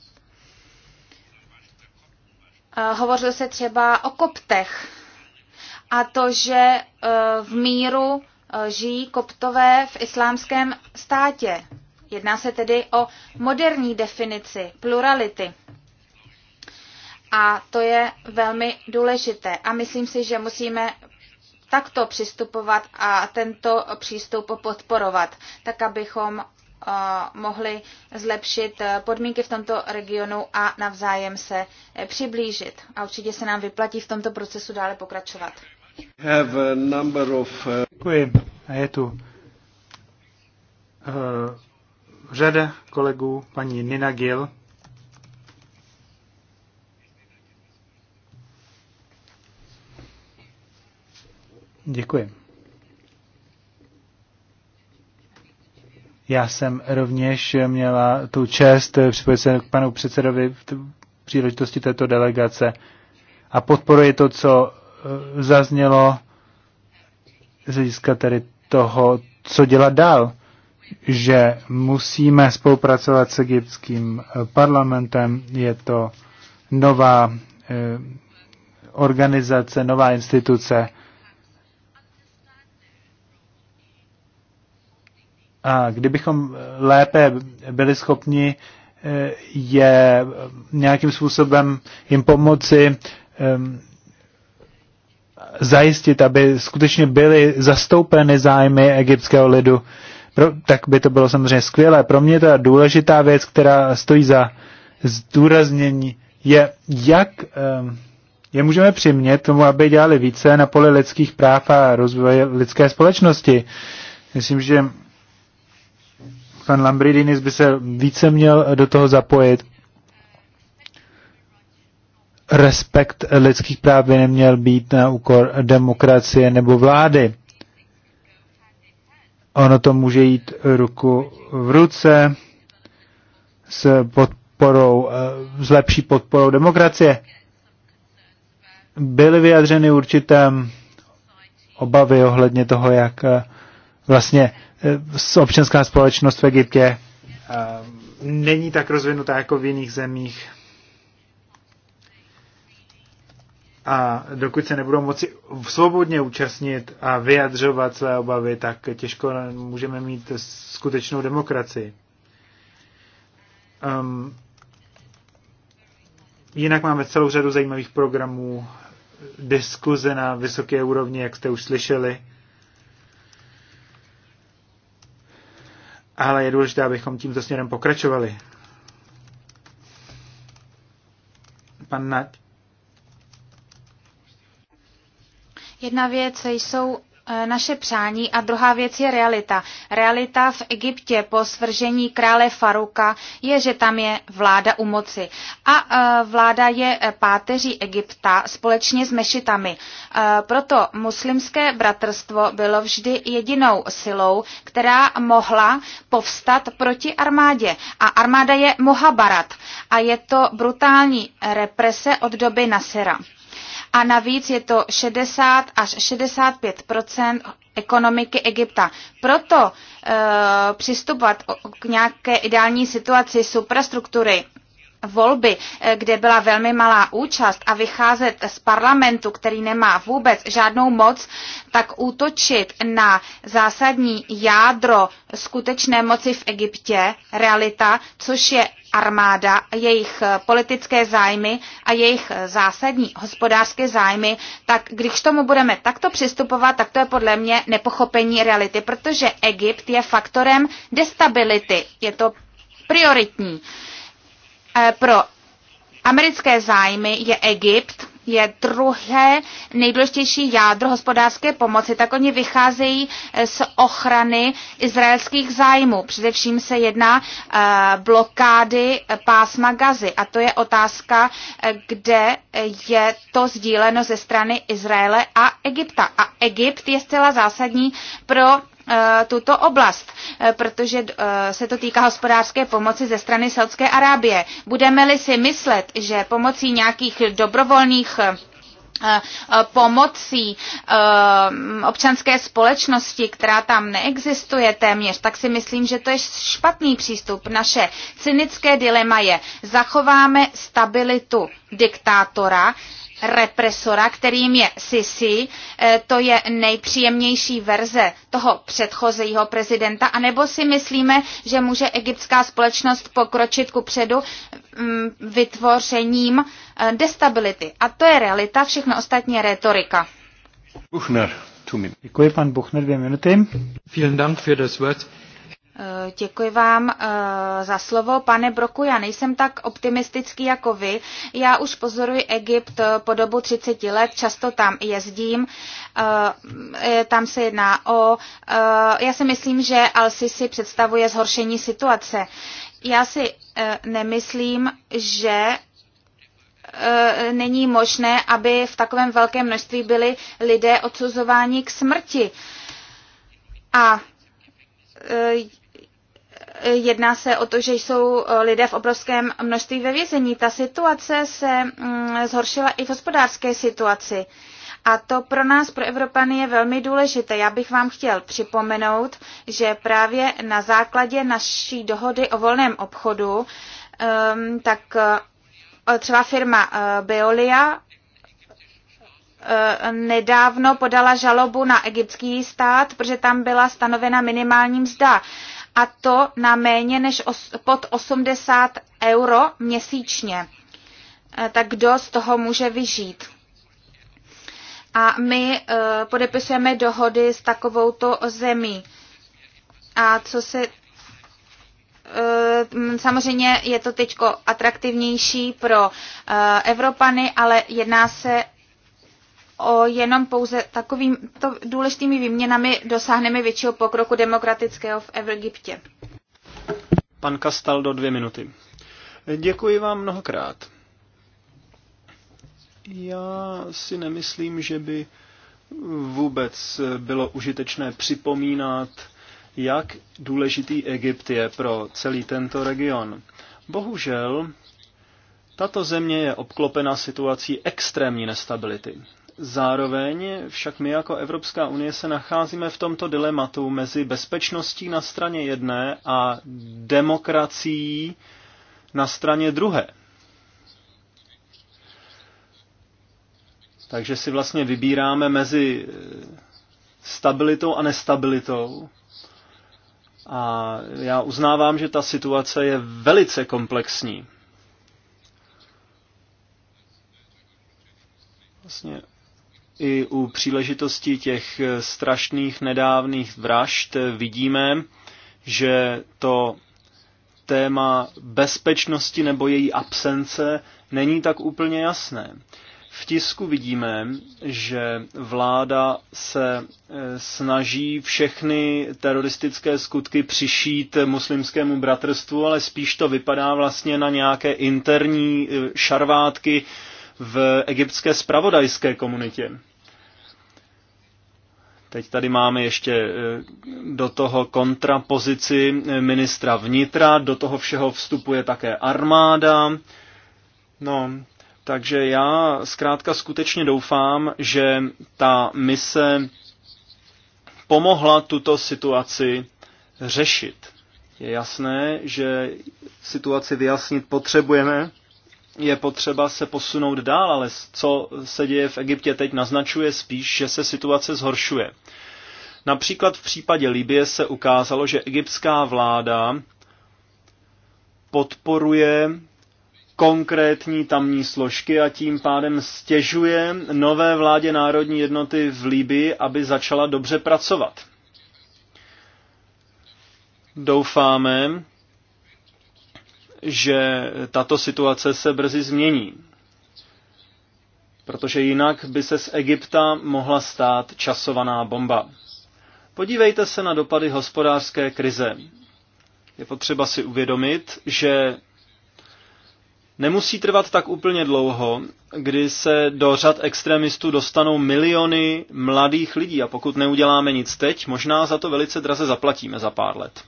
Hovořil se třeba o koptech a to, že v míru žijí koptové v islámském státě. Jedná se tedy o moderní definici plurality. A to je velmi důležité. A myslím si, že musíme takto přistupovat a tento přístup podporovat, tak abychom eh, mohli zlepšit eh, podmínky v tomto regionu a navzájem se eh, přiblížit. A určitě se nám vyplatí v tomto procesu dále pokračovat. Have a Děkuji. A je tu řada kolegů, paní Nina Gil. Děkuji. Já jsem rovněž měla tu čest připojit se k panu předsedovi v příležitosti této delegace a podporuji to, co eh, zaznělo z hlediska tedy toho, co dělat dál že musíme spolupracovat s egyptským eh, parlamentem. Je to nová eh, organizace, nová instituce. A kdybychom eh, lépe byli schopni je nějakým způsobem jim pomoci zajistit, aby skutečně byly zastoupeny zájmy egyptského lidu, pro, tak by to bylo samozřejmě skvělé. Pro mě ta důležitá věc, která stojí za zdůraznění, je, jak ehm, je můžeme přimět tomu, aby dělali více na poli lidských práv a rozvoje lidské společnosti. Myslím, že pan Lambridinis by se více měl do toho zapojit. Respekt lidských práv by neměl být na úkor demokracie nebo vlády. Ono to může jít ruku v ruce s podporou, eh, s lepší podporou demokracie. Byly vyjadřeny určité obavy ohledně toho, jak eh, vlastně eh, občanská společnost v Egyptě není tak rozvinutá jako v jiných zemích a dokud se nebudou moci svobodně účastnit a vyjadřovat své obavy, tak těžko můžeme mít skutečnou demokracii. Um, jinak máme celou řadu zajímavých programů, diskuze na vysoké úrovni, jak jste už slyšeli. Ale je důležité, abychom tímto směrem pokračovali. Pan Nať. Jedna věc jsou e, naše přání a druhá věc je realita. Realita v Egyptě po svržení krále Faruka je, že tam je vláda u moci. A e, vláda je e, páteří Egypta společně s mešitami. Proto muslimské bratrstvo bylo vždy jedinou silou, která mohla povstat proti armádě. A armáda je Mohabarat a je to brutální represe od doby Nasera a navíc je to 60 až 65 ekonomiky Egypta. Proto e, přistupovat k nějaké ideální situaci suprastruktury volby, eh, kde byla velmi malá účast a vycházet z parlamentu, který nemá vůbec žádnou moc, tak útočit na zásadní jádro skutečné moci v Egyptě, realita, což je armáda, jejich eh, politické zájmy a jejich eh, zásadní hospodářské zájmy, tak když tomu budeme takto přistupovat, tak to je podle mě nepochopení reality, protože Egypt je faktorem destability. Je to prioritní. Uh, Eh, pro americké zájmy je Egypt, je druhé nejdůležitější jádro hospodářské pomoci, tak oni vycházejí eh, z ochrany izraelských zájmů. Především se jedná eh, blokády pásma gazy a to je otázka, kde je to sdíleno ze strany Izraele a Egypta. A Egypt je zcela zásadní pro Eh, tuto oblast, eh, protože eh, se to týká hospodářské pomoci ze strany Saudské Arábie. Budeme-li si myslet, že pomocí nějakých dobrovolných pomocí občanské společnosti, která tam neexistuje téměř, tak si myslím, že to je špatný přístup. Naše cynické dilema je, zachováme stabilitu diktátora, represora, kterým je Sisi, eh, to je nejpříjemnější verze toho předchozího prezidenta, anebo si myslíme, že může egyptská společnost pokročit ku předu mm, vytvořením eh, destability. A to je realita, všechno ostatní je retorika. Buchner, Děkuji, pan Buchner, dvě minuty. Vielen Dank für das Wort. Eh, děkuji vám eh, za slovo. Pane Broku, já nejsem tak optimistický jako vy. Já už pozoruji Egypt po dobu 30 let, často tam jezdím. Eh, tam se jedná o... Já si myslím, že Al-Sisi představuje zhoršení situace. Já si nemyslím, že není možné, aby v takovém velkém množství byli lidé odsuzováni k smrti. A Jedná se o to, že jsou eh, lidé v obrovském množství ve vězení. Ta situace se mm, zhoršila i v hospodářské situaci. A to pro nás, pro Evropany, je velmi důležité. Já bych vám chtěl připomenout, že právě na základě naší dohody o volném obchodu, ehm, tak eh, třeba firma Beolia eh, nedávno podala žalobu na egyptský stát, protože tam byla stanovena minimální mzda a to na méně než os, pod 80 euro měsíčně. E, tak kdo z toho může vyžít? A my e, podepisujeme dohody s takovouto zemí. A co se e, samozřejmě je to teď atraktivnější pro Evropany, ale jedná se o jenom pouze to důležitými výměnami dosáhneme většího pokroku demokratického v Egyptě. Pan Kastal do dvě minuty. Děkuji vám mnohokrát. Já si nemyslím, že by vůbec bylo užitečné připomínat, jak důležitý Egypt je pro celý tento region. Bohužel, tato země je obklopena situací extrémní nestability. Zároveň však my jako Evropská unie se nacházíme v tomto dilematu mezi bezpečností na straně jedné a demokracií na straně druhé. Takže si vlastně vybíráme mezi eh, stabilitou a nestabilitou. A já uznávám, že ta situace je velice komplexní. Vlastně i u příležitosti těch eh, strašných nedávných vražd eh, vidíme, že to téma bezpečnosti nebo její absence není tak úplně jasné. V tisku vidíme, že vláda se eh, snaží všechny teroristické skutky přišít muslimskému bratrstvu, ale spíš to vypadá vlastně na nějaké interní šarvátky v egyptské spravodajské komunitě. Teď tady máme ještě eh, do toho kontrapozici eh, ministra vnitra, do toho všeho vstupuje také armáda. No, takže já zkrátka skutečně doufám, že ta mise pomohla tuto situaci řešit. Je jasné, že situaci vyjasnit potřebujeme, je potřeba se posunout dál, ale co se děje v Egyptě teď naznačuje spíš, že se situace zhoršuje. Například v případě Libie se ukázalo, že egyptská vláda podporuje konkrétní tamní složky a tím pádem stěžuje nové vládě národní jednoty v Libii, aby začala dobře pracovat. Doufáme, že tato situace se brzy změní. Protože jinak by se z Egypta mohla stát časovaná bomba. Podívejte se na dopady hospodářské krize. Je potřeba si uvědomit, že nemusí trvat tak úplně dlouho, kdy se do řad extremistů dostanou miliony mladých lidí a pokud neuděláme nic teď, možná za to velice draze zaplatíme za pár let.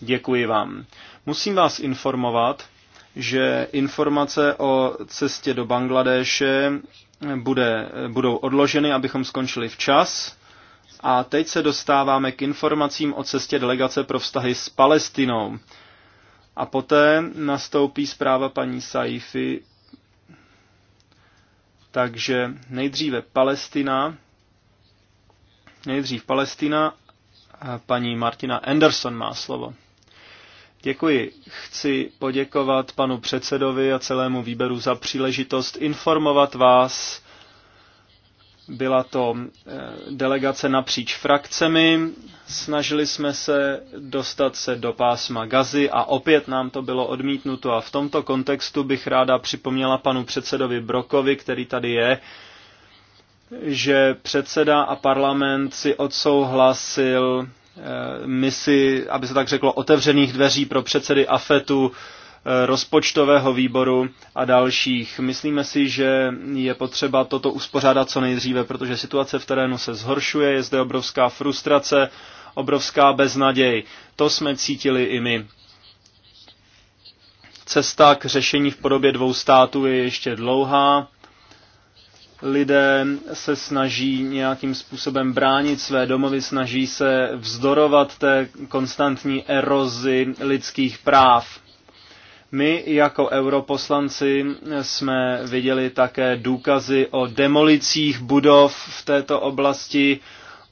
Děkuji vám. Musím vás informovat, že informace o cestě do Bangladéše bude, budou odloženy, abychom skončili včas. A teď se dostáváme k informacím o cestě delegace pro vztahy s Palestinou. A poté nastoupí zpráva paní Saifi. Takže nejdříve Palestina, nejdřív Palestina, paní Martina Anderson má slovo. Děkuji. Chci poděkovat panu předsedovi a celému výberu za příležitost informovat vás. Byla to eh, delegace napříč frakcemi. Snažili jsme se dostat se do pásma Gazy a opět nám to bylo odmítnuto. A v tomto kontextu bych ráda připomněla panu předsedovi Brokovi, který tady je, že předseda a parlament si odsouhlasil Eh, misi, aby se tak řeklo, otevřených dveří pro předsedy AFETu, eh, rozpočtového výboru a dalších. Myslíme si, že je potřeba toto uspořádat co nejdříve, protože situace v terénu se zhoršuje, je zde obrovská frustrace, obrovská beznaděj. To jsme cítili i my. Cesta k řešení v podobě dvou států je ještě dlouhá lidé se snaží nějakým způsobem bránit své domovy, snaží se vzdorovat té konstantní erozi lidských práv. My jako europoslanci jsme viděli také důkazy o demolicích budov v této oblasti,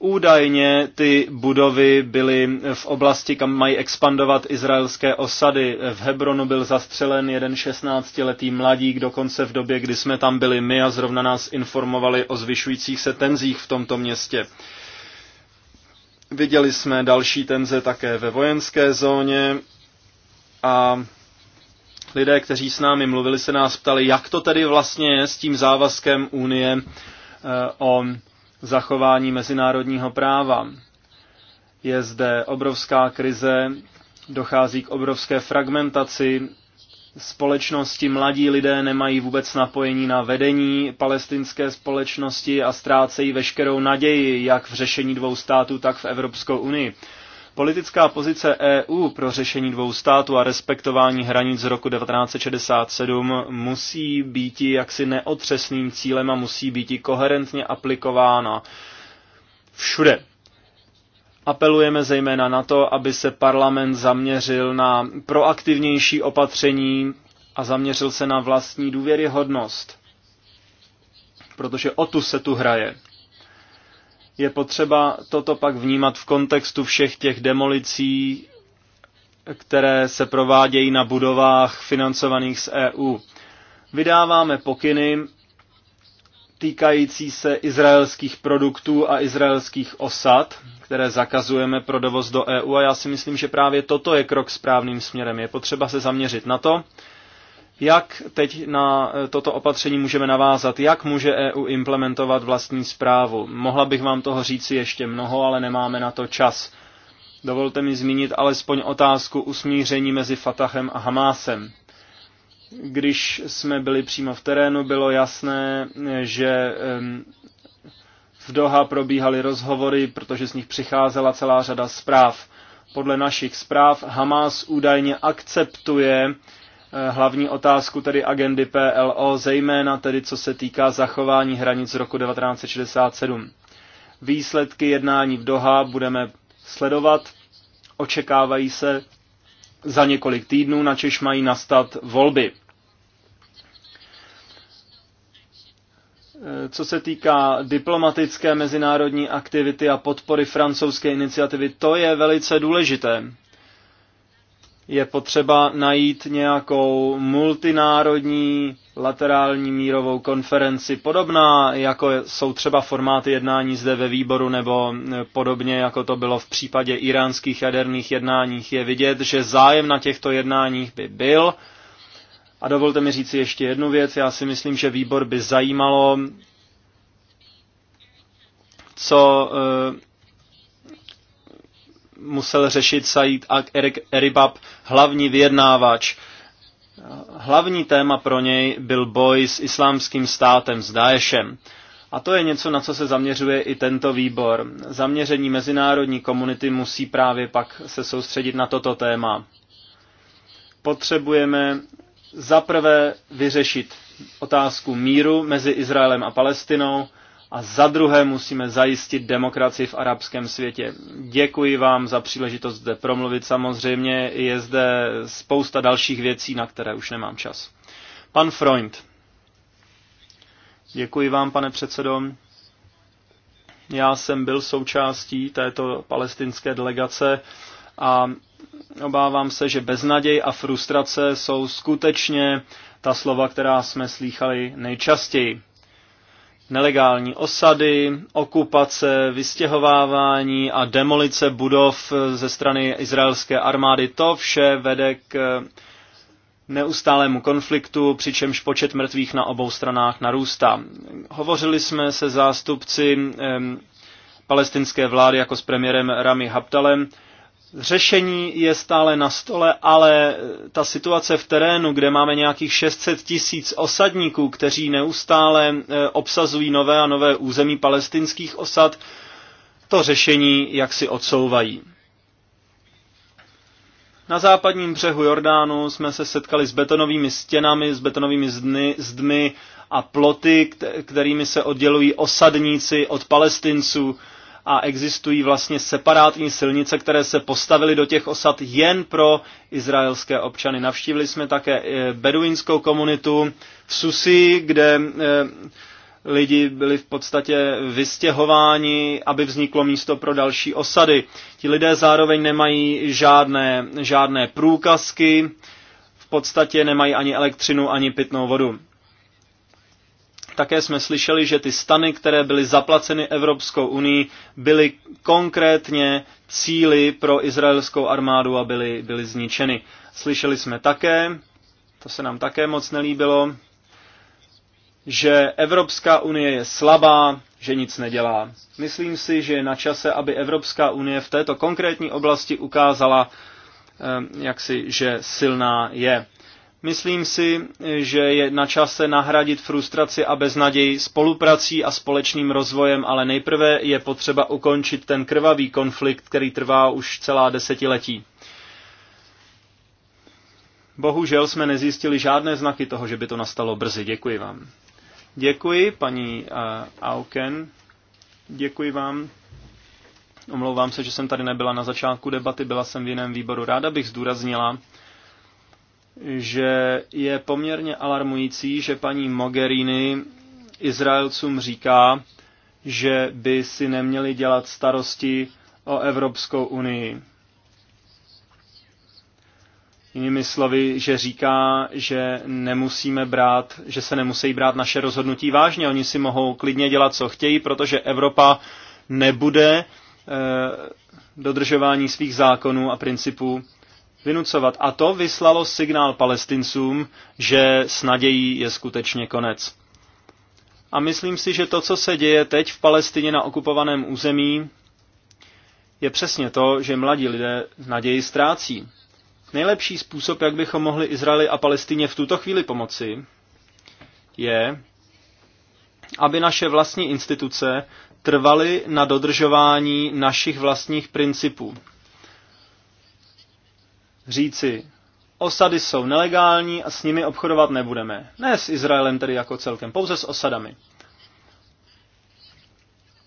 Údajně ty budovy byly v oblasti, kam mají expandovat izraelské osady. V Hebronu byl zastřelen jeden 16-letý mladík, dokonce v době, kdy jsme tam byli my a zrovna nás informovali o zvyšujících se tenzích v tomto městě. Viděli jsme další tenze také ve vojenské zóně a lidé, kteří s námi mluvili, se nás ptali, jak to tedy vlastně je s tím závazkem Unie eh, o zachování mezinárodního práva. Je zde obrovská krize, dochází k obrovské fragmentaci společnosti, mladí lidé nemají vůbec napojení na vedení palestinské společnosti a ztrácejí veškerou naději jak v řešení dvou států, tak v Evropskou unii. Politická pozice EU pro řešení dvou států a respektování hranic z roku 1967 musí být jaksi neotřesným cílem a musí být koherentně aplikována všude. Apelujeme zejména na to, aby se parlament zaměřil na proaktivnější opatření a zaměřil se na vlastní důvěryhodnost, protože o tu se tu hraje. Je potřeba toto pak vnímat v kontextu všech těch demolicí, které se provádějí na budovách financovaných z EU. Vydáváme pokyny týkající se izraelských produktů a izraelských osad, které zakazujeme pro dovoz do EU a já si myslím, že právě toto je krok správným směrem. Je potřeba se zaměřit na to, jak teď na eh, toto opatření můžeme navázat? Jak může EU implementovat vlastní zprávu? Mohla bych vám toho říci ještě mnoho, ale nemáme na to čas. Dovolte mi zmínit alespoň otázku usmíření mezi Fatahem a Hamásem. Když jsme byli přímo v terénu, bylo jasné, eh, že v Doha probíhaly rozhovory, protože z nich přicházela celá řada zpráv. Podle našich zpráv Hamás údajně akceptuje Eh, hlavní otázku tedy agendy PLO, zejména tedy co se týká zachování hranic z roku 1967. Výsledky jednání v Doha budeme sledovat. Očekávají se za několik týdnů, načež mají nastat volby. Eh, co se týká diplomatické mezinárodní aktivity a podpory francouzské iniciativy, to je velice důležité je potřeba najít nějakou multinárodní laterální mírovou konferenci, podobná jako jsou třeba formáty jednání zde ve výboru nebo podobně jako to bylo v případě iránských jaderných jednáních, je vidět, že zájem na těchto jednáních by byl. A dovolte mi říct ještě jednu věc, já si myslím, že výbor by zajímalo, co eh, musel řešit Said Ak Eribab hlavní vyjednávač. Hlavní téma pro něj byl boj s islámským státem, s Daešem. A to je něco, na co se zaměřuje i tento výbor. Zaměření mezinárodní komunity musí právě pak se soustředit na toto téma. Potřebujeme zaprvé vyřešit otázku míru mezi Izraelem a Palestinou a za druhé musíme zajistit demokracii v arabském světě. Děkuji vám za příležitost zde promluvit. Samozřejmě je zde spousta dalších věcí, na které už nemám čas. Pan Freund. Děkuji vám, pane předsedo. Já jsem byl součástí této palestinské delegace a obávám se, že beznaděj a frustrace jsou skutečně ta slova, která jsme slýchali nejčastěji nelegální osady, okupace, vystěhovávání a demolice budov ze strany izraelské armády. To vše vede k neustálému konfliktu, přičemž počet mrtvých na obou stranách narůstá. Hovořili jsme se zástupci palestinské vlády jako s premiérem Rami Haptalem Řešení je stále na stole, ale ta situace v terénu, kde máme nějakých 600 tisíc osadníků, kteří neustále eh, obsazují nové a nové území palestinských osad, to řešení jaksi odsouvají. Na západním břehu Jordánu jsme se setkali s betonovými stěnami, s betonovými zdny, zdmi a ploty, kterými se oddělují osadníci od palestinců a existují vlastně separátní silnice, které se postavily do těch osad jen pro izraelské občany. Navštívili jsme také eh, beduínskou komunitu v Susi, kde eh, lidi byli v podstatě vystěhováni, aby vzniklo místo pro další osady. Ti lidé zároveň nemají žádné, žádné průkazky, v podstatě nemají ani elektřinu, ani pitnou vodu. Také jsme slyšeli, že ty stany, které byly zaplaceny Evropskou unii, byly konkrétně cíly pro izraelskou armádu a byly, byly zničeny. Slyšeli jsme také, to se nám také moc nelíbilo, že Evropská unie je slabá, že nic nedělá. Myslím si, že je na čase, aby Evropská unie v této konkrétní oblasti ukázala, eh, jak si, že silná je. Myslím si, že je na čase nahradit frustraci a beznaději spoluprací a společným rozvojem, ale nejprve je potřeba ukončit ten krvavý konflikt, který trvá už celá desetiletí. Bohužel jsme nezjistili žádné znaky toho, že by to nastalo brzy. Děkuji vám. Děkuji, paní uh, Auken. Děkuji vám. Omlouvám se, že jsem tady nebyla na začátku debaty, byla jsem v jiném výboru. Ráda bych zdůraznila, že je poměrně alarmující, že paní Mogherini Izraelcům říká, že by si neměli dělat starosti o Evropskou unii. Jinými slovy, že říká, že nemusíme brát, že se nemusí brát naše rozhodnutí vážně. Oni si mohou klidně dělat, co chtějí, protože Evropa nebude eh, dodržování svých zákonů a principů vynucovat. A to vyslalo signál palestincům, že s nadějí je skutečně konec. A myslím si, že to, co se děje teď v Palestině na okupovaném území, je přesně to, že mladí lidé naději ztrácí. Nejlepší způsob, jak bychom mohli Izraeli a Palestině v tuto chvíli pomoci, je, aby naše vlastní instituce trvaly na dodržování našich vlastních principů, říci, osady jsou nelegální a s nimi obchodovat nebudeme. Ne s Izraelem tedy jako celkem, pouze s osadami.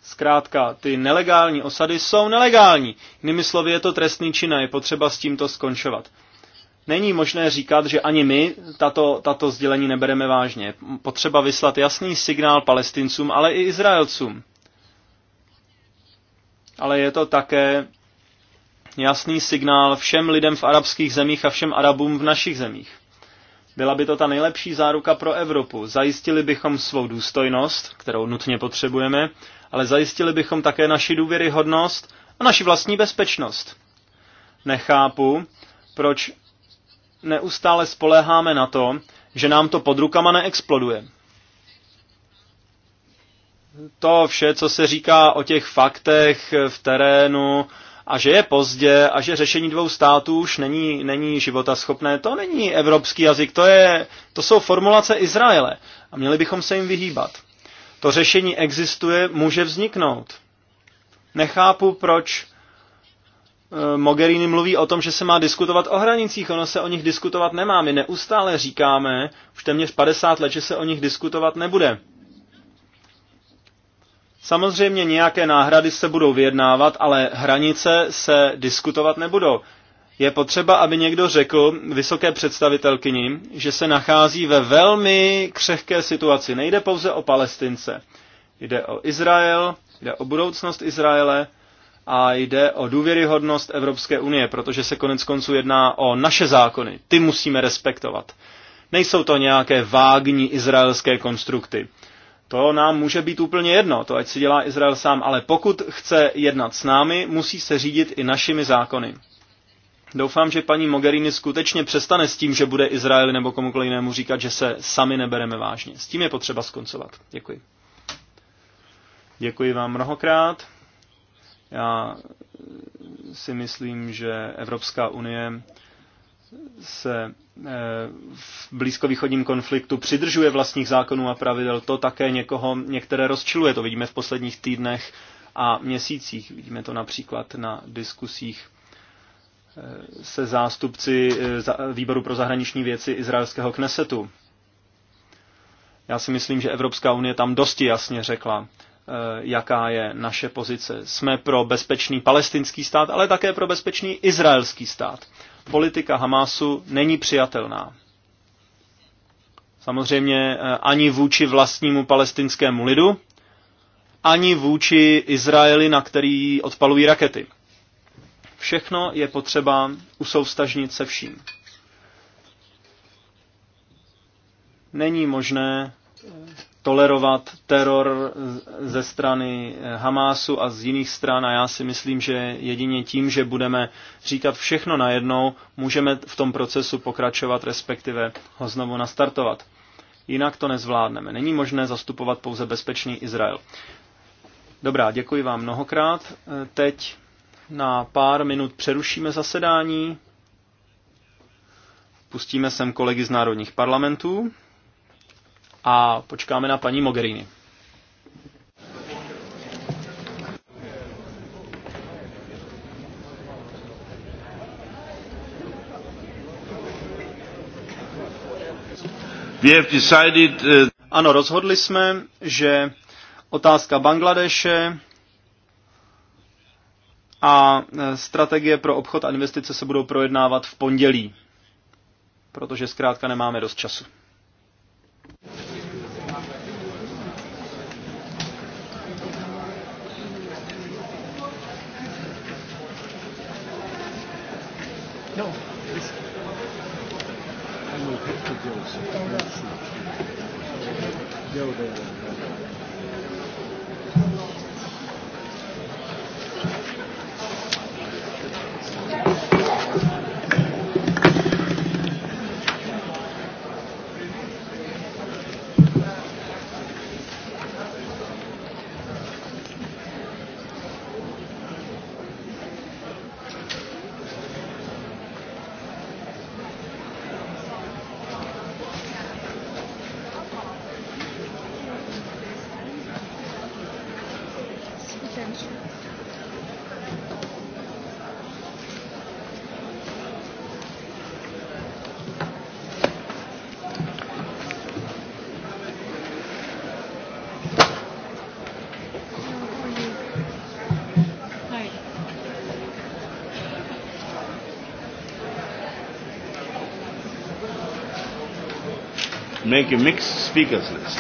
Zkrátka, ty nelegální osady jsou nelegální. Jinými slovy, je to trestný čin a je potřeba s tímto skončovat. Není možné říkat, že ani my tato, tato sdělení nebereme vážně. Potřeba vyslat jasný signál palestincům, ale i Izraelcům. Ale je to také jasný signál všem lidem v arabských zemích a všem Arabům v našich zemích. Byla by to ta nejlepší záruka pro Evropu. Zajistili bychom svou důstojnost, kterou nutně potřebujeme, ale zajistili bychom také naši důvěryhodnost a naši vlastní bezpečnost. Nechápu, proč neustále spoléháme na to, že nám to pod rukama neexploduje. To vše, co se říká o těch faktech v terénu, a že je pozdě a že řešení dvou států už není, není schopné, To není evropský jazyk, to, je, to jsou formulace Izraele a měli bychom se jim vyhýbat. To řešení existuje, může vzniknout. Nechápu, proč eh, Mogherini mluví o tom, že se má diskutovat o hranicích, ono se o nich diskutovat nemá. My neustále říkáme, už téměř 50 let, že se o nich diskutovat nebude. Samozřejmě nějaké náhrady se budou vyjednávat, ale hranice se diskutovat nebudou. Je potřeba, aby někdo řekl vysoké představitelkyni, že se nachází ve velmi křehké situaci. Nejde pouze o Palestince. Jde o Izrael, jde o budoucnost Izraele a jde o důvěryhodnost Evropské unie, protože se konec konců jedná o naše zákony. Ty musíme respektovat. Nejsou to nějaké vágní izraelské konstrukty. To nám může být úplně jedno, to ať si dělá Izrael sám, ale pokud chce jednat s námi, musí se řídit i našimi zákony. Doufám, že paní Mogherini skutečně přestane s tím, že bude Izraeli nebo komukoliv jinému říkat, že se sami nebereme vážně. S tím je potřeba skoncovat. Děkuji. Děkuji vám mnohokrát. Já si myslím, že Evropská unie se eh, v blízkovýchodním konfliktu přidržuje vlastních zákonů a pravidel, to také někoho, některé rozčiluje. To vidíme v posledních týdnech a měsících. Vidíme to například na diskusích eh, se zástupci eh, Výboru pro zahraniční věci izraelského knesetu. Já si myslím, že Evropská unie tam dosti jasně řekla, jaká je naše pozice. Jsme pro bezpečný palestinský stát, ale také pro bezpečný izraelský stát politika Hamásu není přijatelná. Samozřejmě eh, ani vůči vlastnímu palestinskému lidu, ani vůči Izraeli, na který odpalují rakety. Všechno je potřeba usoustažnit se vším. Není možné eh, tolerovat teror ze strany eh, Hamásu a z jiných stran a já si myslím, že jedině tím, že budeme říkat všechno najednou, můžeme v tom procesu pokračovat, respektive ho znovu nastartovat. Jinak to nezvládneme. Není možné zastupovat pouze bezpečný Izrael. Dobrá, děkuji vám mnohokrát. Eh, teď na pár minut přerušíme zasedání. Pustíme sem kolegy z národních parlamentů a počkáme na paní Mogherini. Uh, ano, rozhodli jsme, že otázka Bangladeše a e, strategie pro obchod a investice se budou projednávat v pondělí, protože zkrátka nemáme dost času. No, it's... I will have to go. So oh, no. make a mixed speakers list.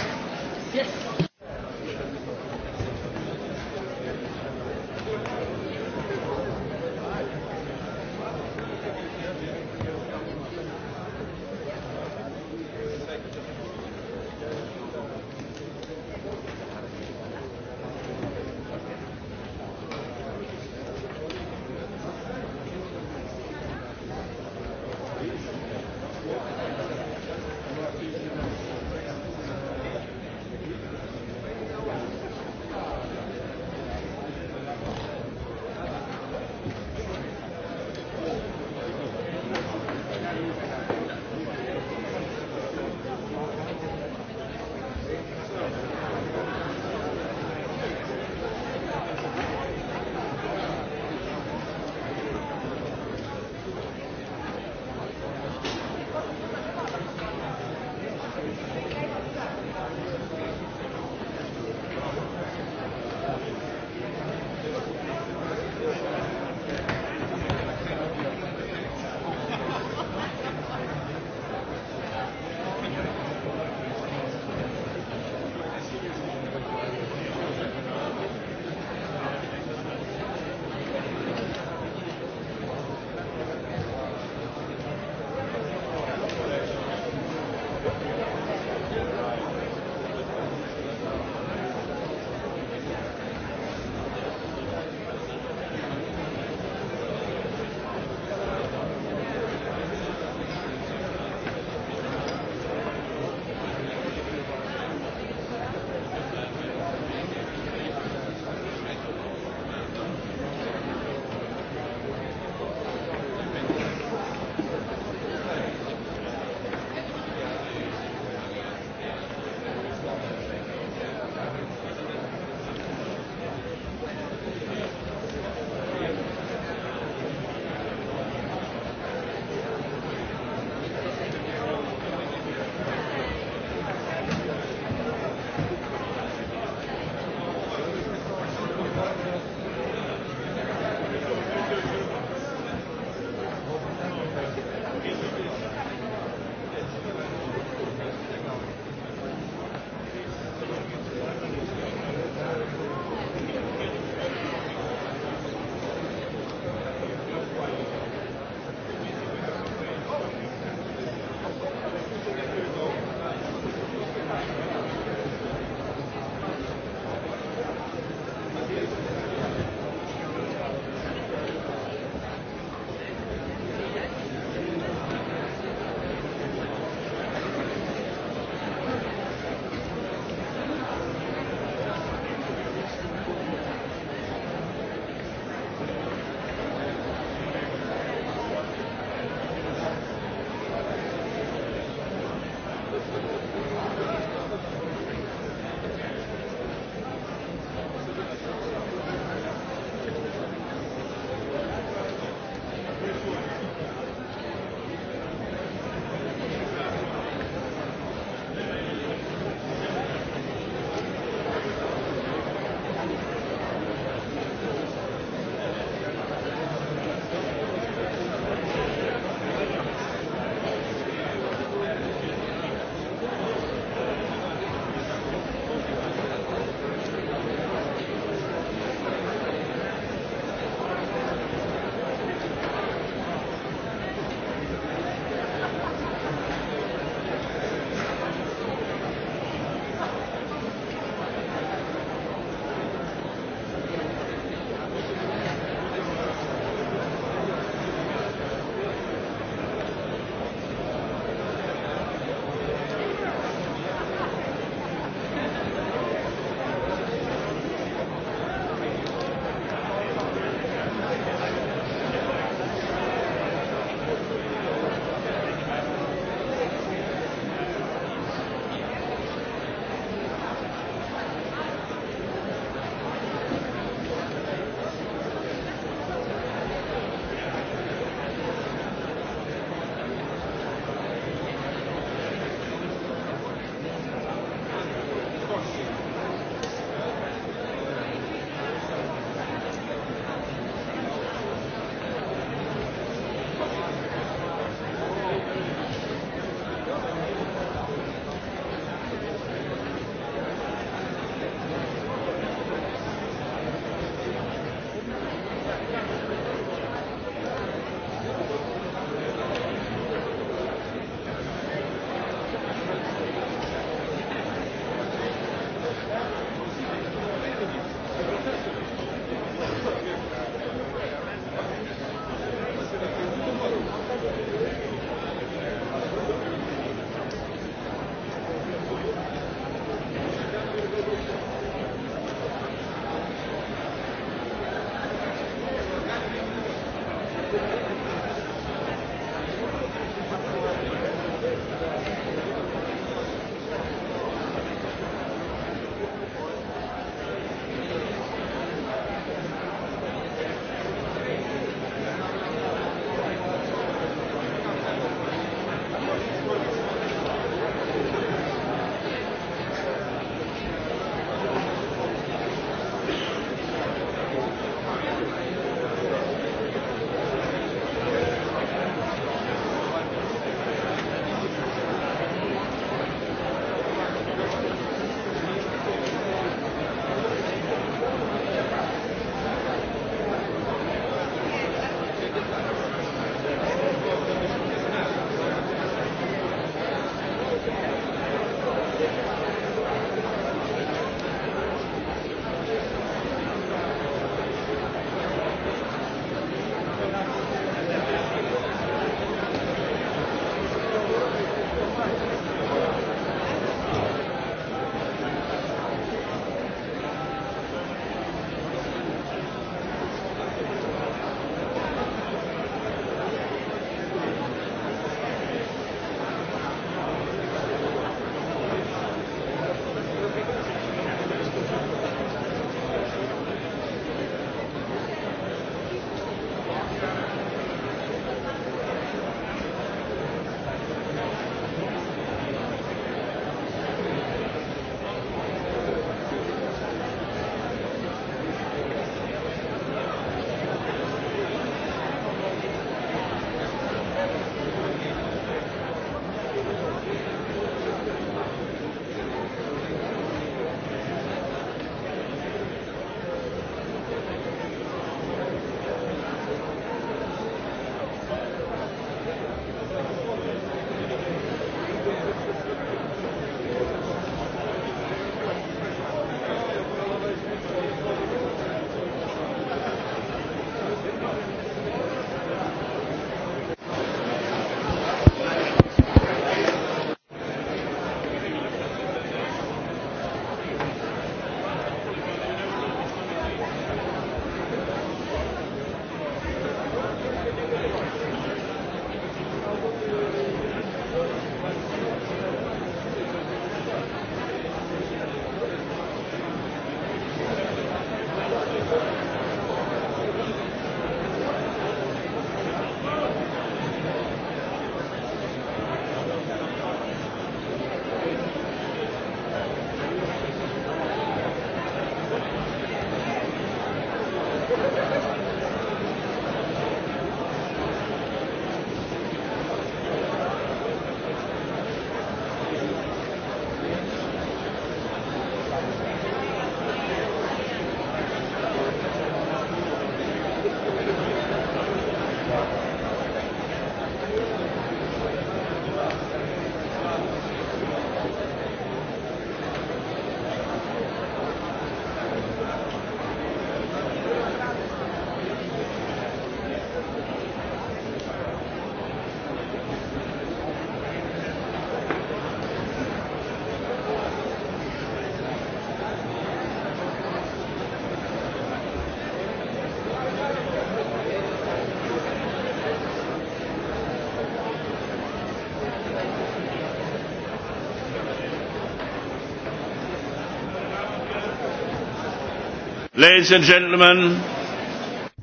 Ladies and gentlemen.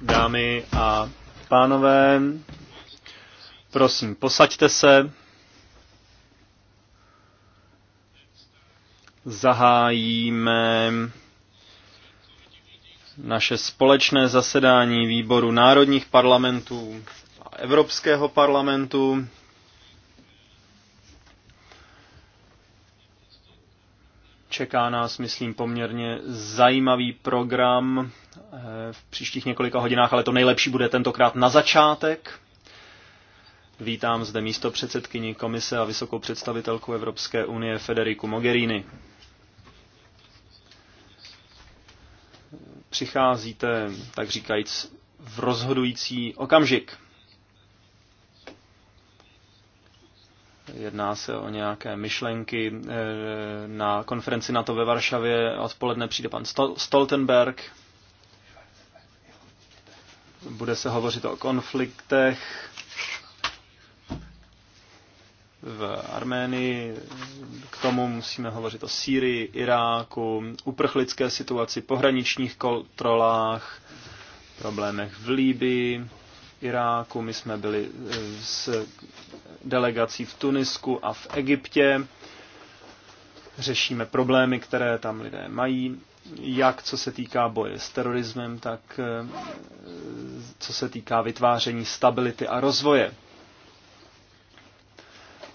Dámy a pánové, prosím, posaďte se. Zahájíme naše společné zasedání výboru národních parlamentů a Evropského parlamentu. Čeká nás, myslím, poměrně zajímavý program eh, v příštích několika hodinách, ale to nejlepší bude tentokrát na začátek. Vítám zde místo předsedkyni komise a vysokou představitelku Evropské unie Federiku Mogherini. Přicházíte, tak říkajíc, v rozhodující okamžik. Jedná se o nějaké myšlenky. Eh, na konferenci NATO ve Varšavě odpoledne přijde pan Stoltenberg. Bude se hovořit o konfliktech v Arménii. K tomu musíme hovořit o Sýrii, Iráku, uprchlické situaci, pohraničních kontrolách, problémech v Líbii, Iráku. My jsme byli eh, s delegací v Tunisku a v Egyptě. Řešíme problémy, které tam lidé mají, jak co se týká boje s terorismem, tak eh, co se týká vytváření stability a rozvoje.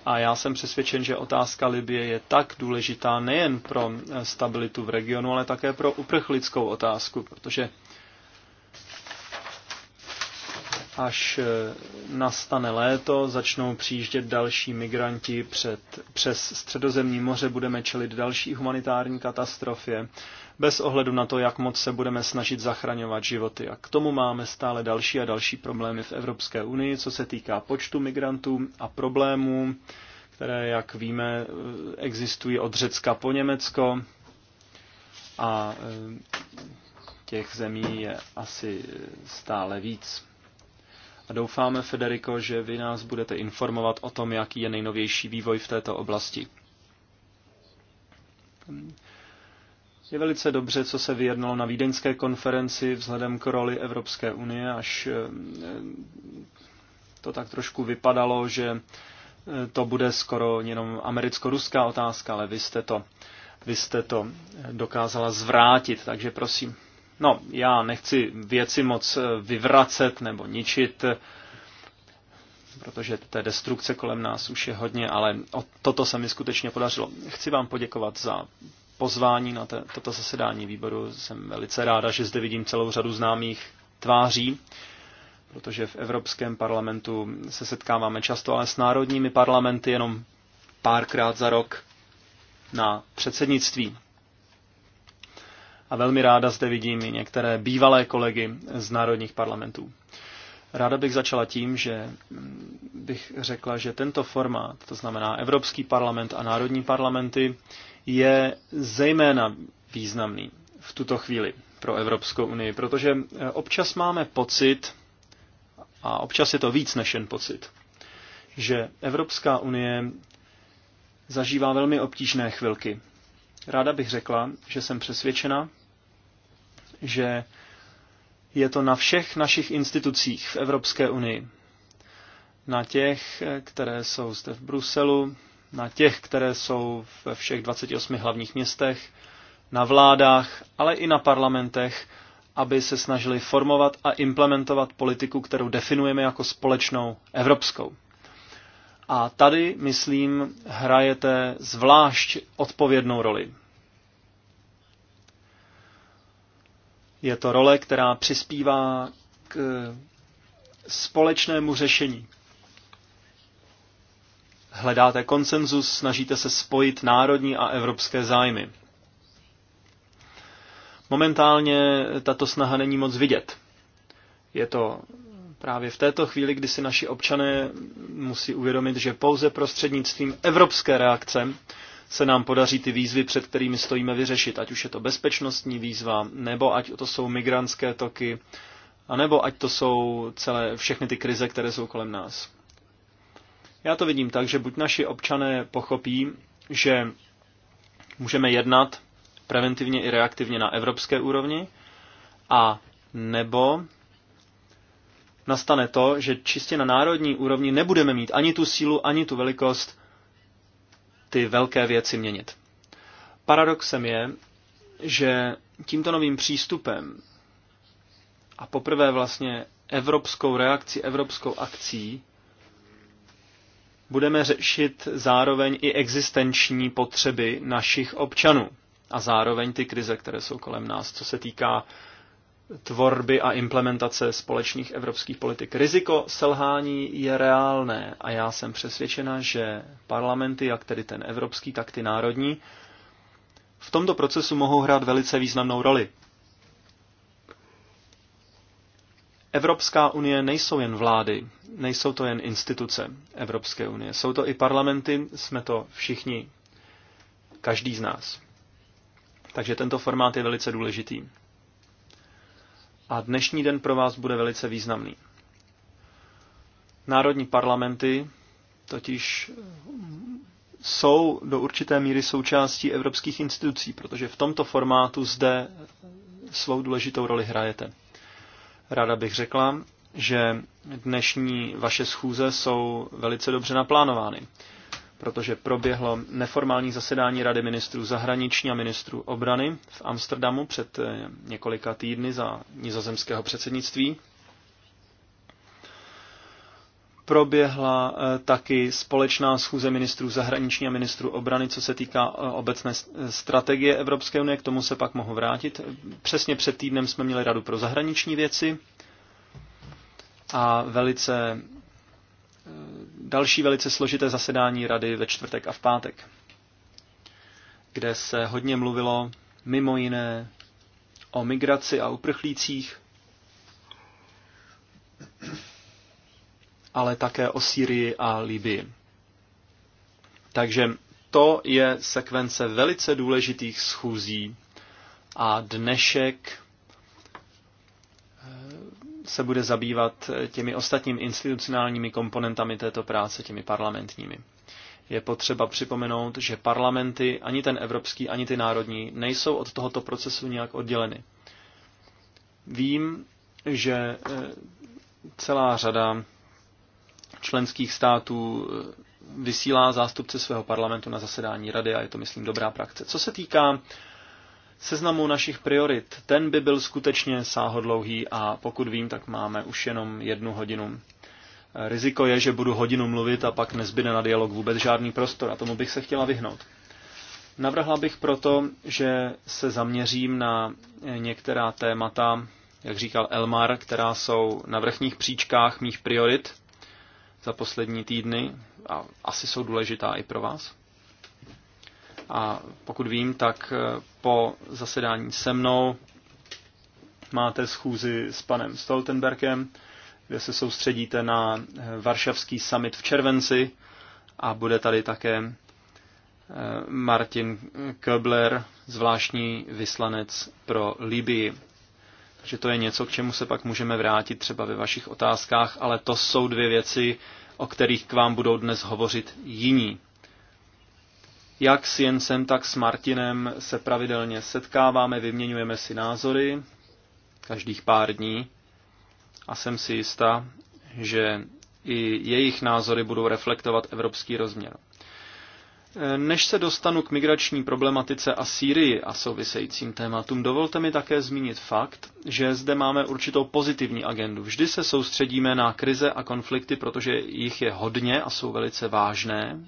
A já jsem přesvědčen, že otázka Libie je tak důležitá nejen pro stabilitu v regionu, ale také pro uprchlickou otázku, protože až eh, nastane léto, začnou přijíždět další migranti před, přes středozemní moře, budeme čelit další humanitární katastrofě, bez ohledu na to, jak moc se budeme snažit zachraňovat životy. A k tomu máme stále další a další problémy v Evropské unii, co se týká počtu migrantů a problémů, které, jak víme, eh, existují od Řecka po Německo. A eh, těch zemí je asi stále víc a doufáme, Federico, že vy nás budete informovat o tom, jaký je nejnovější vývoj v této oblasti. Je velice dobře, co se vyjednalo na vídeňské konferenci vzhledem k roli Evropské unie, až eh, to tak trošku vypadalo, že eh, to bude skoro jenom americko-ruská otázka, ale vy jste to, vy jste to eh, dokázala zvrátit, takže prosím. No, já nechci věci moc eh, vyvracet nebo ničit, eh, protože té destrukce kolem nás už je hodně, ale o toto se mi skutečně podařilo. Chci vám poděkovat za pozvání na te, toto zasedání výboru. Jsem velice ráda, že zde vidím celou řadu známých tváří, protože v Evropském parlamentu se setkáváme často, ale s národními parlamenty jenom párkrát za rok na předsednictví a velmi ráda zde vidím i některé bývalé kolegy z národních parlamentů. Ráda bych začala tím, že bych řekla, že tento formát, to znamená Evropský parlament a národní parlamenty, je zejména významný v tuto chvíli pro Evropskou unii, protože občas máme pocit, a občas je to víc než jen pocit, že Evropská unie zažívá velmi obtížné chvilky Ráda bych řekla, že jsem přesvědčena, že je to na všech našich institucích v Evropské unii. Na těch, které jsou zde v Bruselu, na těch, které jsou ve všech 28 hlavních městech, na vládách, ale i na parlamentech, aby se snažili formovat a implementovat politiku, kterou definujeme jako společnou evropskou. A tady, myslím, hrajete zvlášť odpovědnou roli. Je to role, která přispívá k společnému řešení. Hledáte konsenzus, snažíte se spojit národní a evropské zájmy. Momentálně tato snaha není moc vidět. Je to právě v této chvíli, kdy si naši občané musí uvědomit, že pouze prostřednictvím evropské reakce se nám podaří ty výzvy, před kterými stojíme, vyřešit. Ať už je to bezpečnostní výzva, nebo ať to jsou migrantské toky, anebo ať to jsou celé všechny ty krize, které jsou kolem nás. Já to vidím tak, že buď naši občané pochopí, že můžeme jednat preventivně i reaktivně na evropské úrovni, a nebo nastane to, že čistě na národní úrovni nebudeme mít ani tu sílu, ani tu velikost ty velké věci měnit. Paradoxem je, že tímto novým přístupem a poprvé vlastně evropskou reakcí, evropskou akcí, budeme řešit zároveň i existenční potřeby našich občanů a zároveň ty krize, které jsou kolem nás, co se týká tvorby a implementace společných evropských politik. Riziko selhání je reálné a já jsem přesvědčena, že parlamenty, jak tedy ten evropský, tak ty národní, v tomto procesu mohou hrát velice významnou roli. Evropská unie nejsou jen vlády, nejsou to jen instituce Evropské unie, jsou to i parlamenty, jsme to všichni, každý z nás. Takže tento formát je velice důležitý a dnešní den pro vás bude velice významný. Národní parlamenty totiž eh, jsou do určité míry součástí evropských institucí, protože v tomto formátu zde eh, svou důležitou roli hrajete. Ráda bych řekla, že dnešní vaše schůze jsou velice dobře naplánovány protože proběhlo neformální zasedání Rady ministrů zahraniční a ministrů obrany v Amsterdamu před eh, několika týdny za nizozemského předsednictví. Proběhla eh, taky společná schůze ministrů zahraniční a ministrů obrany, co se týká eh, obecné strategie Evropské unie, k tomu se pak mohu vrátit. Přesně před týdnem jsme měli Radu pro zahraniční věci a velice další velice složité zasedání rady ve čtvrtek a v pátek, kde se hodně mluvilo mimo jiné o migraci a uprchlících, ale také o Sýrii a Libii. Takže to je sekvence velice důležitých schůzí a dnešek se bude zabývat eh, těmi ostatními institucionálními komponentami této práce, těmi parlamentními. Je potřeba připomenout, že parlamenty, ani ten evropský, ani ty národní, nejsou od tohoto procesu nějak odděleny. Vím, že eh, celá řada členských států eh, vysílá zástupce svého parlamentu na zasedání rady a je to, myslím, dobrá praxe. Co se týká seznamu našich priorit. Ten by byl skutečně sáhodlouhý a pokud vím, tak máme už jenom jednu hodinu. Riziko je, že budu hodinu mluvit a pak nezbyde na dialog vůbec žádný prostor a tomu bych se chtěla vyhnout. Navrhla bych proto, že se zaměřím na některá témata, jak říkal Elmar, která jsou na vrchních příčkách mých priorit za poslední týdny a asi jsou důležitá i pro vás. A pokud vím, tak eh, po zasedání se mnou máte schůzi s panem Stoltenbergem, kde se soustředíte na eh, Varšavský summit v červenci a bude tady také eh, Martin Köbler, zvláštní vyslanec pro Libii. Takže to je něco, k čemu se pak můžeme vrátit třeba ve vašich otázkách, ale to jsou dvě věci, o kterých k vám budou dnes hovořit jiní. Jak s Jensem, tak s Martinem se pravidelně setkáváme, vyměňujeme si názory každých pár dní a jsem si jistá, že i jejich názory budou reflektovat evropský rozměr. Než se dostanu k migrační problematice a Sýrii a souvisejícím tématům, dovolte mi také zmínit fakt, že zde máme určitou pozitivní agendu. Vždy se soustředíme na krize a konflikty, protože jich je hodně a jsou velice vážné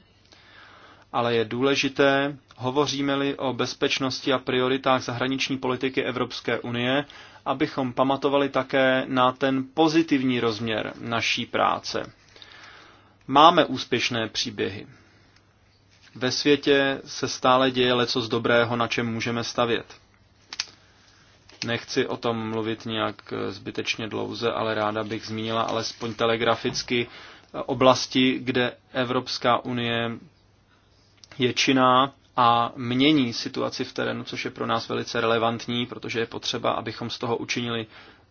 ale je důležité, hovoříme-li o bezpečnosti a prioritách zahraniční politiky Evropské unie, abychom pamatovali také na ten pozitivní rozměr naší práce. Máme úspěšné příběhy. Ve světě se stále děje leco z dobrého, na čem můžeme stavět. Nechci o tom mluvit nějak zbytečně dlouze, ale ráda bych zmínila alespoň telegraficky oblasti, kde Evropská unie je činná a mění situaci v terénu, což je pro nás velice relevantní, protože je potřeba, abychom z toho učinili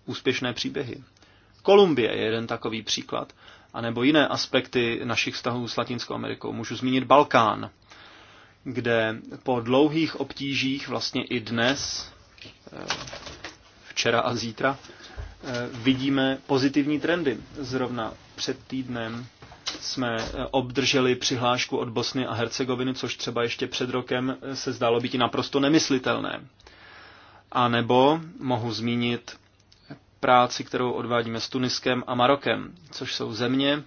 úspěšné příběhy. Kolumbie je jeden takový příklad, anebo jiné aspekty našich vztahů s Latinskou Amerikou. Můžu zmínit Balkán, kde po dlouhých obtížích vlastně i dnes, eh, včera a zítra, Eh, vidíme pozitivní trendy. Zrovna před týdnem jsme eh, obdrželi přihlášku od Bosny a Hercegoviny, což třeba ještě před rokem eh, se zdálo být naprosto nemyslitelné. A nebo mohu zmínit práci, kterou odvádíme s Tuniskem a Marokem, což jsou země,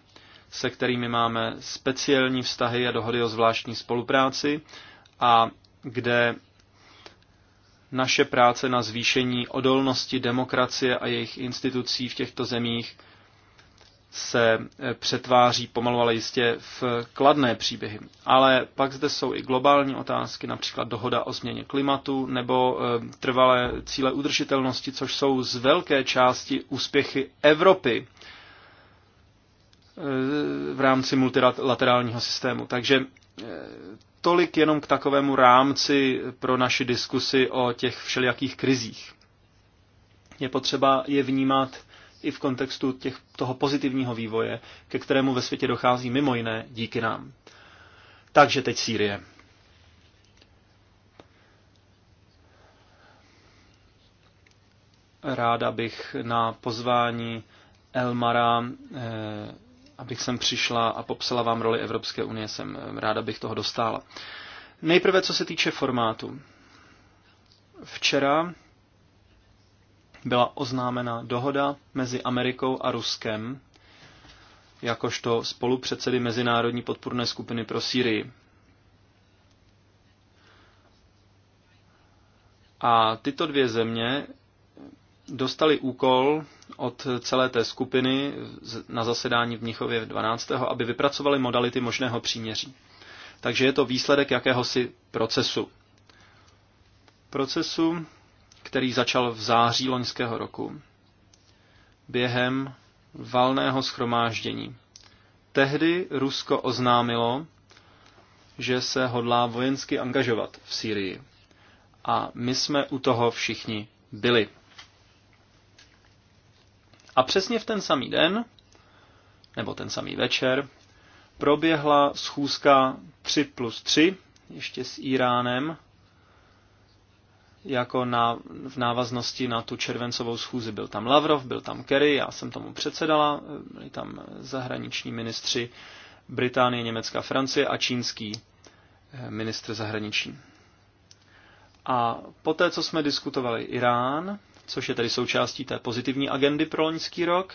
se kterými máme speciální vztahy a dohody o zvláštní spolupráci a kde naše práce na zvýšení odolnosti demokracie a jejich institucí v těchto zemích se eh, přetváří pomalu, ale jistě v kladné příběhy. Ale pak zde jsou i globální otázky, například dohoda o změně klimatu nebo eh, trvalé cíle udržitelnosti, což jsou z velké části úspěchy Evropy v rámci multilaterálního systému. Takže eh, tolik jenom k takovému rámci pro naši diskusi o těch všelijakých krizích. Je potřeba je vnímat i v kontextu těch, toho pozitivního vývoje, ke kterému ve světě dochází mimo jiné díky nám. Takže teď Sýrie. Ráda bych na pozvání Elmara eh, abych sem přišla a popsala vám roli Evropské unie. Jsem eh, ráda, bych toho dostala. Nejprve, co se týče formátu. Včera byla oznámena dohoda mezi Amerikou a Ruskem, jakožto spolupředsedy Mezinárodní podpůrné skupiny pro Sýrii. A tyto dvě země dostali úkol od celé té skupiny na zasedání v Mnichově 12., aby vypracovali modality možného příměří. Takže je to výsledek jakéhosi procesu. Procesu, který začal v září loňského roku během valného schromáždění. Tehdy Rusko oznámilo, že se hodlá vojensky angažovat v Sýrii. A my jsme u toho všichni byli. A přesně v ten samý den, nebo ten samý večer, proběhla schůzka 3 plus 3, ještě s Iránem, jako na, v návaznosti na tu červencovou schůzi. Byl tam Lavrov, byl tam Kerry, já jsem tomu předsedala, byli tam zahraniční ministři Británie, Německa, Francie a čínský eh, ministr zahraničí. A poté, co jsme diskutovali Irán, což je tedy součástí té pozitivní agendy pro loňský rok,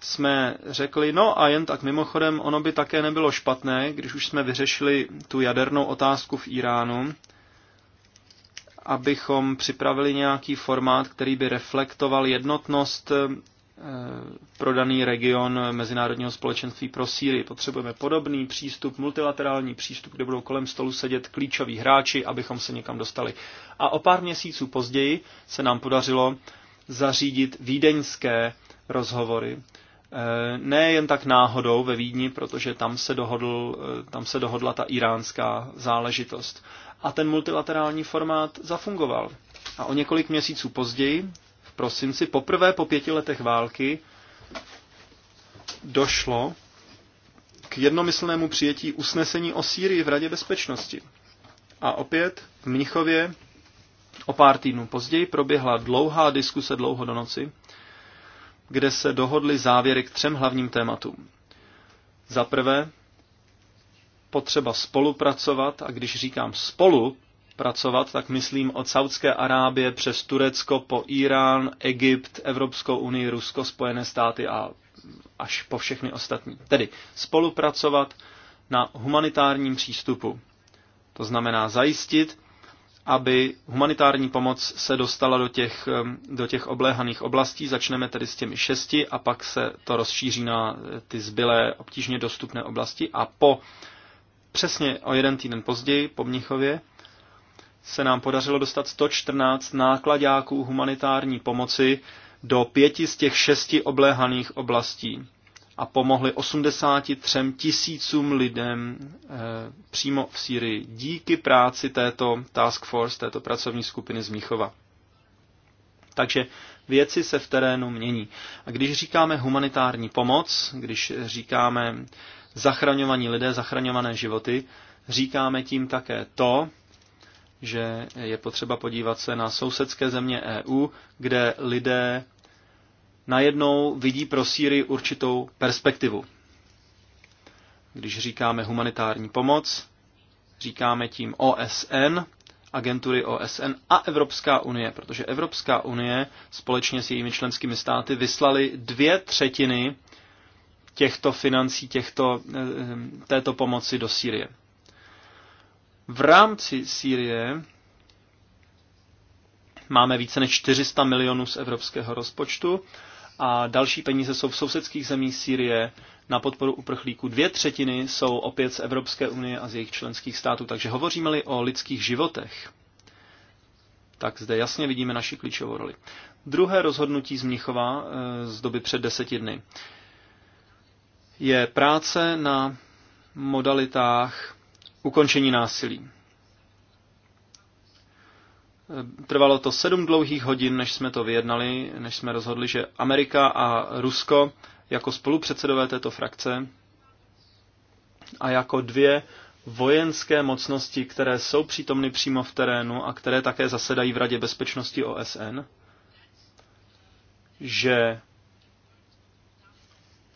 jsme řekli, no a jen tak mimochodem, ono by také nebylo špatné, když už jsme vyřešili tu jadernou otázku v Iránu, abychom připravili nějaký formát, který by reflektoval jednotnost Eh, pro daný region mezinárodního společenství pro Sýrii. Potřebujeme podobný přístup, multilaterální přístup, kde budou kolem stolu sedět klíčoví hráči, abychom se někam dostali. A o pár měsíců později se nám podařilo zařídit vídeňské rozhovory. Eh, ne jen tak náhodou ve Vídni, protože tam se, dohodl, eh, tam se dohodla ta iránská záležitost. A ten multilaterální formát zafungoval. A o několik měsíců později prosinci poprvé po pěti letech války došlo k jednomyslnému přijetí usnesení o Sýrii v Radě bezpečnosti. A opět v Mnichově o pár týdnů později proběhla dlouhá diskuse dlouho do noci, kde se dohodly závěry k třem hlavním tématům. Za prvé, potřeba spolupracovat, a když říkám spolu, pracovat, tak myslím od Saudské Arábie přes Turecko po Irán, Egypt, Evropskou unii, Rusko, Spojené státy a až po všechny ostatní. Tedy spolupracovat na humanitárním přístupu. To znamená zajistit, aby humanitární pomoc se dostala do těch, do těch obléhaných oblastí. Začneme tedy s těmi šesti a pak se to rozšíří na eh, ty zbylé obtížně dostupné oblasti. A po přesně o jeden týden později, po Mnichově, se nám podařilo dostat 114 nákladáků humanitární pomoci do pěti z těch šesti obléhaných oblastí a pomohli 83 tisícům lidem e, přímo v Sýrii díky práci této task force, této pracovní skupiny z Míchova. Takže věci se v terénu mění. A když říkáme humanitární pomoc, když říkáme zachraňovaní lidé, zachraňované životy, říkáme tím také to, že je potřeba podívat se na sousedské země EU, kde lidé najednou vidí pro Sýrii určitou perspektivu. Když říkáme humanitární pomoc, říkáme tím OSN, agentury OSN a Evropská unie, protože Evropská unie společně s jejími členskými státy vyslali dvě třetiny těchto financí, těchto, eh, eh, této pomoci do Sýrie. V rámci Sýrie máme více než 400 milionů z evropského rozpočtu a další peníze jsou v sousedských zemích Sýrie na podporu uprchlíků. Dvě třetiny jsou opět z Evropské unie a z jejich členských států. Takže hovoříme-li o lidských životech, tak zde jasně vidíme naši klíčovou roli. Druhé rozhodnutí z Mnichova eh, z doby před deseti dny je práce na modalitách ukončení násilí. Trvalo to sedm dlouhých hodin, než jsme to vyjednali, než jsme rozhodli, že Amerika a Rusko jako spolupředsedové této frakce a jako dvě vojenské mocnosti, které jsou přítomny přímo v terénu a které také zasedají v Radě bezpečnosti OSN, že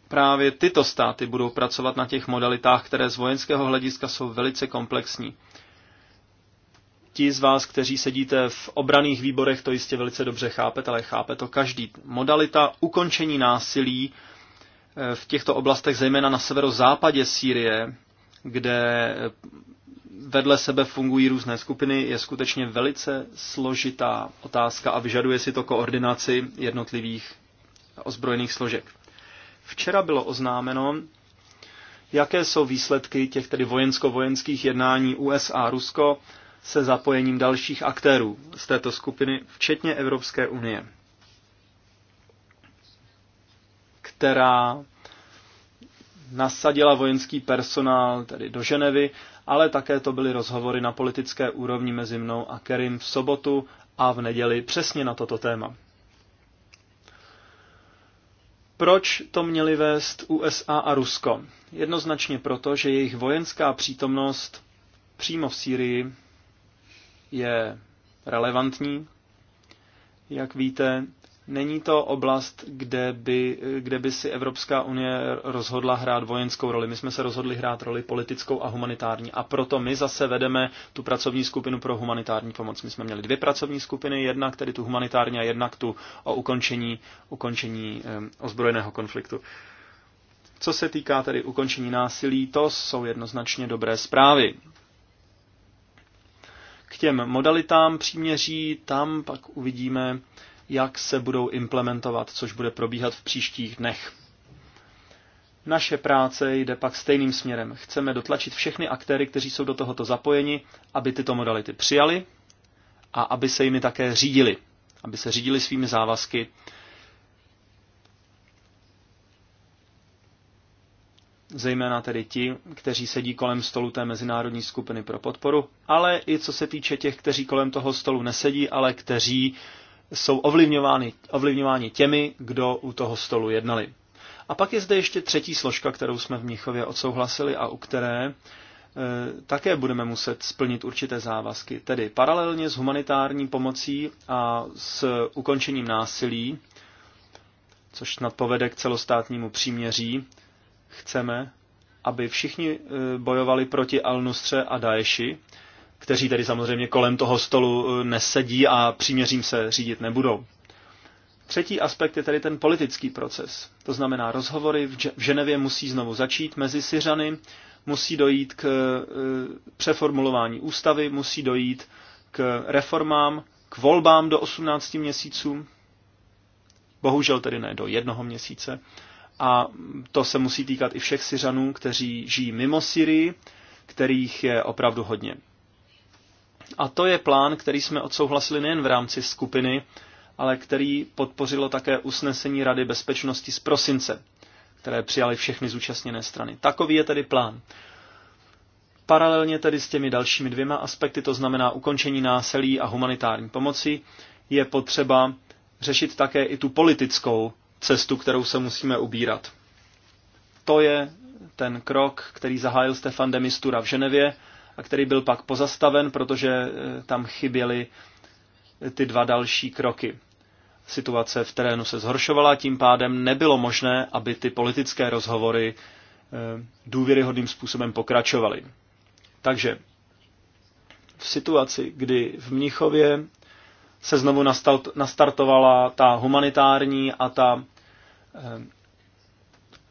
právě tyto státy budou pracovat na těch modalitách, které z vojenského hlediska jsou velice komplexní. Ti z vás, kteří sedíte v obraných výborech, to jistě velice dobře chápete, ale chápe to každý. Modalita ukončení násilí eh, v těchto oblastech, zejména na severozápadě Sýrie, kde eh, vedle sebe fungují různé skupiny, je skutečně velice složitá otázka a vyžaduje si to koordinaci jednotlivých ozbrojených složek. Včera bylo oznámeno, jaké jsou výsledky těch tedy vojensko-vojenských jednání USA a Rusko se zapojením dalších aktérů z této skupiny, včetně Evropské unie, která nasadila vojenský personál tedy do Ženevy, ale také to byly rozhovory na politické úrovni mezi mnou a Kerim v sobotu a v neděli přesně na toto téma. Proč to měli vést USA a Rusko? Jednoznačně proto, že jejich vojenská přítomnost přímo v Sýrii je relevantní. Jak víte, Není to oblast, kde by, kde by si Evropská unie rozhodla hrát vojenskou roli. My jsme se rozhodli hrát roli politickou a humanitární. A proto my zase vedeme tu pracovní skupinu pro humanitární pomoc. My jsme měli dvě pracovní skupiny, jednak tedy tu humanitární a jednak tu o ukončení, ukončení ozbrojeného konfliktu. Co se týká tedy ukončení násilí, to jsou jednoznačně dobré zprávy. K těm modalitám příměří, tam pak uvidíme, jak se budou implementovat, což bude probíhat v příštích dnech. Naše práce jde pak stejným směrem. Chceme dotlačit všechny aktéry, kteří jsou do tohoto zapojeni, aby tyto modality přijali a aby se jimi také řídili. Aby se řídili svými závazky. Zejména tedy ti, kteří sedí kolem stolu té mezinárodní skupiny pro podporu, ale i co se týče těch, kteří kolem toho stolu nesedí, ale kteří jsou ovlivňovány, ovlivňováni těmi, kdo u toho stolu jednali. A pak je zde ještě třetí složka, kterou jsme v Mnichově odsouhlasili a u které e, také budeme muset splnit určité závazky. Tedy paralelně s humanitární pomocí a s ukončením násilí, což snad povede k celostátnímu příměří, chceme, aby všichni e, bojovali proti Al-Nusře a Daeši kteří tedy samozřejmě kolem toho stolu eh, nesedí a příměřím se řídit nebudou. Třetí aspekt je tedy ten politický proces. To znamená, rozhovory v Ženevě musí znovu začít mezi Syřany, musí dojít k eh, přeformulování ústavy, musí dojít k reformám, k volbám do 18 měsíců, bohužel tedy ne do jednoho měsíce. A to se musí týkat i všech Syřanů, kteří žijí mimo Syrii, kterých je opravdu hodně. A to je plán, který jsme odsouhlasili nejen v rámci skupiny, ale který podpořilo také usnesení Rady bezpečnosti z prosince, které přijali všechny zúčastněné strany. Takový je tedy plán. Paralelně tedy s těmi dalšími dvěma aspekty, to znamená ukončení násilí a humanitární pomoci, je potřeba řešit také i tu politickou cestu, kterou se musíme ubírat. To je ten krok, který zahájil Stefan de Mistura v Ženevě a který byl pak pozastaven, protože eh, tam chyběly eh, ty dva další kroky. Situace v terénu se zhoršovala, tím pádem nebylo možné, aby ty politické rozhovory eh, důvěryhodným způsobem pokračovaly. Takže v situaci, kdy v Mnichově se znovu nastartovala ta humanitární a ta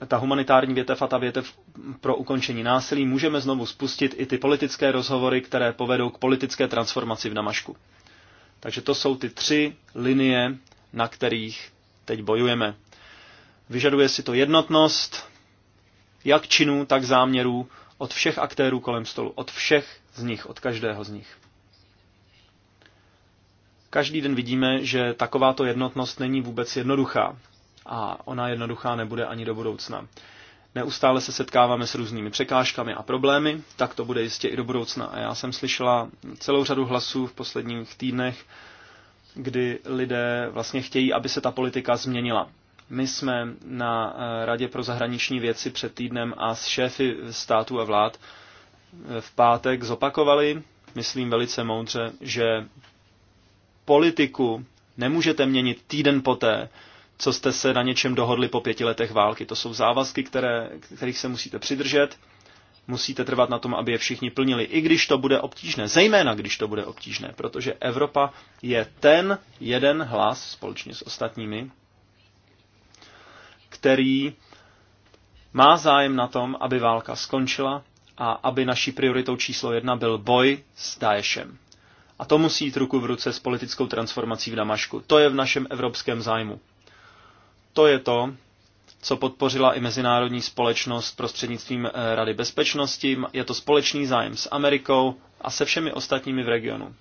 ta humanitární větev a ta větev pro ukončení násilí, můžeme znovu spustit i ty politické rozhovory, které povedou k politické transformaci v Damašku. Takže to jsou ty tři linie, na kterých teď bojujeme. Vyžaduje si to jednotnost, jak činů, tak záměrů, od všech aktérů kolem stolu, od všech z nich, od každého z nich. Každý den vidíme, že takováto jednotnost není vůbec jednoduchá a ona jednoduchá nebude ani do budoucna. Neustále se setkáváme s různými překážkami a problémy, tak to bude jistě i do budoucna. A já jsem slyšela celou řadu hlasů v posledních týdnech, kdy lidé vlastně chtějí, aby se ta politika změnila. My jsme na eh, Radě pro zahraniční věci před týdnem a s šéfy států a vlád eh, v pátek zopakovali, myslím velice moudře, že politiku nemůžete měnit týden poté, co jste se na něčem dohodli po pěti letech války. To jsou závazky, které, kterých se musíte přidržet. Musíte trvat na tom, aby je všichni plnili, i když to bude obtížné, zejména když to bude obtížné, protože Evropa je ten jeden hlas společně s ostatními, který má zájem na tom, aby válka skončila a aby naší prioritou číslo jedna byl boj s Daešem. A to musí jít ruku v ruce s politickou transformací v Damašku. To je v našem evropském zájmu. To je to, co podpořila i mezinárodní společnost prostřednictvím eh, Rady bezpečnosti. Je to společný zájem s Amerikou a se všemi ostatními v regionu.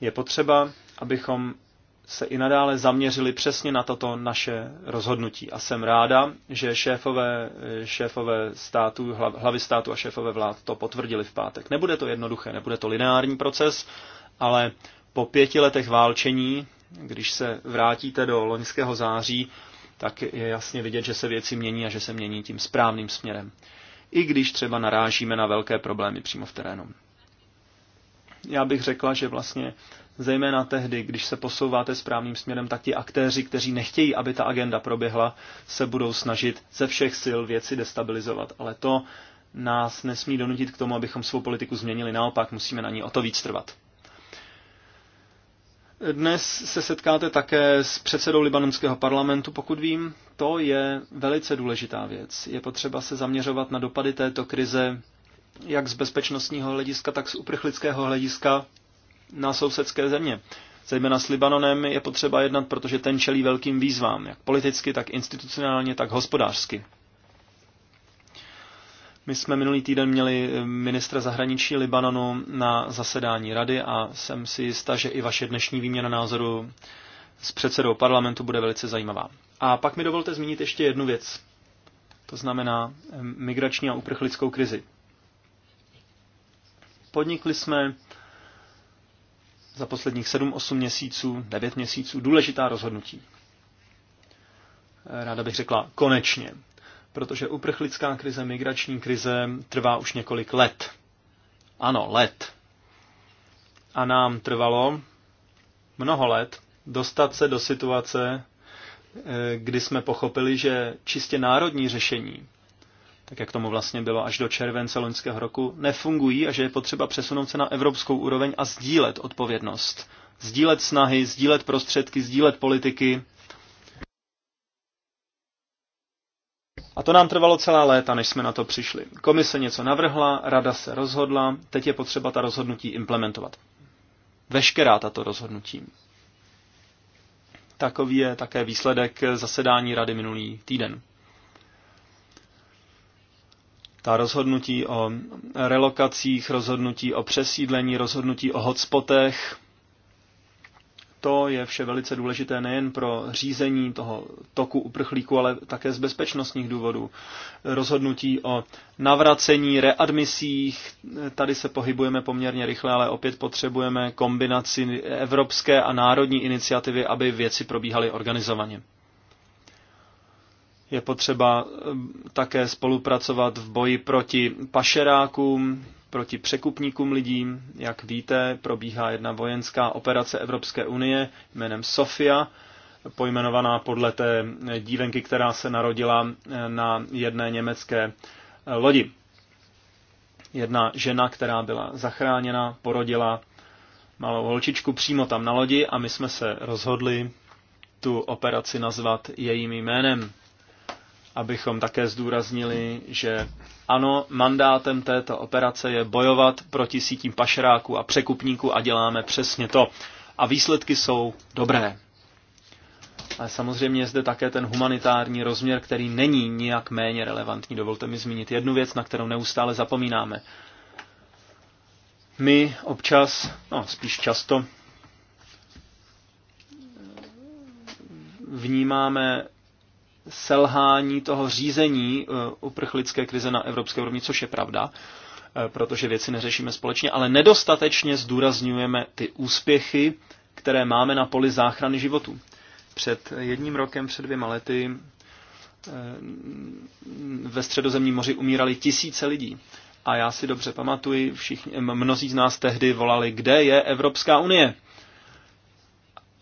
Je potřeba, abychom se i nadále zaměřili přesně na toto naše rozhodnutí. A jsem ráda, že šéfové, eh, šéfové státu hlavy státu a šéfové vlád to potvrdili v pátek. Nebude to jednoduché, nebude to lineární proces, ale po pěti letech válčení když se vrátíte do loňského září, tak je jasně vidět, že se věci mění a že se mění tím správným směrem. I když třeba narážíme na velké problémy přímo v terénu. Já bych řekla, že vlastně zejména tehdy, když se posouváte správným směrem, tak ti aktéři, kteří nechtějí, aby ta agenda proběhla, se budou snažit ze všech sil věci destabilizovat. Ale to nás nesmí donutit k tomu, abychom svou politiku změnili. Naopak musíme na ní o to víc trvat. Dnes se setkáte také s předsedou libanonského parlamentu, pokud vím. To je velice důležitá věc. Je potřeba se zaměřovat na dopady této krize, jak z bezpečnostního hlediska, tak z uprchlického hlediska na sousedské země. Zejména s Libanonem je potřeba jednat, protože ten čelí velkým výzvám, jak politicky, tak institucionálně, tak hospodářsky. My jsme minulý týden měli eh, ministra zahraničí Libanonu na zasedání rady a jsem si jistá, že i vaše dnešní výměna názoru s předsedou parlamentu bude velice zajímavá. A pak mi dovolte zmínit ještě jednu věc. To znamená migrační a uprchlickou krizi. Podnikli jsme za posledních 7-8 měsíců, 9 měsíců důležitá rozhodnutí. Eh, Ráda bych řekla konečně protože uprchlická krize, migrační krize trvá už několik let. Ano, let. A nám trvalo mnoho let dostat se do situace, eh, kdy jsme pochopili, že čistě národní řešení, tak jak tomu vlastně bylo až do července loňského roku, nefungují a že je potřeba přesunout se na evropskou úroveň a sdílet odpovědnost. Sdílet snahy, sdílet prostředky, sdílet politiky A to nám trvalo celá léta, než jsme na to přišli. Komise něco navrhla, rada se rozhodla, teď je potřeba ta rozhodnutí implementovat. Veškerá tato rozhodnutí. Takový je také výsledek zasedání rady minulý týden. Ta rozhodnutí o relokacích, rozhodnutí o přesídlení, rozhodnutí o hotspotech, to je vše velice důležité nejen pro řízení toho toku uprchlíků, ale také z bezpečnostních důvodů. Rozhodnutí o navracení, readmisích, tady se pohybujeme poměrně rychle, ale opět potřebujeme kombinaci evropské a národní iniciativy, aby věci probíhaly organizovaně. Je potřeba eh, také spolupracovat v boji proti pašerákům, proti překupníkům lidí. Jak víte, probíhá jedna vojenská operace Evropské unie jménem Sofia, pojmenovaná podle té dívenky, která se narodila eh, na jedné německé eh, lodi. Jedna žena, která byla zachráněna, porodila malou holčičku přímo tam na lodi a my jsme se rozhodli tu operaci nazvat jejím jménem abychom také zdůraznili, že ano, mandátem této operace je bojovat proti sítím pašeráků a překupníků a děláme přesně to. A výsledky jsou dobré. Ale samozřejmě je zde také ten humanitární rozměr, který není nijak méně relevantní. Dovolte mi zmínit jednu věc, na kterou neustále zapomínáme. My občas, no spíš často, vnímáme selhání toho řízení eh, uprchlické krize na evropské úrovni, což je pravda, eh, protože věci neřešíme společně, ale nedostatečně zdůrazňujeme ty úspěchy, které máme na poli záchrany životů. Před jedním rokem, před dvěma lety eh, ve středozemním moři umírali tisíce lidí. A já si dobře pamatuji, všichni, mnozí z nás tehdy volali, kde je Evropská unie.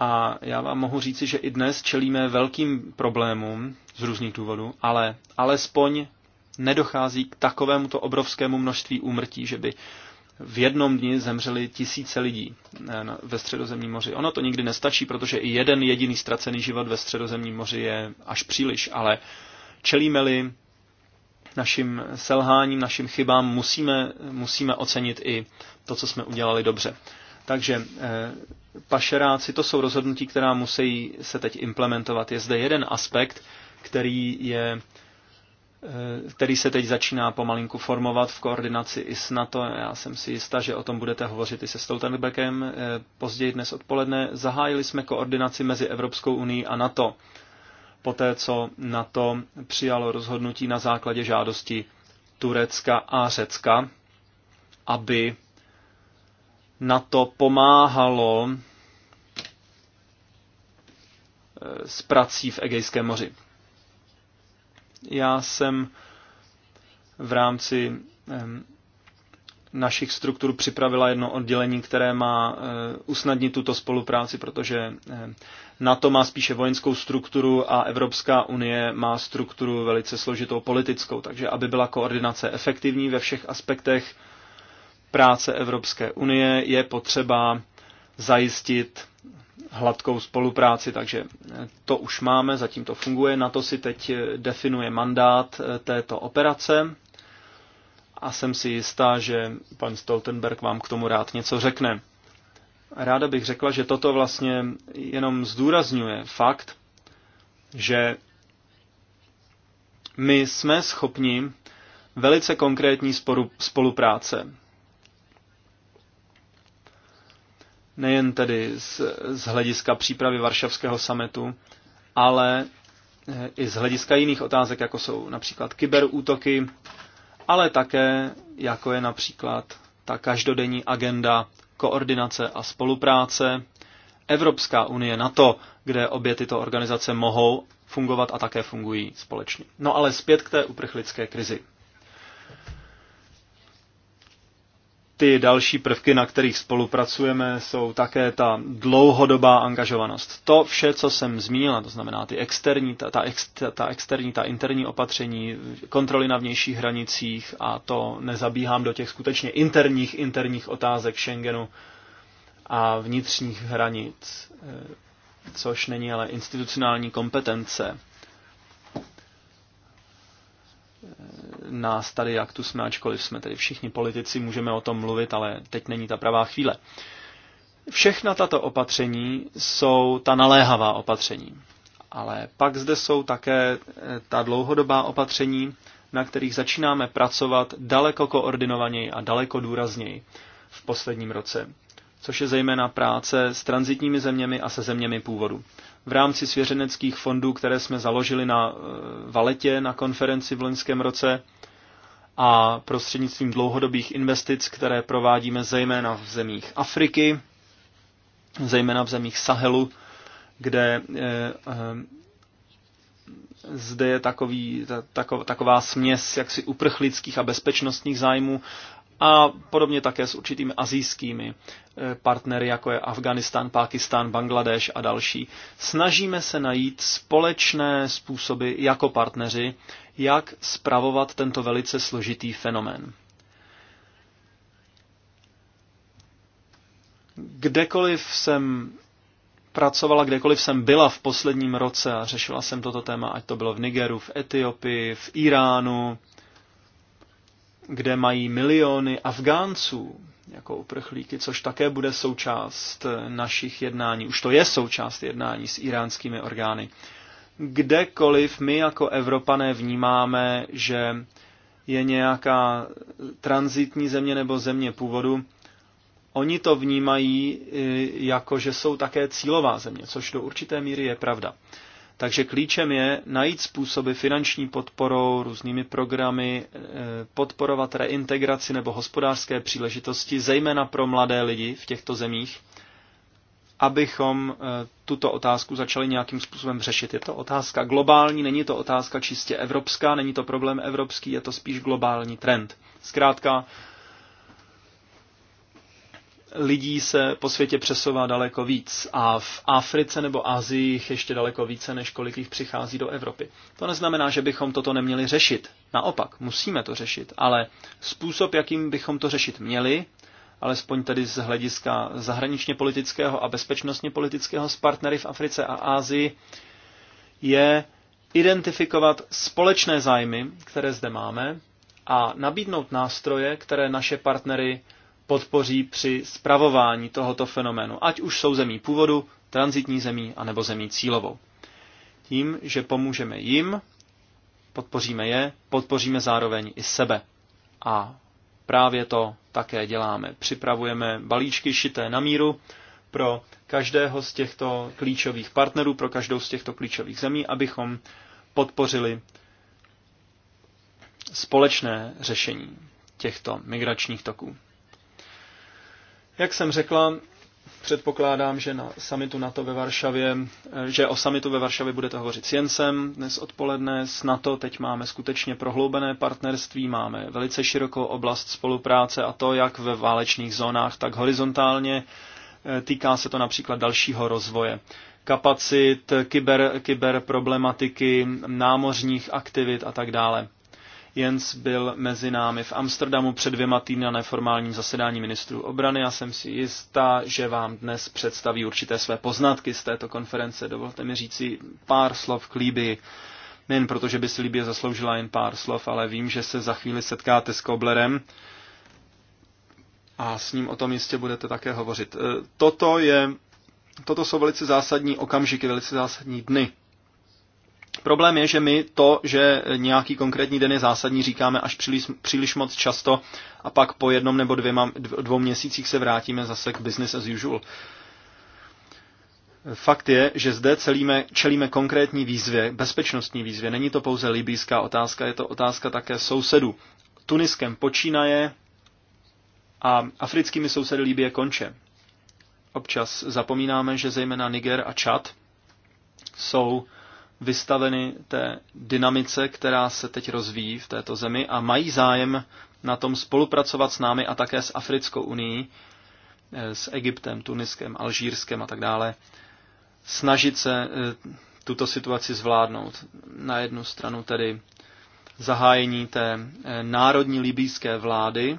A já vám mohu říci, že i dnes čelíme velkým problémům z různých důvodů, ale alespoň nedochází k takovémuto obrovskému množství úmrtí, že by v jednom dni zemřeli tisíce lidí eh, ve středozemním moři. Ono to nikdy nestačí, protože i jeden jediný ztracený život ve středozemním moři je až příliš, ale čelíme-li našim selháním, našim chybám, musíme, musíme ocenit i to, co jsme udělali dobře. Takže eh, pašeráci, to jsou rozhodnutí, která musí se teď implementovat. Je zde jeden aspekt, který je eh, který se teď začíná pomalinku formovat v koordinaci i s NATO. Já jsem si jistá, že o tom budete hovořit i se Stoltenbergem eh, později dnes odpoledne. Zahájili jsme koordinaci mezi Evropskou unii a NATO, poté co NATO přijalo rozhodnutí na základě žádosti Turecka a Řecka, aby na to pomáhalo eh, s prací v Egejském moři. Já jsem v rámci ehm, našich struktur připravila jedno oddělení, které má eh, usnadnit tuto spolupráci, protože ehm, NATO má spíše vojenskou strukturu a Evropská unie má strukturu velice složitou politickou. Takže aby byla koordinace efektivní ve všech aspektech, práce Evropské unie je potřeba zajistit hladkou spolupráci, takže to už máme, zatím to funguje, na to si teď definuje mandát eh, této operace a jsem si jistá, že pan Stoltenberg vám k tomu rád něco řekne. Ráda bych řekla, že toto vlastně jenom zdůrazňuje fakt, že my jsme schopni velice konkrétní spolupráce. nejen tedy z, z hlediska přípravy Varšavského sametu, ale eh, i z hlediska jiných otázek, jako jsou například kyberútoky, ale také, jako je například ta každodenní agenda koordinace a spolupráce, Evropská unie NATO, kde obě tyto organizace mohou fungovat a také fungují společně. No ale zpět k té uprchlické krizi. ty další prvky, na kterých spolupracujeme, jsou také ta dlouhodobá angažovanost. To vše, co jsem zmínila, to znamená ty externí, ta, ta, ex, ta externí, ta interní opatření, kontroly na vnějších hranicích a to nezabíhám do těch skutečně interních, interních otázek Schengenu a vnitřních hranic, eh, což není ale institucionální kompetence nás tady, jak tu jsme, ačkoliv jsme tady všichni politici, můžeme o tom mluvit, ale teď není ta pravá chvíle. Všechna tato opatření jsou ta naléhavá opatření. Ale pak zde jsou také eh, ta dlouhodobá opatření, na kterých začínáme pracovat daleko koordinovaněji a daleko důrazněji v posledním roce, což je zejména práce s transitními zeměmi a se zeměmi původu v rámci svěřeneckých fondů, které jsme založili na eh, Valetě na konferenci v loňském roce a prostřednictvím dlouhodobých investic, které provádíme zejména v zemích Afriky, zejména v zemích Sahelu, kde eh, eh, zde je takový, taková směs jaksi uprchlických a bezpečnostních zájmů a podobně také s určitými azijskými eh, partnery, jako je Afganistán, Pákistán, Bangladeš a další. Snažíme se najít společné způsoby jako partneři, jak spravovat tento velice složitý fenomén. Kdekoliv jsem pracovala, kdekoliv jsem byla v posledním roce a řešila jsem toto téma, ať to bylo v Nigeru, v Etiopii, v Iránu, kde mají miliony Afgánců jako uprchlíky, což také bude součást eh, našich jednání. Už to je součást jednání s iránskými orgány. Kdekoliv my jako Evropané vnímáme, že je nějaká transitní země nebo země původu, oni to vnímají eh, jako, že jsou také cílová země, což do určité míry je pravda. Takže klíčem je najít způsoby finanční podporou, různými programy, eh, podporovat reintegraci nebo hospodářské příležitosti, zejména pro mladé lidi v těchto zemích, abychom eh, tuto otázku začali nějakým způsobem řešit. Je to otázka globální, není to otázka čistě evropská, není to problém evropský, je to spíš globální trend. Zkrátka, lidí se po světě přesouvá daleko víc a v Africe nebo Asii jich ještě daleko více, než kolik jich přichází do Evropy. To neznamená, že bychom toto neměli řešit. Naopak, musíme to řešit, ale způsob, jakým bychom to řešit měli, alespoň tedy z hlediska zahraničně politického a bezpečnostně politického s partnery v Africe a Ázii, je identifikovat společné zájmy, které zde máme, a nabídnout nástroje, které naše partnery podpoří při spravování tohoto fenoménu, ať už jsou zemí původu, transitní zemí, anebo zemí cílovou. Tím, že pomůžeme jim, podpoříme je, podpoříme zároveň i sebe. A právě to také děláme. Připravujeme balíčky šité na míru pro každého z těchto klíčových partnerů, pro každou z těchto klíčových zemí, abychom podpořili společné řešení těchto migračních toků. Jak jsem řekla, předpokládám, že na samitu NATO ve Varšavě, že o samitu ve Varšavě budete hovořit s Jensem dnes odpoledne. S NATO teď máme skutečně prohloubené partnerství, máme velice širokou oblast spolupráce a to jak ve válečných zónách, tak horizontálně. Týká se to například dalšího rozvoje kapacit, kyber, problematiky námořních aktivit a tak dále. Jens byl mezi námi v Amsterdamu před dvěma týdny na neformálním zasedání ministrů obrany a jsem si jistá, že vám dnes představí určité své poznatky z této konference. Dovolte mi říci pár slov k Líbii. Nejen proto, že by si Libie zasloužila jen pár slov, ale vím, že se za chvíli setkáte s Koblerem a s ním o tom jistě budete také hovořit. E, toto, je, toto jsou velice zásadní okamžiky, velice zásadní dny Problém je, že my to, že nějaký konkrétní den je zásadní, říkáme až příliš, příliš moc často a pak po jednom nebo dvěma, dvou měsících se vrátíme zase k business as usual. Fakt je, že zde celíme, čelíme konkrétní výzvě, bezpečnostní výzvě. Není to pouze libýská otázka, je to otázka také sousedů. Tuniskem počínaje a africkými sousedy Libie konče. Občas zapomínáme, že zejména Niger a Čad jsou vystaveny té dynamice, která se teď rozvíjí v této zemi a mají zájem na tom spolupracovat s námi a také s Africkou unii, eh, s Egyptem, Tuniskem, Alžírskem a tak dále, snažit se eh, tuto situaci zvládnout. Na jednu stranu tedy zahájení té eh, národní libýské vlády,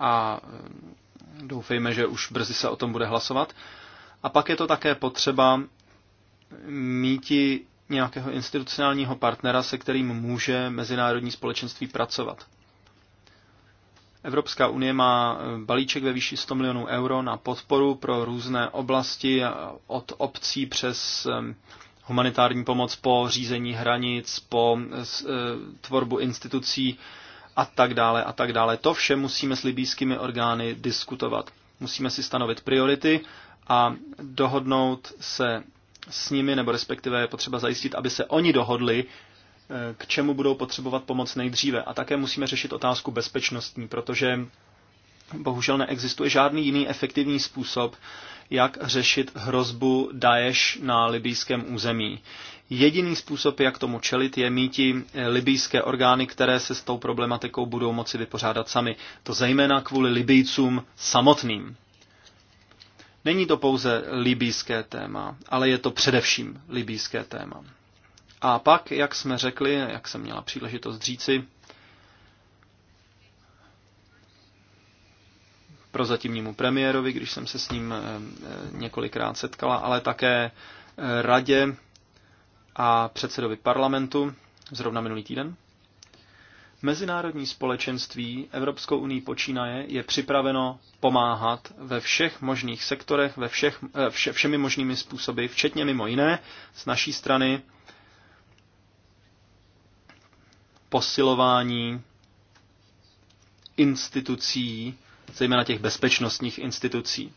a Doufejme, že už brzy se o tom bude hlasovat. A pak je to také potřeba míti nějakého institucionálního partnera, se kterým může mezinárodní společenství pracovat. Evropská unie má balíček ve výši 100 milionů euro na podporu pro různé oblasti, od obcí přes humanitární pomoc po řízení hranic, po e, tvorbu institucí a tak dále a tak dále. To vše musíme s libýskými orgány diskutovat. Musíme si stanovit priority a dohodnout se s nimi, nebo respektive je potřeba zajistit, aby se oni dohodli, eh, k čemu budou potřebovat pomoc nejdříve. A také musíme řešit otázku bezpečnostní, protože bohužel neexistuje žádný jiný efektivní způsob, jak řešit hrozbu Daesh na libýském území. Jediný způsob, jak tomu čelit, je mít eh, libýské orgány, které se s tou problematikou budou moci vypořádat sami. To zejména kvůli Libýcům samotným. Není to pouze libýské téma, ale je to především libýské téma. A pak, jak jsme řekli, jak jsem měla příležitost říci, prozatímnímu premiérovi, když jsem se s ním eh, eh, několikrát setkala, ale také eh, radě a předsedovi parlamentu zrovna minulý týden. Mezinárodní společenství Evropskou unii počínaje je připraveno pomáhat ve všech možných sektorech, ve všech, vše, všemi možnými způsoby, včetně mimo jiné z naší strany posilování institucí zejména těch bezpečnostních institucí.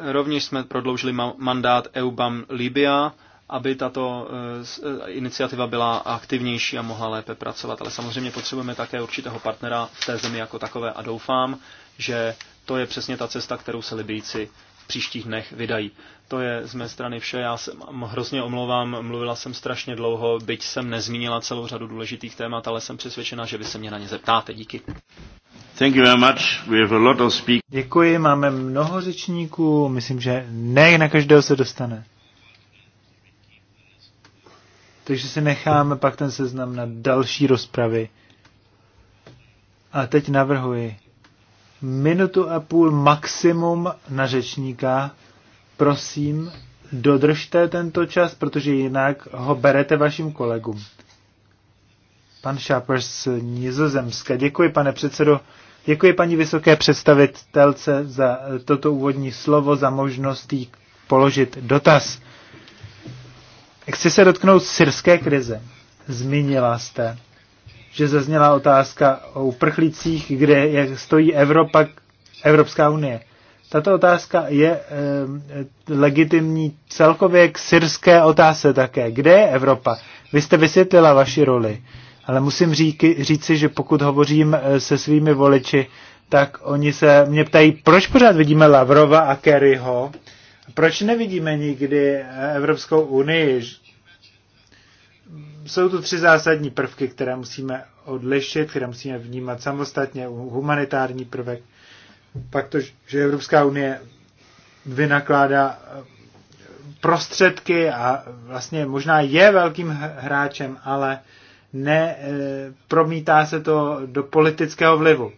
Rovněž jsme prodloužili mandát EUBAM Libya, aby tato eh, eh, iniciativa byla aktivnější a mohla lépe pracovat. Ale samozřejmě potřebujeme také určitého partnera v té zemi jako takové a doufám, že to je přesně ta cesta, kterou se Libijci v příštích dnech vydají. To je z mé strany vše. Já se hrozně omlouvám, mluvila jsem strašně dlouho, byť jsem nezmínila celou řadu důležitých témat, ale jsem přesvědčena, že vy se mě na ně zeptáte. Díky. Thank you very much. We have a lot of speak. Děkuji, máme mnoho řečníků, myslím, že ne na každého se dostane. Takže si necháme pak ten seznam na další rozpravy. A teď navrhuji minutu a půl maximum na řečníka. Prosím, dodržte tento čas, protože jinak ho berete vašim kolegům. Pan Šápers z Nizozemska. Děkuji, pane předsedo. Děkuji paní vysoké představitelce za toto úvodní slovo, za možnost jí položit dotaz. Chci se dotknout syrské krize. Zmínila jste, že zazněla otázka o uprchlících, kde jak stojí Evropa, Evropská unie. Tato otázka je e, legitimní celkově k syrské otázce také. Kde je Evropa? Vy jste vysvětlila vaši roli. E, ale musím říky, říci, že pokud hovořím eh, se svými voliči, tak oni se mě ptají, proč pořád vidíme Lavrova a Kerryho, proč nevidíme nikdy eh, Evropskou unii? Jsou tu tři zásadní prvky, které musíme odlišit, které musíme vnímat samostatně, humanitární prvek, pak to, že Evropská unie vynakládá eh, prostředky a vlastně možná je velkým hráčem, ale ne, eh, promítá se to do politického vlivu.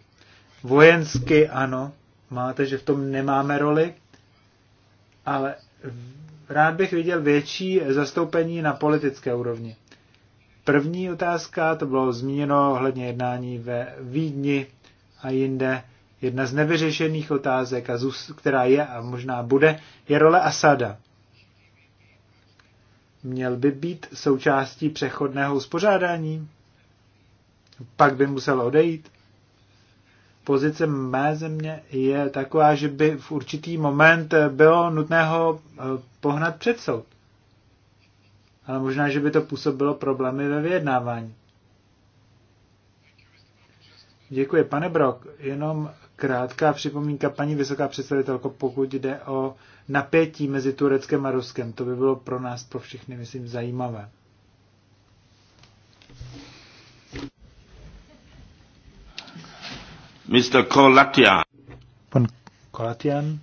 Vojensky ano, máte, že v tom nemáme roli, ale rád bych viděl větší zastoupení na politické úrovni. První otázka, to bylo zmíněno ohledně jednání ve Vídni a jinde. Jedna z nevyřešených otázek, a která je a možná bude, je role Asada měl by být součástí přechodného uspořádání. Pak by musel odejít. Pozice mé země je taková, že by v určitý moment bylo nutné ho eh, pohnat před soud. Ale možná, že by to působilo problémy ve vyjednávání. Děkuji, pane Brok. Jenom krátká připomínka, paní vysoká představitelko, pokud jde o napětí mezi Tureckem a Ruskem. To by bylo pro nás, pro všechny, myslím, zajímavé. Mr. Kolatian. Pan Kolatian,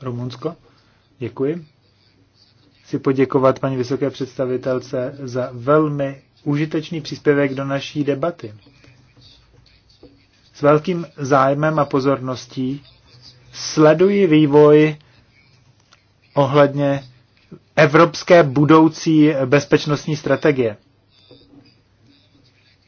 Rumunsko, děkuji. Chci poděkovat paní vysoké představitelce za velmi užitečný příspěvek do naší debaty velkým zájmem a pozorností sleduji vývoj ohledně evropské budoucí bezpečnostní strategie.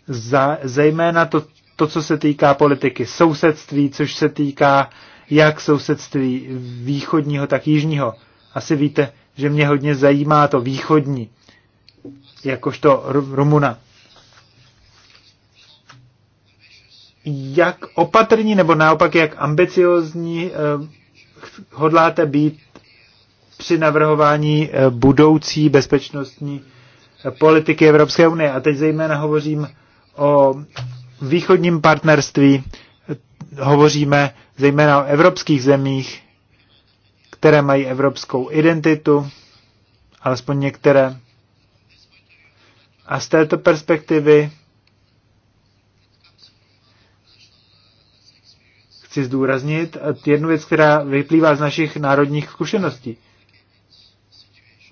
Za, zejména to, to, co se týká politiky sousedství, což se týká jak sousedství východního, tak jižního. Asi víte, že mě hodně zajímá to východní, jakožto Rumuna. jak opatrní nebo naopak jak ambiciozní eh, hodláte být při navrhování eh, budoucí bezpečnostní eh, politiky Evropské unie. A teď zejména hovořím o východním partnerství, hovoříme zejména o evropských zemích, které mají evropskou identitu, alespoň některé. A z této perspektivy chci zdůraznit jednu věc, která vyplývá z našich národních zkušeností.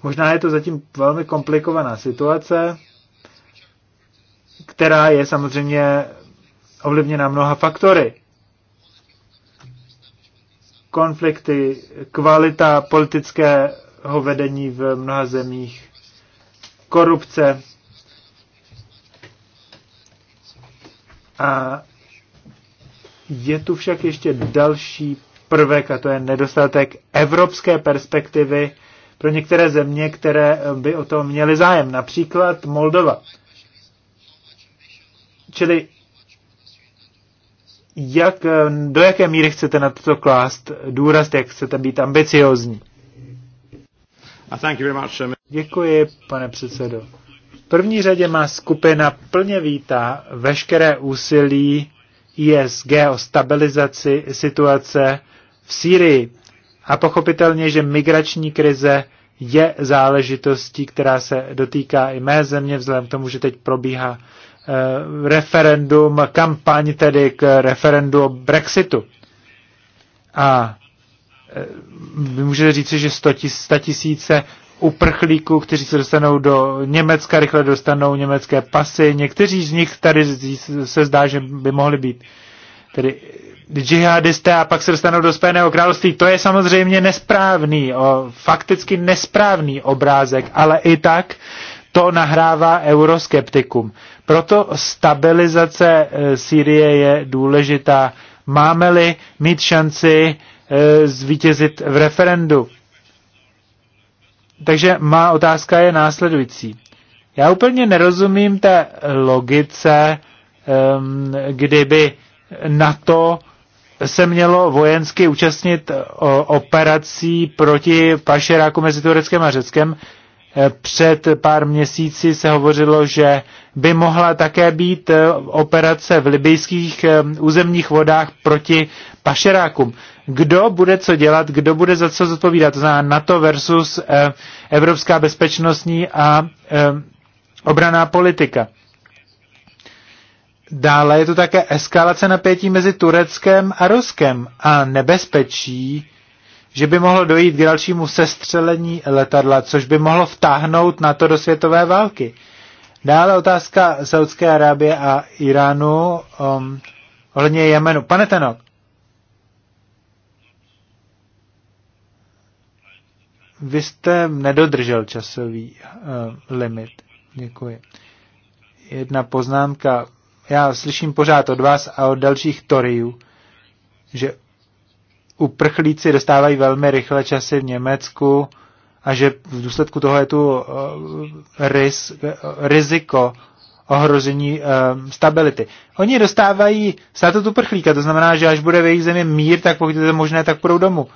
Možná je to zatím velmi komplikovaná situace, která je samozřejmě ovlivněna mnoha faktory. Konflikty, kvalita politického vedení v mnoha zemích, korupce. A je tu však ještě další prvek a to je nedostatek evropské perspektivy pro některé země, které eh, by o to měly zájem, například Moldova. Čili jak, eh, do jaké míry chcete na to klást důraz, jak chcete být ambiciozní? Uh, uh, Děkuji, pane předsedo. V první řadě má skupina plně vítá veškeré úsilí ISG o stabilizaci situace v Sýrii. A pochopitelně, že migrační krize je záležitostí, která se dotýká i mé země, vzhledem k tomu, že teď probíhá eh, referendum, kampaň tedy k referendu o Brexitu. A eh, vy můžete říci, že 100 tisíce uprchlíků, kteří se dostanou do Německa, rychle dostanou německé pasy. Někteří z nich tady se zdá, že by mohli být tedy džihadisté a pak se dostanou do Spojeného království. To je samozřejmě nesprávný, o, fakticky nesprávný obrázek, ale i tak to nahrává euroskeptikum. Proto stabilizace e, Sýrie je důležitá. Máme-li mít šanci e, zvítězit v referendu. Takže má otázka je následující. Já úplně nerozumím té logice, kdyby na to se mělo vojensky účastnit operací proti pašeráku mezi Tureckem a Řeckem. E, před pár měsíci se hovořilo, že by mohla také být e, operace v libijských územních vodách proti pašerákům kdo bude co dělat, kdo bude za co zodpovídat. To znamená NATO versus eh, evropská bezpečnostní a eh, obraná politika. Dále je tu také eskalace napětí mezi Tureckem a Ruskem a nebezpečí, že by mohlo dojít k dalšímu sestřelení letadla, což by mohlo vtáhnout na to do světové války. Dále otázka Saudské Arábie a Iránu um, ohledně Jemenu. Pane Tenok, Vy jste nedodržel časový uh, limit. Děkuji. Jedna poznámka. Já slyším pořád od vás a od dalších Toriů, že uprchlíci dostávají velmi rychle časy v Německu a že v důsledku toho je tu uh, eh, riz, uh, eh, riziko ohrožení um, stability. Oni dostávají tu uprchlíka, to znamená, že až bude v jejich zemi mír, tak pokud je to možné, tak půjdou domů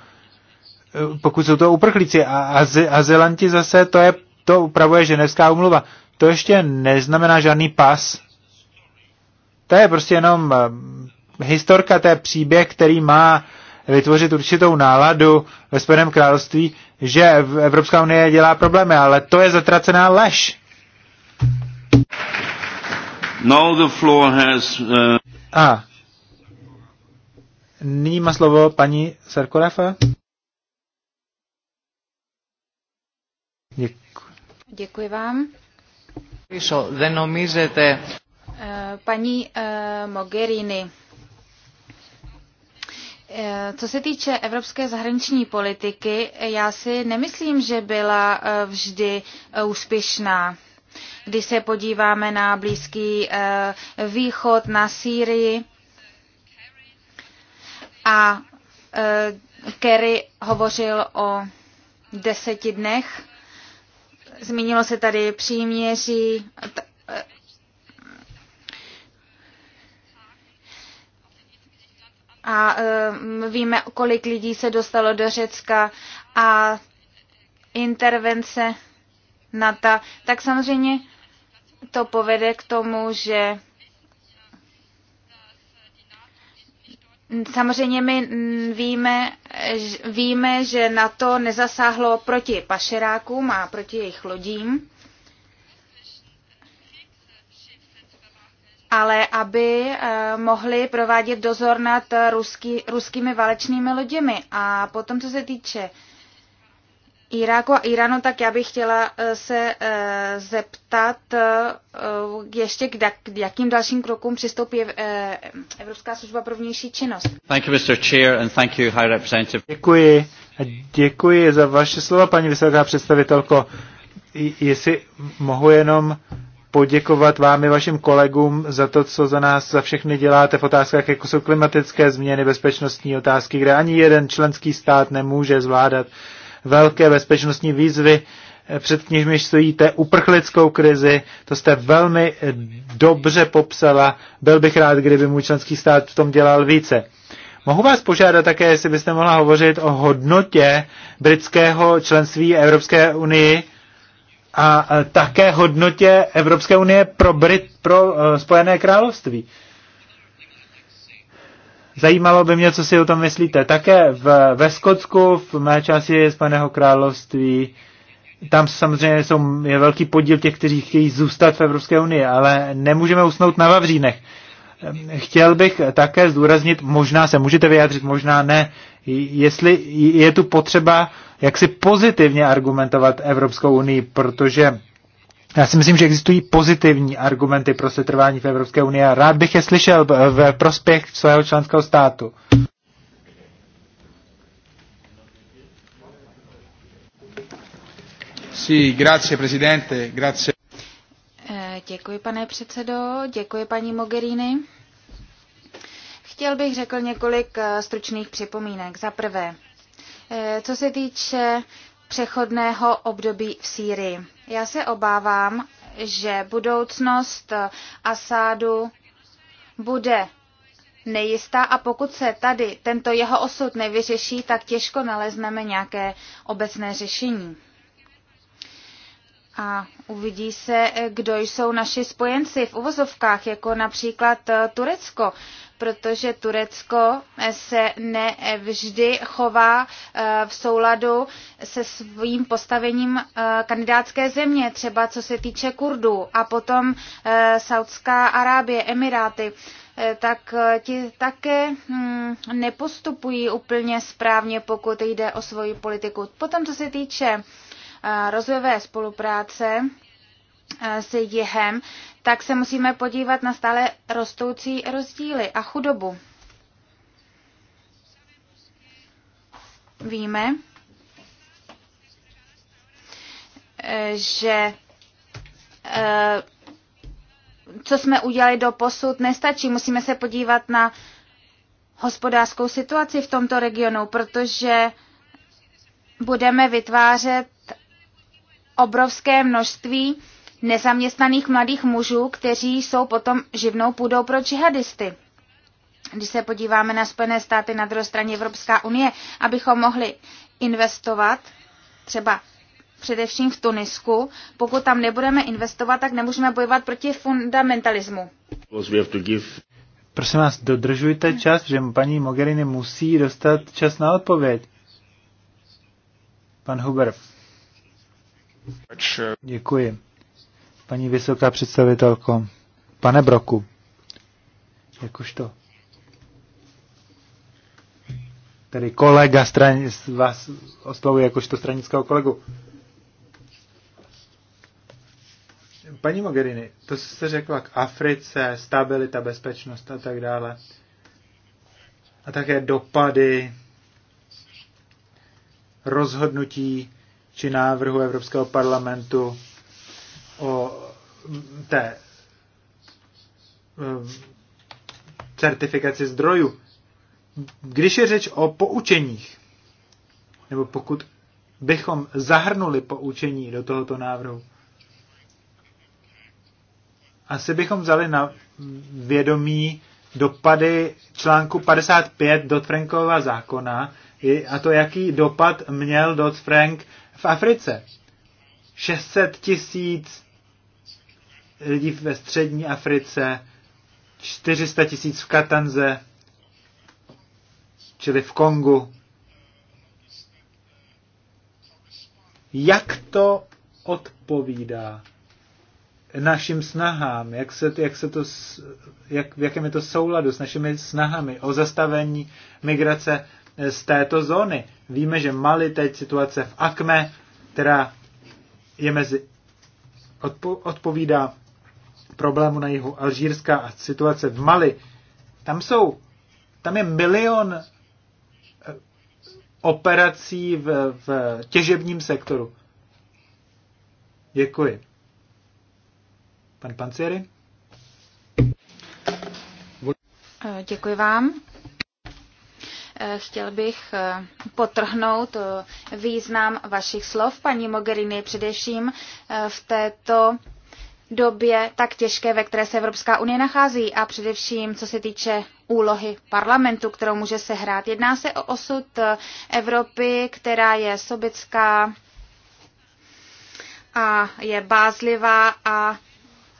pokud jsou to uprchlíci a azy, azylanti zase, to, je, to upravuje ženevská umluva. To ještě neznamená žádný pas. To je prostě jenom eh, historka, to je příběh, který má vytvořit určitou náladu ve Spojeném království, že Evropská unie dělá problémy, ale to je zatracená lež. Now the floor has, uh... A nyní má slovo paní Sarkorafa. Děkuji. Děkuji vám. Eh, paní eh, Mogherini, eh, co se týče evropské zahraniční politiky, já si nemyslím, že byla vždy úspěšná. Když se podíváme na Blízký východ, na Sýrii a Kerry hovořil o deseti dnech, Zmínilo se tady příměří, a e, víme, kolik lidí se dostalo do Řecka a intervence ta. tak samozřejmě to povede k tomu, že Samozřejmě my víme, víme, že na to nezasáhlo proti pašerákům a proti jejich lodím, ale aby eh, mohli provádět dozor nad ruský, ruskými válečnými loděmi. A potom, co se týče Iráku a Iránu, tak já bych chtěla eh, se eh, zeptat eh, ještě k jakým dalším krokům přistoupí Evropská služba pro vnější činnost. Thank you, Mr. Chair, and thank you, High Representative. Děkuji. Děkuji za vaše slova, paní vysoká představitelko. Jestli mohu jenom poděkovat vám i vašim kolegům za to, co za nás za všechny děláte v otázkách, jako jsou klimatické změny, bezpečnostní otázky, kde ani jeden členský stát nemůže zvládat velké bezpečnostní výzvy, eh, před knižmi stojíte uprchlickou krizi, to jste velmi eh, dobře popsala. Byl bych rád, kdyby můj členský stát v tom dělal více. Mohu vás požádat také, jestli byste mohla hovořit o hodnotě britského členství Evropské unii a eh, také hodnotě Evropské unie pro, Brit, pro Spojené království. Zajímalo by mě, co si o tom myslíte. Také v, ve Skotsku, v mé části z Paného království, tam samozřejmě jsou, je velký podíl těch, kteří chtějí zůstat v Evropské unii, ale nemůžeme usnout na Vavřínech. Chtěl bych také zdůraznit, možná se můžete vyjádřit, možná ne, jestli je tu potřeba jak si pozitivně argumentovat Evropskou unii, protože já si myslím, že existují pozitivní argumenty pro setrvání v Evropské unii a rád bych je slyšel v prospěch svého členského státu. Sí, grazie, presidente, grazie. Eh, děkuji, pane předsedo, děkuji, paní Mogherini. Chtěl bych řekl několik eh, stručných připomínek. Za prvé, eh, co se týče přechodného období v Sýrii. Já se obávám, že budoucnost Asádu bude nejistá a pokud se tady tento jeho osud nevyřeší, tak těžko nalezneme nějaké obecné řešení. A uvidí se, kdo jsou naši spojenci v uvozovkách, jako například Turecko, protože Turecko se nevždy chová eh, v souladu se svým postavením eh, kandidátské země, třeba co se týče Kurdů a potom eh, Saudská Arábie, Emiráty tak ti také hm, nepostupují úplně správně, pokud jde o svoji politiku. Potom, co se týče rozvojové spolupráce, s jihem, tak se musíme podívat na stále rostoucí rozdíly a chudobu. Víme, že e, co jsme udělali do posud, nestačí. Musíme se podívat na hospodářskou situaci v tomto regionu, protože budeme vytvářet obrovské množství nezaměstnaných mladých mužů, kteří jsou potom živnou půdou pro džihadisty. Když se podíváme na Spojené státy na druhé straně Evropská unie, abychom mohli investovat třeba především v Tunisku. Pokud tam nebudeme investovat, tak nemůžeme bojovat proti fundamentalismu. Prosím vás, dodržujte čas, že paní Mogherini musí dostat čas na odpověď. Pan Huber. Děkuji paní vysoká představitelko. Pane Broku, jakož to tedy kolega stran, vás oslovuje jakožto stranického kolegu. Paní Mogherini, to, jste řekla k Africe, stabilita, bezpečnost a tak dále, a také dopady rozhodnutí či návrhu Evropského parlamentu o té e, certifikaci zdrojů. Když je řeč o poučeních, nebo pokud bychom zahrnuli poučení do tohoto návrhu, asi bychom vzali na vědomí dopady článku 55 Dodd-Frankova zákona a to, jaký dopad měl Dodd-Frank v Africe. 600 tisíc lidí ve střední Africe, 400 tisíc v Katanze, čili v Kongu. Jak to odpovídá našim snahám, jak se, jak se to, jak, v jakém je to souladu s našimi snahami o zastavení migrace z této zóny. Víme, že Mali teď situace v Akme, která je mezi, odpo, odpovídá problému na jihu Alžírska a situace v Mali, tam jsou, tam je milion eh, operací v, v těžebním sektoru. Děkuji. Pan Pancieri? Eh, děkuji vám. Eh, chtěl bych potrhnout význam vašich slov, paní Mogherini, především v této době tak těžké, ve které se Evropská unie nachází a především co se týče úlohy parlamentu, kterou může se hrát. Jedná se o osud eh, Evropy, která je sobická a je bázlivá a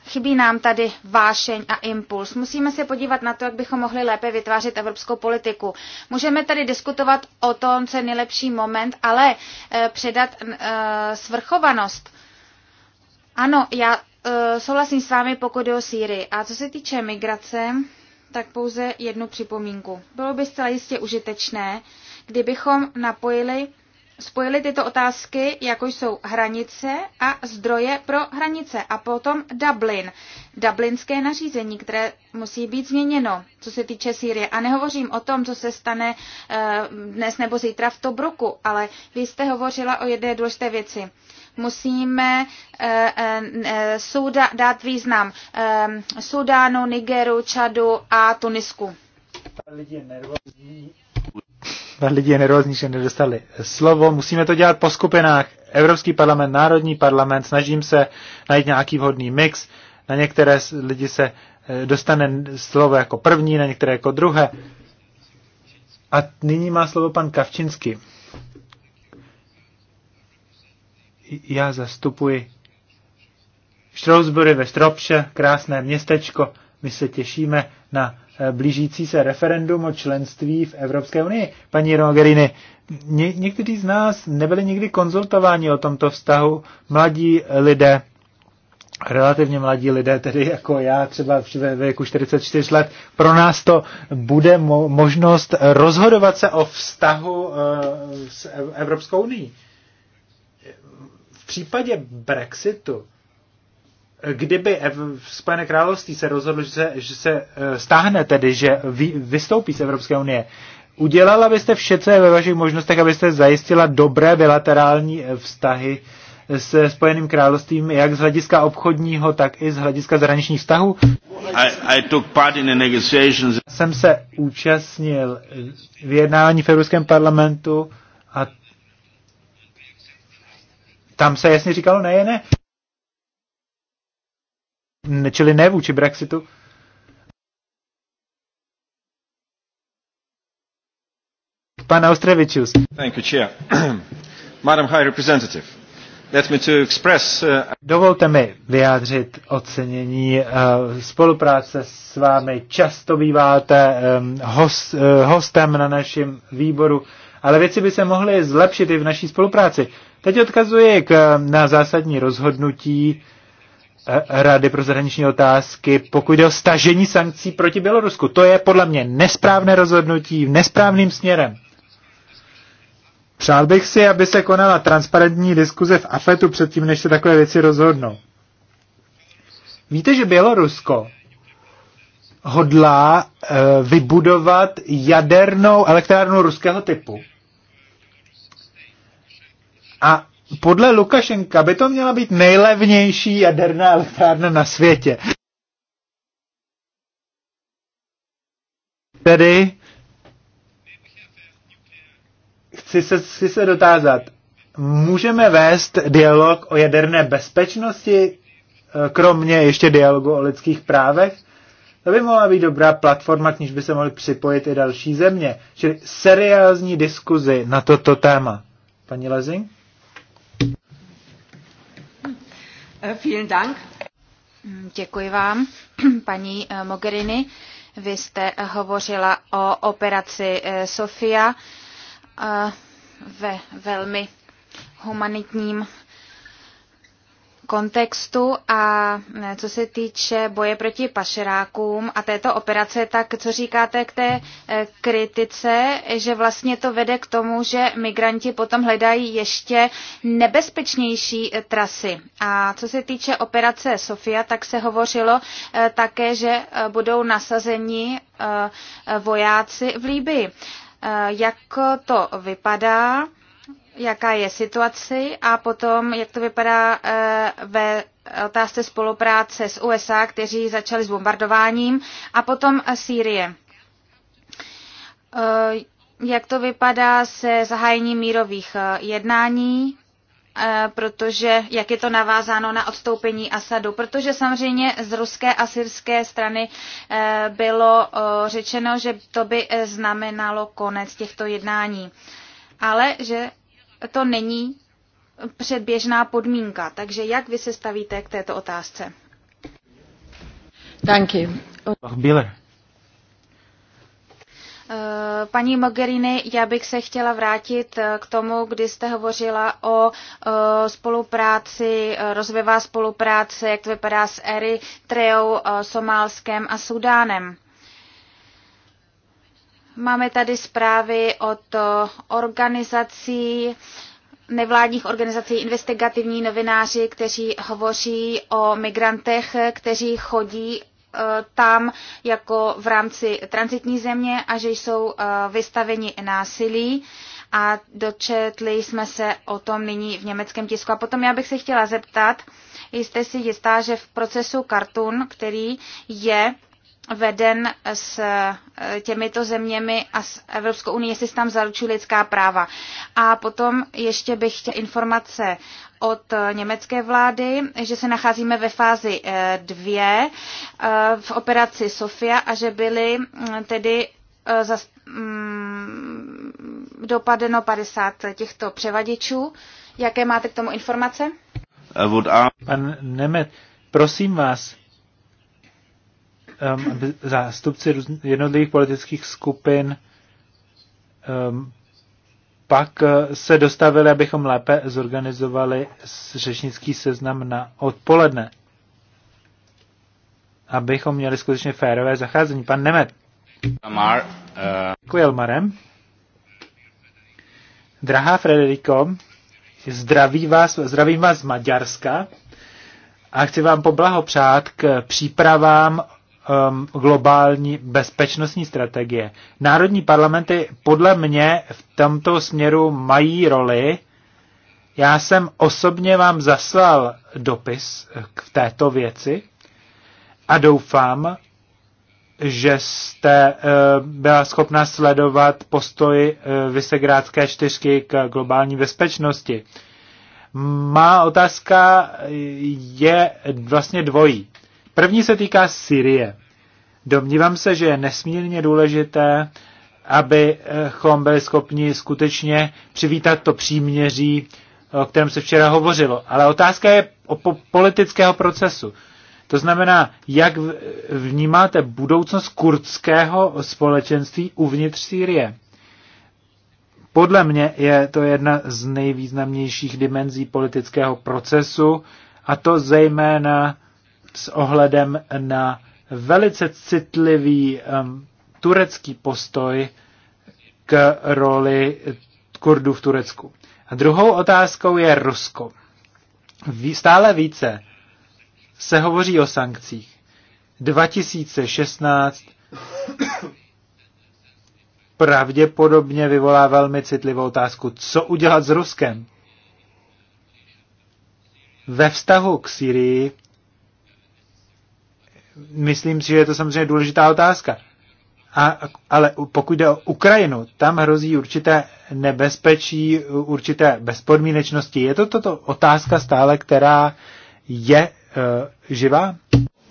chybí nám tady vášeň a impuls. Musíme se podívat na to, jak bychom mohli lépe vytvářet evropskou politiku. Můžeme tady diskutovat o tom, co je nejlepší moment, ale eh, předat eh, svrchovanost ano, já Eh, souhlasím s vámi, pokud je o Sýrii. A co se týče migrace, tak pouze jednu připomínku. Bylo by zcela jistě užitečné, kdybychom napojili, spojili tyto otázky, jako jsou hranice a zdroje pro hranice a potom Dublin, dublinské nařízení, které musí být změněno, co se týče Sýrie. A nehovořím o tom, co se stane eh, dnes nebo zítra v Tobruku, ale vy jste hovořila o jedné důležité věci musíme eh, eh, eh, dát význam Sudánu, Nigeru, Čadu a Tunisku. Lidi Lidi je nervózní, že nedostali slovo. Musíme to dělat po skupinách. Evropský parlament, Národní parlament, snažím se najít nějaký vhodný mix. Na některé lidi se dostane slovo jako první, na některé jako druhé. A nyní má slovo pan Kavčinsky. já zastupuji Štrousbury ve Stropše, krásné městečko. My se těšíme na eh, blížící se referendum o členství v Evropské unii. Paní Rogerini, ně, někteří z nás nebyli nikdy konzultováni o tomto vztahu. Mladí lidé, relativně mladí lidé, tedy jako já třeba ve věku 44 let, pro nás to bude mo- možnost rozhodovat se o vztahu uh, s Evropskou unii případě Brexitu, kdyby Spojené království se rozhodlo, že se, že se eh, stáhne, tedy že vy, vystoupí z Evropské unie, udělala byste vše, co je ve vašich možnostech, abyste zajistila dobré bilaterální eh, vztahy s Spojeným královstvím, jak z hlediska obchodního, tak i z hlediska zahraničních vztahů? I, I took part in the Jsem se účastnil eh, vyjednávání v Evropském parlamentu a tam se jasně říkalo ne, ne. Čili ne vůči Brexitu. Pan Austrevičius. Thank you, Chair. Madam High Representative, let me to express... Uh... Dovolte mi vyjádřit ocenění uh, spolupráce s vámi. Často býváte um, host, uh, hostem na našem výboru ale věci by se mohly zlepšit i v naší spolupráci. Teď odkazuji k, na zásadní rozhodnutí eh, Rady pro zahraniční otázky, pokud jde o stažení sankcí proti Bělorusku. To je podle mě nesprávné rozhodnutí v nesprávným směrem. Přál bych si, aby se konala transparentní diskuze v AFETu předtím, než se takové věci rozhodnou. Víte, že Bělorusko hodlá eh, vybudovat jadernou elektrárnu ruského typu. A podle Lukašenka by to měla být nejlevnější jaderná elektrárna na světě. Tedy chci se, chci se dotázat, můžeme vést dialog o jaderné bezpečnosti, eh, kromě ještě dialogu o lidských právech? To by mohla být dobrá platforma, k níž by se mohly připojit i další země. Čili seriózní diskuzi na toto téma. Paní Lezing? Eh, vielen Dank. Děkuji vám, paní eh, Mogherini. Vy jste eh, hovořila o operaci Sofia ve velmi humanitním kontextu a eh, co se týče boje proti pašerákům a této operace, tak co říkáte k té eh, kritice, že vlastně to vede k tomu, že migranti potom hledají ještě nebezpečnější eh, trasy. A co se týče operace Sofia, tak se hovořilo také, že budou nasazeni vojáci v Líbii. Jak to vypadá? jaká je situace a potom, jak to vypadá eh, ve otázce spolupráce s USA, kteří začali s bombardováním, a potom eh, Sýrie. Eh, jak to vypadá se zahájením mírových jednání, protože jak je to navázáno na odstoupení Asadu, protože samozřejmě z ruské a syrské strany bylo řečeno, že to by znamenalo konec těchto jednání ale že to není předběžná podmínka. Takže jak vy se stavíte k této otázce? you. Oh, Paní Mogherini, já bych se chtěla vrátit eh, k tomu, kdy jste hovořila o eh, spolupráci, rozvivá spolupráce, jak to vypadá s Eritreou, Somálskem a Sudánem. Máme tady zprávy od organizací, nevládních organizací, investigativní novináři, kteří hovoří o migrantech, kteří chodí eh, tam jako v rámci transitní země a že jsou eh, vystaveni násilí a dočetli jsme se o tom nyní v německém tisku. A potom já bych se chtěla zeptat, jste si jistá, že v procesu Cartoon, který je veden s eh, těmito zeměmi a s Evropskou unii, jestli se tam zaručují lidská práva. A potom ještě bych chtěl informace od eh, německé vlády, že se nacházíme ve fázi eh, dvě v operaci Sofia a že byly mm, tedy zas, mm, dopadeno 50 těchto převadičů. Jaké máte k tomu informace? Pan Nemet, prosím vás, Um, aby zástupci jednotlivých politických skupin um, pak uh, se dostavili, abychom lépe zorganizovali řečnický seznam na odpoledne. Abychom měli skutečně férové zacházení. Pan Nemet. Amar, uh... Děkuji, Elmarem. Drahá Frederiko, zdraví vás, zdravím vás z Maďarska a chci vám poblahopřát k přípravám um, globální bezpečnostní strategie. Národní parlamenty podle mě v tomto směru mají roli. Já jsem osobně vám zaslal dopis k této věci a doufám, že jste eh, byla schopna sledovat postoj eh, Vysegrádské čtyřky k globální bezpečnosti. Má otázka je vlastně dvojí. První se týká Syrie. Domnívám se, že je nesmírně důležité, abychom byli schopni skutečně přivítat to příměří, o kterém se včera hovořilo. Ale otázka je o po politického procesu. To znamená, jak vnímáte budoucnost kurdského společenství uvnitř Sýrie? Podle mě je to jedna z nejvýznamnějších dimenzí politického procesu, a to zejména s ohledem na velice citlivý um, turecký postoj k roli Kurdů v Turecku. A druhou otázkou je Rusko. Stále více se hovoří o sankcích. 2016 pravděpodobně vyvolá velmi citlivou otázku, co udělat s Ruskem. Ve vztahu k Syrii myslím si, že je to samozřejmě důležitá otázka. A, ale pokud jde o Ukrajinu, tam hrozí určité nebezpečí, určité bezpodmínečnosti. Je to toto otázka stále, která je uh, živá?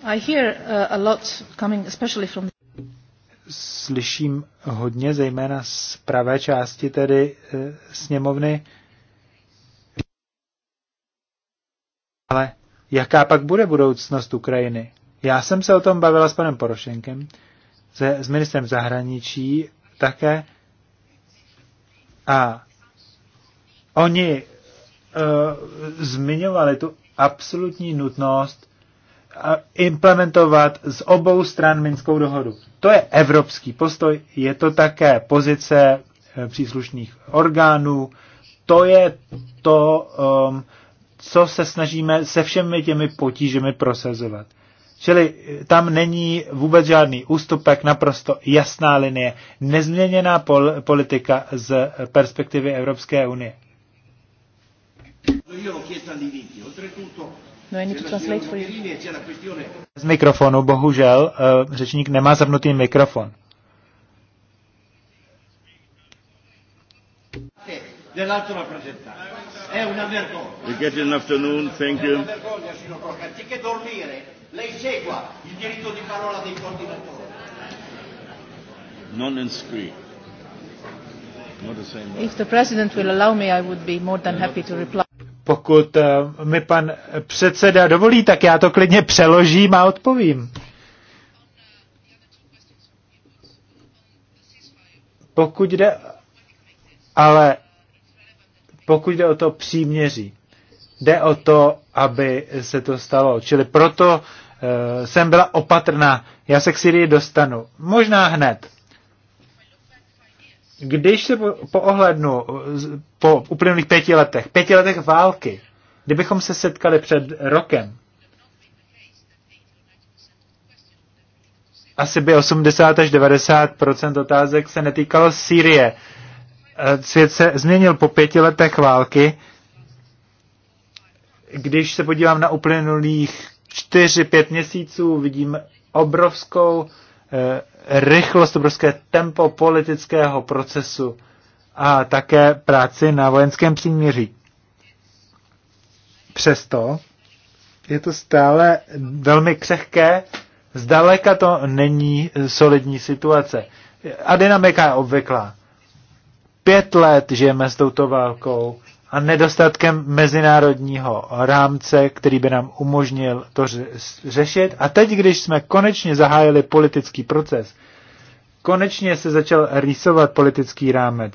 I hear eh, a lot coming especially from Slyším hodně, zejména z pravé části tedy uh, sněmovny. Ale jaká pak bude budoucnost Ukrajiny? Já jsem se o tom bavila s panem Porošenkem, se, s ministrem zahraničí také. A oni uh, zmiňovali tu absolutní nutnost eh, implementovat z obou stran Minskou dohodu. To je evropský postoj, je to také pozice eh, příslušných orgánů, to je to, um, co se snažíme se všemi těmi potížemi prosazovat. Čili eh, tam není vůbec žádný ústupek, naprosto jasná linie, nezměněná pol- politika z perspektivy Evropské unie. No, z mikrofonu, bohužel, eh, řečník nemá zapnutý mikrofon. Good afternoon, thank you. Lei segua il diritto di parola dei coordinatori. Non in screen. If the president will allow me, I would be more than happy to reply. Pokud eh, mi pan předseda dovolí, tak já to klidně přeložím a odpovím. Pokud jde, ale pokud jde o to příměří, Jde o to, aby se to stalo. Čili proto uh, jsem byla opatrná. Já se k Syrii dostanu. Možná hned. Když se po, po ohlednu po uplynulých pěti letech, pěti letech války, kdybychom se setkali před rokem, asi by 80 až 90 otázek se netýkalo Sýrie. Eh, svět se změnil po pěti letech války když se podívám na uplynulých 4-5 měsíců, vidím obrovskou eh, rychlost, obrovské tempo politického procesu a také práci na vojenském příměří. Přesto je to stále velmi křehké, zdaleka to není solidní situace. A dynamika je obvyklá. Pět let žijeme s touto válkou, a nedostatkem mezinárodního rámce, který by nám umožnil to řešit. A teď, když jsme konečně zahájili politický proces, konečně se začal rýsovat politický rámec,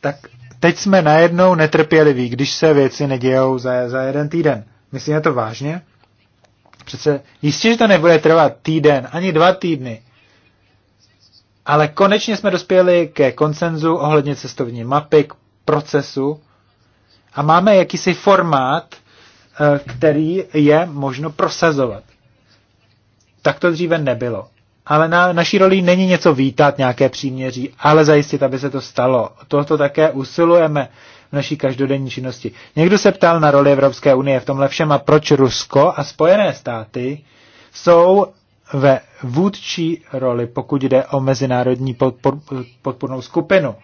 tak teď jsme najednou netrpěliví, když se věci nedějou za, za jeden týden. Myslíme to vážně? Přece jistě, že to nebude trvat týden, ani dva týdny, ale konečně jsme dospěli ke konsenzu ohledně cestovní mapy, k procesu a máme jakýsi formát, eh, který je možno prosazovat. Tak to dříve nebylo. Ale na, naší roli není něco vítat, nějaké příměří, ale zajistit, aby se to stalo. Toto také usilujeme v naší každodenní činnosti. Někdo se ptal na roli Evropské unie v tomhle všem a proč Rusko a Spojené státy jsou ve vůdčí roli, pokud jde o mezinárodní podpor, podpornou skupinu.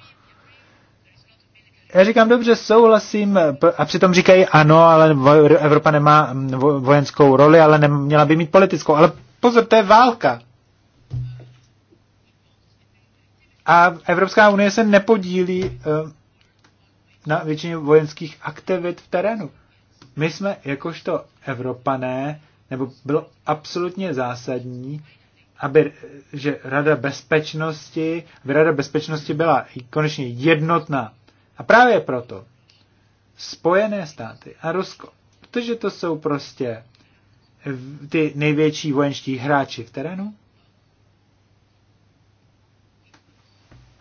Já říkám, dobře, souhlasím, a přitom říkají ano, ale Evropa nemá vojenskou roli, ale neměla by mít politickou. Ale pozor, to je válka. A Evropská unie se nepodílí eh, na většině vojenských aktivit v terénu. My jsme, jakožto Evropané, nebo bylo absolutně zásadní, aby že Rada bezpečnosti, aby Rada bezpečnosti byla konečně jednotná. A právě proto Spojené státy a Rusko, protože to jsou prostě ty největší vojenští hráči v terénu,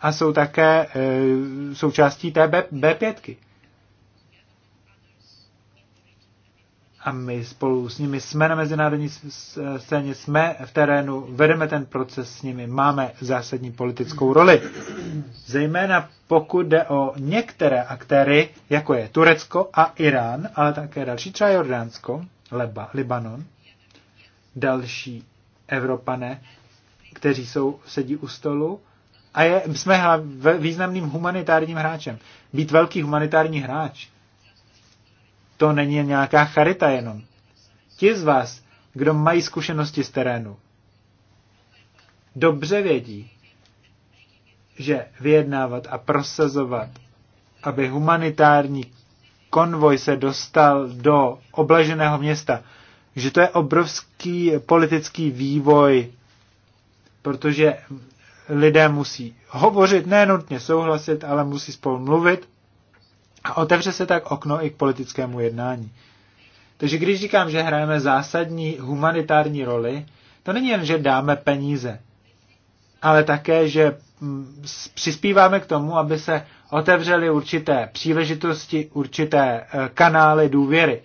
a jsou také e, součástí té B, B5. a my spolu s nimi jsme na mezinárodní scéně, jsme v terénu, vedeme ten proces s nimi, máme zásadní politickou roli. Zejména pokud jde o některé aktéry, jako je Turecko a Irán, ale také další, třeba Jordánsko, Leba, Libanon, další Evropané, kteří jsou, sedí u stolu a je, jsme významným humanitárním hráčem. Být velký humanitární hráč to není nějaká charita jenom. Ti z vás, kdo mají zkušenosti z terénu, dobře vědí, že vyjednávat a prosazovat, aby humanitární konvoj se dostal do oblaženého města, že to je obrovský politický vývoj, protože lidé musí hovořit, ne nutně souhlasit, ale musí spolu mluvit a otevře se tak okno i k politickému jednání. Takže když říkám, že hrajeme zásadní humanitární roli, to není jen, že dáme peníze, ale také, že mm, přispíváme k tomu, aby se otevřely určité příležitosti, určité e, kanály důvěry.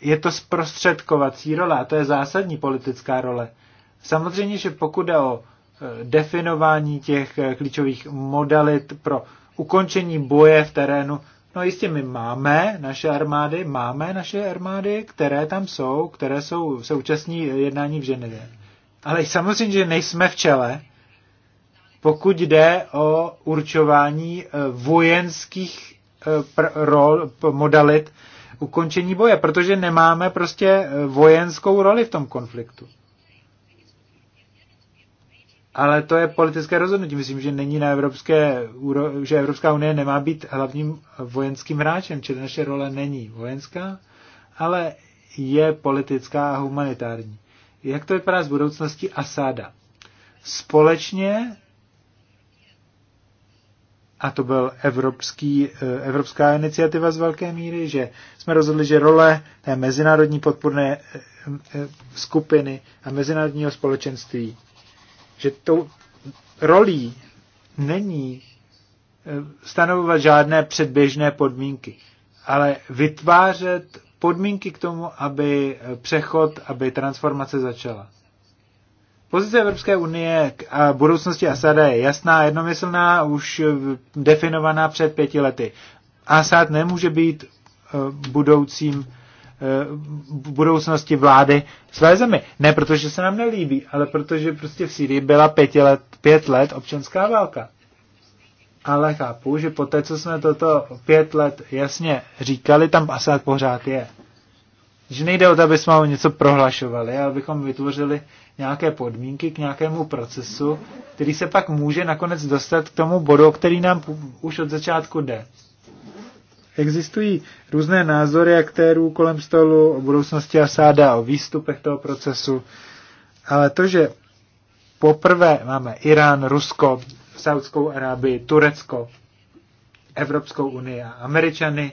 Je to zprostředkovací role a to je zásadní politická role. Samozřejmě, že pokud jde o e, definování těch e, klíčových modalit pro ukončení boje v terénu, No jistě my máme naše armády, máme naše armády, které tam jsou, které jsou, se účastní jednání v Ženevě. Ale samozřejmě, že nejsme v čele, pokud jde o určování eh, vojenských eh, rol, modalit ukončení boje, protože nemáme prostě eh, vojenskou roli v tom konfliktu ale to je politické rozhodnutí. Myslím, že není na evropské, že Evropská unie nemá být hlavním vojenským hráčem, čili naše role není vojenská, ale je politická a humanitární. Jak to vypadá s budoucností Asáda? Společně, a to byl evropský, eh, evropská iniciativa z velké míry, že jsme rozhodli, že role té mezinárodní podporné eh, eh, skupiny a mezinárodního společenství že tou rolí není eh, stanovovat žádné předběžné podmínky, ale vytvářet podmínky k tomu, aby eh, přechod, aby transformace začala. Pozice Evropské unie a budoucnosti Asada je jasná, jednomyslná, už eh, definovaná před pěti lety. Asad nemůže být budoucím v budoucnosti vlády své zemi. Ne protože se nám nelíbí, ale protože prostě v Sýrii byla pěti let, pět let občanská válka. Ale chápu, že po té, co jsme toto pět let jasně říkali, tam Asad pořád je. Že nejde o to, aby jsme něco prohlašovali, ale abychom vytvořili nějaké podmínky k nějakému procesu, který se pak může nakonec dostat k tomu bodu, který nám už od začátku jde. Existují různé názory aktérů kolem stolu o budoucnosti Asáda, o výstupech toho procesu, ale to, že poprvé máme Irán, Rusko, Saudskou Arábii, Turecko, Evropskou unii a Američany,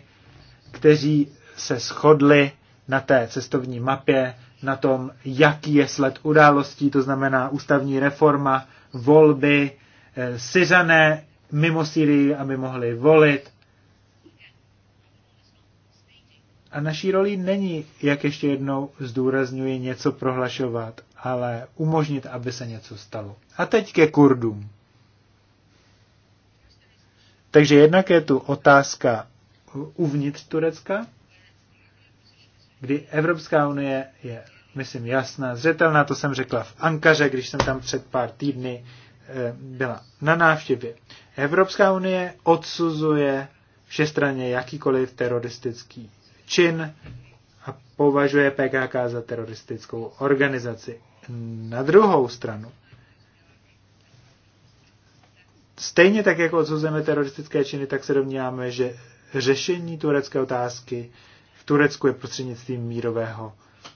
kteří se shodli na té cestovní mapě, na tom, jaký je sled událostí, to znamená ústavní reforma, volby, eh, Syřané mimo Syrii, aby mohli volit, A naší roli není, jak ještě jednou zdůrazňuji, něco prohlašovat, ale umožnit, aby se něco stalo. A teď ke Kurdům. Takže jednak je tu otázka uvnitř Turecka, kdy Evropská unie je, myslím, jasná, zřetelná, to jsem řekla v Ankaře, když jsem tam před pár týdny eh, byla na návštěvě. Evropská unie odsuzuje všestranně jakýkoliv teroristický čin a považuje PKK za teroristickou organizaci. Na druhou stranu, stejně tak, jako odsuzujeme teroristické činy, tak se domníváme, že řešení turecké otázky v Turecku je prostřednictvím mírového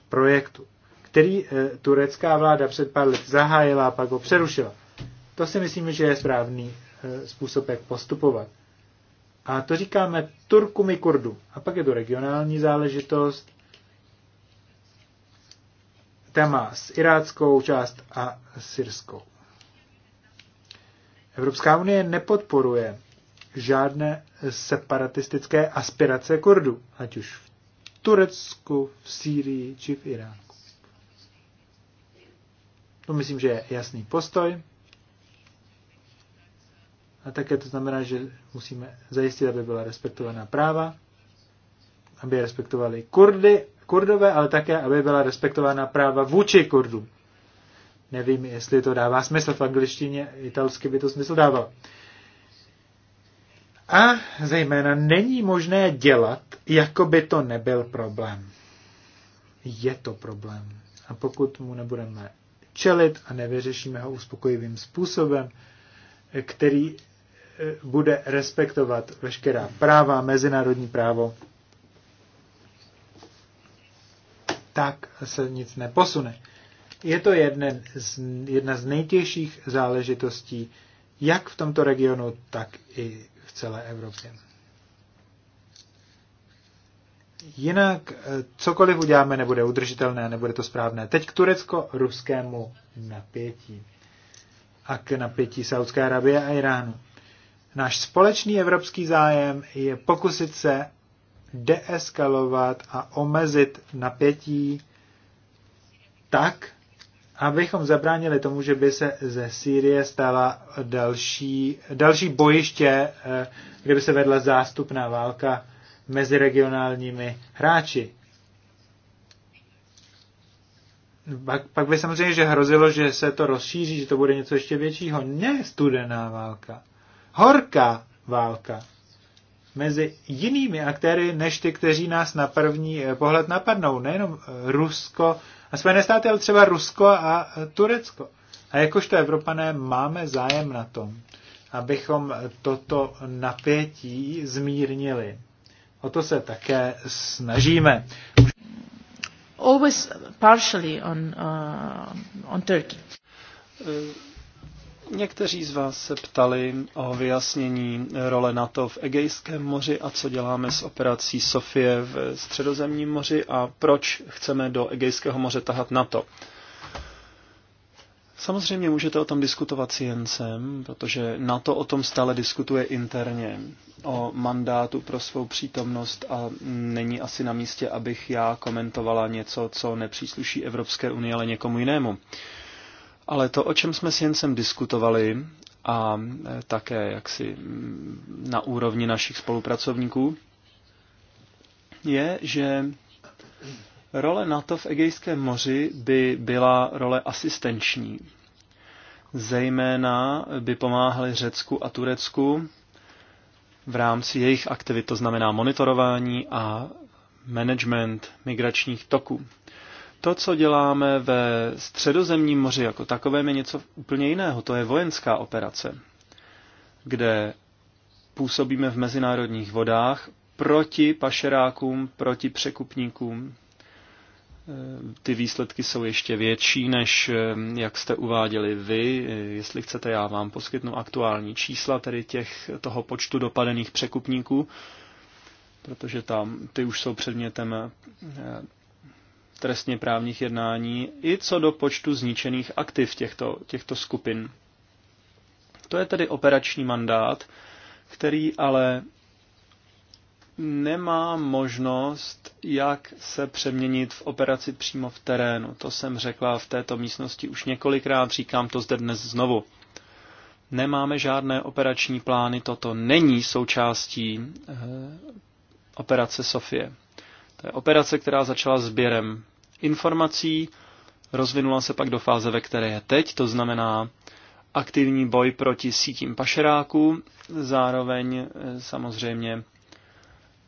projektu, který eh, turecká vláda před pár lety zahájila a pak ho přerušila. To si myslíme, že je správný eh, způsob, jak postupovat. A to říkáme Turkumi Kurdu. A pak je to regionální záležitost, téma s iráckou část a syrskou. Evropská unie nepodporuje žádné separatistické aspirace Kurdu, ať už v Turecku, v Sýrii či v Iráku. To myslím, že je jasný postoj. A také to znamená, že musíme zajistit, aby byla respektovaná práva, aby je respektovali Kurdy, Kurdové, ale také, aby byla respektována práva vůči Kurdům. Nevím, jestli to dává smysl v angličtině, italsky by to smysl dávalo. A zejména není možné dělat, jako by to nebyl problém. Je to problém. A pokud mu nebudeme čelit a nevyřešíme ho uspokojivým způsobem, který bude respektovat veškerá práva, mezinárodní právo, tak se nic neposune. Je to jeden z, jedna z nejtěžších záležitostí, jak v tomto regionu, tak i v celé Evropě. Jinak eh, cokoliv uděláme, nebude udržitelné, nebude to správné. Teď k turecko-ruskému napětí a k napětí Saudské Arabie a Iránu. Náš společný evropský zájem je pokusit se deeskalovat a omezit napětí tak, abychom zabránili tomu, že by se ze Sýrie stala další, další bojiště, eh, kde by se vedla zástupná válka mezi regionálními hráči. Pak, pak by samozřejmě, že hrozilo, že se to rozšíří, že to bude něco ještě většího. Ne studená válka horká válka mezi jinými aktéry, než ty, kteří nás na první eh, pohled napadnou. Nejenom eh, Rusko a Spojené státy, ale třeba Rusko a eh, Turecko. A jakožto Evropané máme zájem na tom, abychom toto napětí zmírnili. O to se také snažíme. Always partially on, uh, on Turkey. Někteří z vás se ptali o vyjasnění role NATO v Egejském moři a co děláme s operací Sofie v Středozemním moři a proč chceme do Egejského moře tahat NATO. Samozřejmě můžete o tom diskutovat s Jencem, protože NATO o tom stále diskutuje interně, o mandátu pro svou přítomnost a není asi na místě, abych já komentovala něco, co nepřísluší Evropské unii, ale někomu jinému. Uh, ale to, o čem jsme s Jencem diskutovali a e, také jaksi na úrovni našich spolupracovníků, je, že role NATO v Egejském moři by byla role asistenční. Zejména by pomáhali Řecku a Turecku v rámci jejich aktivit, to znamená monitorování a management migračních toků. To, co děláme ve středozemním moři jako takovém, je něco úplně jiného. To je vojenská operace, kde působíme v mezinárodních vodách proti pašerákům, proti překupníkům. E, ty výsledky jsou ještě větší, než e, jak jste uváděli vy. E, jestli chcete, já vám poskytnu aktuální čísla, tedy těch, toho počtu dopadených překupníků, protože tam ty už jsou předmětem trestně právních jednání i co do počtu zničených aktiv těchto, těchto skupin. To je tedy operační mandát, který ale nemá možnost, jak se přeměnit v operaci přímo v terénu. To jsem řekla v této místnosti už několikrát, říkám to zde dnes znovu. Nemáme žádné operační plány, toto není součástí eh, operace Sofie. To je operace, která začala sběrem informací, rozvinula se pak do fáze, ve které je teď, to znamená aktivní boj proti sítím pašeráků, zároveň e, samozřejmě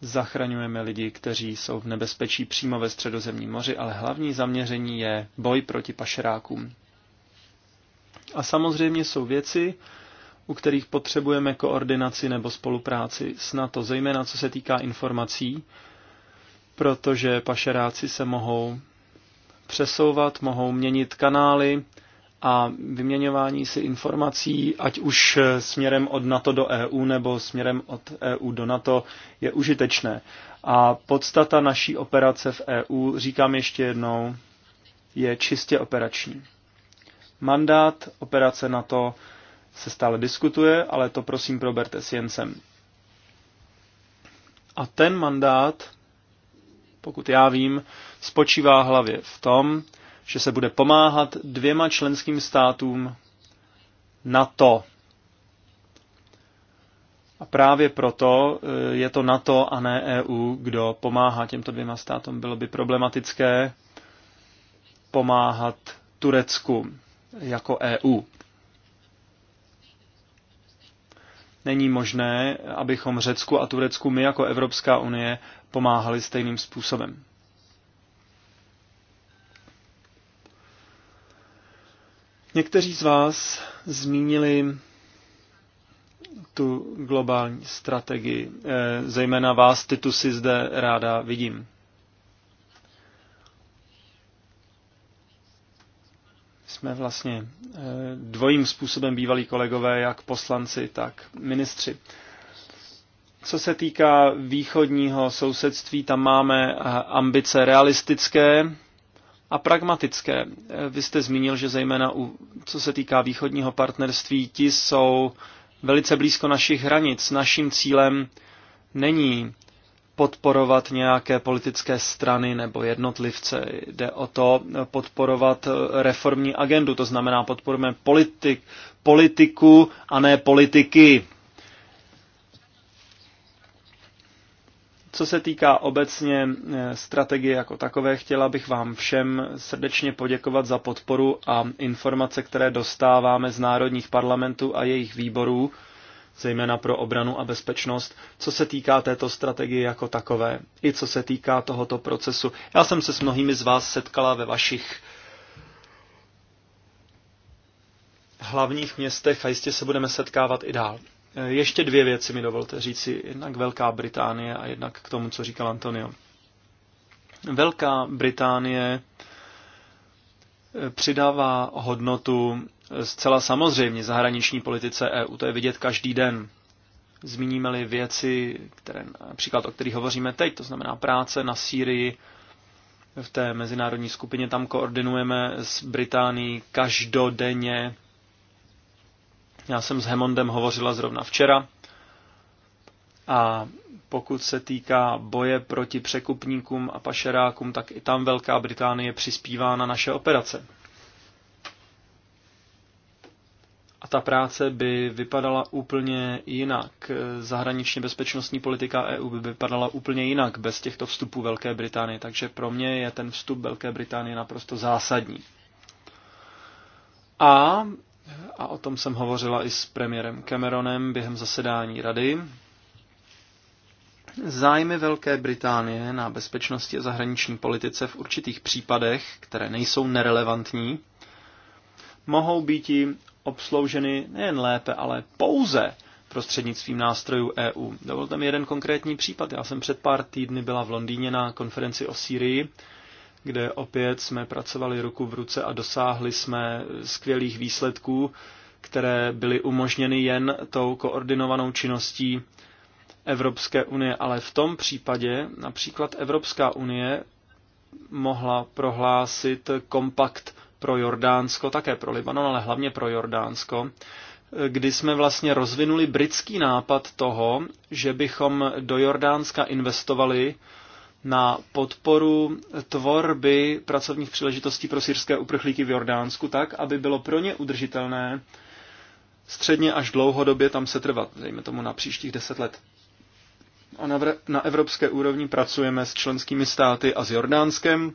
zachraňujeme lidi, kteří jsou v nebezpečí přímo ve středozemním moři, ale hlavní zaměření je boj proti pašerákům. A samozřejmě jsou věci, u kterých potřebujeme koordinaci nebo spolupráci s NATO, zejména co se týká informací, protože pašeráci se mohou přesouvat, mohou měnit kanály a vyměňování si informací, ať už směrem od NATO do EU nebo směrem od EU do NATO, je užitečné. A podstata naší operace v EU, říkám ještě jednou, je čistě operační. Mandát operace NATO se stále diskutuje, ale to prosím proberte s Jencem. A ten mandát pokud já vím, spočívá hlavě v tom, že se bude pomáhat dvěma členským státům NATO. A právě proto eh, je to NATO a ne EU, kdo pomáhá těmto dvěma státům. Bylo by problematické pomáhat Turecku jako EU. Není možné, abychom Řecku a Turecku my jako Evropská unie pomáhali stejným způsobem. Někteří z vás zmínili tu globální strategii. Eh, zejména vás, Titusy, zde ráda vidím. jsme vlastně eh, dvojím způsobem bývalí kolegové, jak poslanci, tak ministři. Co se týká východního sousedství, tam máme eh, ambice realistické a pragmatické. Eh, vy jste zmínil, že zejména u, co se týká východního partnerství, ti jsou velice blízko našich hranic. Naším cílem není podporovat nějaké politické strany nebo jednotlivce. Jde o to podporovat reformní agendu, to znamená podporujeme politik, politiku a ne politiky. Co se týká obecně eh, strategie jako takové, chtěla bych vám všem srdečně poděkovat za podporu a informace, které dostáváme z národních parlamentů a jejich výborů zejména pro obranu a bezpečnost, co se týká této strategie jako takové, i co se týká tohoto procesu. Já jsem se s mnohými z vás setkala ve vašich hlavních městech a jistě se budeme setkávat i dál. Ještě dvě věci mi dovolte říci, jednak Velká Británie a jednak k tomu, co říkal Antonio. Velká Británie eh, přidává hodnotu zcela samozřejmě zahraniční politice EU. To je vidět každý den. Zmíníme-li věci, které, například o kterých hovoříme teď, to znamená práce na Sýrii, v té mezinárodní skupině tam koordinujeme s Británií každodenně. Já jsem s Hemondem hovořila zrovna včera. A pokud se týká boje proti překupníkům a pašerákům, tak i tam Velká Británie přispívá na naše operace. a ta práce by vypadala úplně jinak. Zahraničně bezpečnostní politika EU by vypadala úplně jinak bez těchto vstupů Velké Británie, takže pro mě je ten vstup Velké Británie naprosto zásadní. A, a o tom jsem hovořila i s premiérem Cameronem během zasedání rady, Zájmy Velké Británie na bezpečnosti a zahraniční politice v určitých případech, které nejsou nerelevantní, mohou být i obslouženy nejen lépe, ale pouze prostřednictvím nástrojů EU. Dovolte mi jeden konkrétní případ. Já jsem před pár týdny byla v Londýně na konferenci o Sýrii, kde opět jsme pracovali ruku v ruce a dosáhli jsme skvělých výsledků, které byly umožněny jen tou koordinovanou činností Evropské unie. Ale v tom případě například Evropská unie mohla prohlásit kompakt pro Jordánsko, také pro Libanon, ale hlavně pro Jordánsko, kdy jsme vlastně rozvinuli britský nápad toho, že bychom do Jordánska investovali na podporu tvorby pracovních příležitostí pro syrské uprchlíky v Jordánsku tak, aby bylo pro ně udržitelné středně až dlouhodobě tam se trvat, dejme tomu na příštích deset let. A na, na evropské úrovni pracujeme s členskými státy a s Jordánskem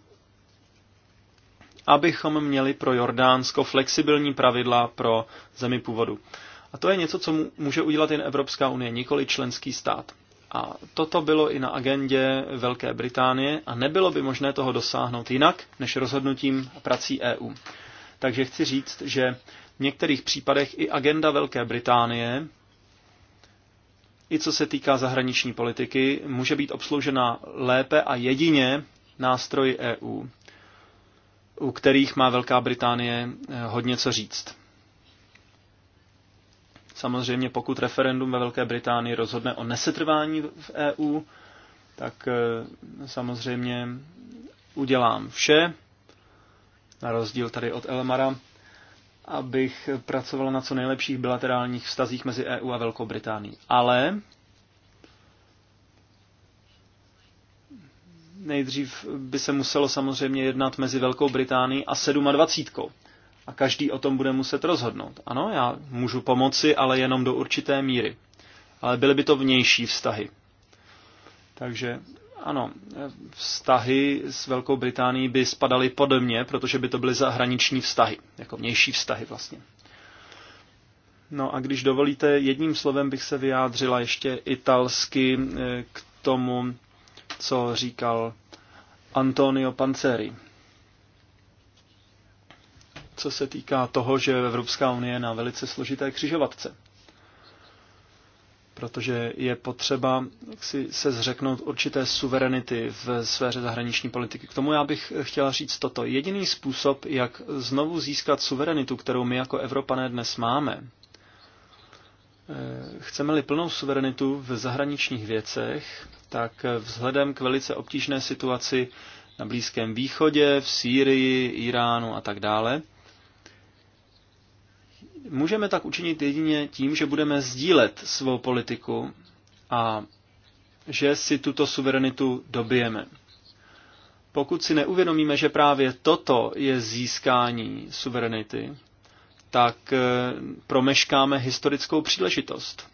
abychom měli pro Jordánsko flexibilní pravidla pro zemi původu. A to je něco, co může udělat jen Evropská unie, nikoli členský stát. A toto bylo i na agendě Velké Británie a nebylo by možné toho dosáhnout jinak než rozhodnutím prací EU. Takže chci říct, že v některých případech i agenda Velké Británie, i co se týká zahraniční politiky, může být obsloužena lépe a jedině nástroji EU u kterých má Velká Británie eh, hodně co říct. Samozřejmě pokud referendum ve Velké Británii rozhodne o nesetrvání v EU, tak eh, samozřejmě udělám vše, na rozdíl tady od Elmara, abych pracovala na co nejlepších bilaterálních vztazích mezi EU a Velkou Británií. Ale Nejdřív by se muselo samozřejmě jednat mezi Velkou Británií a 27. A každý o tom bude muset rozhodnout. Ano, já můžu pomoci, ale jenom do určité míry. Ale byly by to vnější vztahy. Takže ano, vztahy s Velkou Británií by spadaly pod mě, protože by to byly zahraniční vztahy, jako vnější vztahy vlastně. No a když dovolíte, jedním slovem bych se vyjádřila ještě italsky eh, k tomu co říkal Antonio Panceri. Co se týká toho, že Evropská unie je na velice složité křižovatce. Protože je potřeba si se zřeknout určité suverenity v sféře zahraniční politiky. K tomu já bych chtěla říct toto. Jediný způsob, jak znovu získat suverenitu, kterou my jako Evropané dnes máme, Eh, chceme-li plnou suverenitu v zahraničních věcech, tak vzhledem k velice obtížné situaci na Blízkém východě, v Sýrii, Iránu a tak dále, můžeme tak učinit jedině tím, že budeme sdílet svou politiku a že si tuto suverenitu dobijeme. Pokud si neuvědomíme, že právě toto je získání suverenity, tak eh, promeškáme historickou příležitost.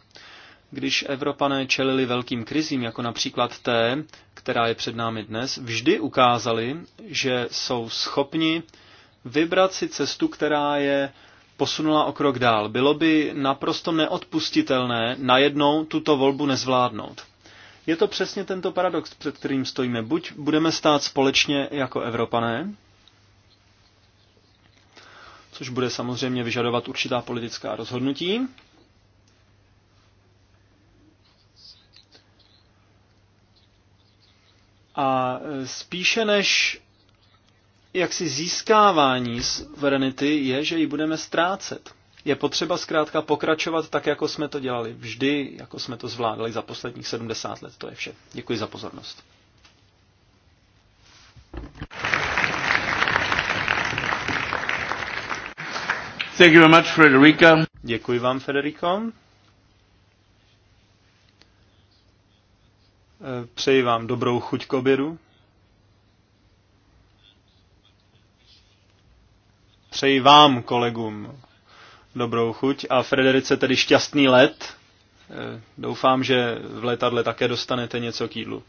Když Evropané čelili velkým krizím, jako například té, která je před námi dnes, vždy ukázali, že jsou schopni vybrat si cestu, která je posunula o krok dál. Bylo by naprosto neodpustitelné najednou tuto volbu nezvládnout. Je to přesně tento paradox, před kterým stojíme. Buď budeme stát společně jako Evropané, což bude samozřejmě vyžadovat určitá politická rozhodnutí. A e, spíše než jaksi získávání suverenity je, že ji budeme ztrácet. Je potřeba zkrátka pokračovat tak, jako jsme to dělali vždy, jako jsme to zvládali za posledních 70 let. To je vše. Děkuji za pozornost. Thank you very much, Frederica. Děkuji vám, Federico. Přeji vám dobrou chuť k obědu. Přeji vám, kolegům, dobrou chuť a Frederice tedy šťastný let. Eh, doufám, že v letadle také dostanete něco k jídlu.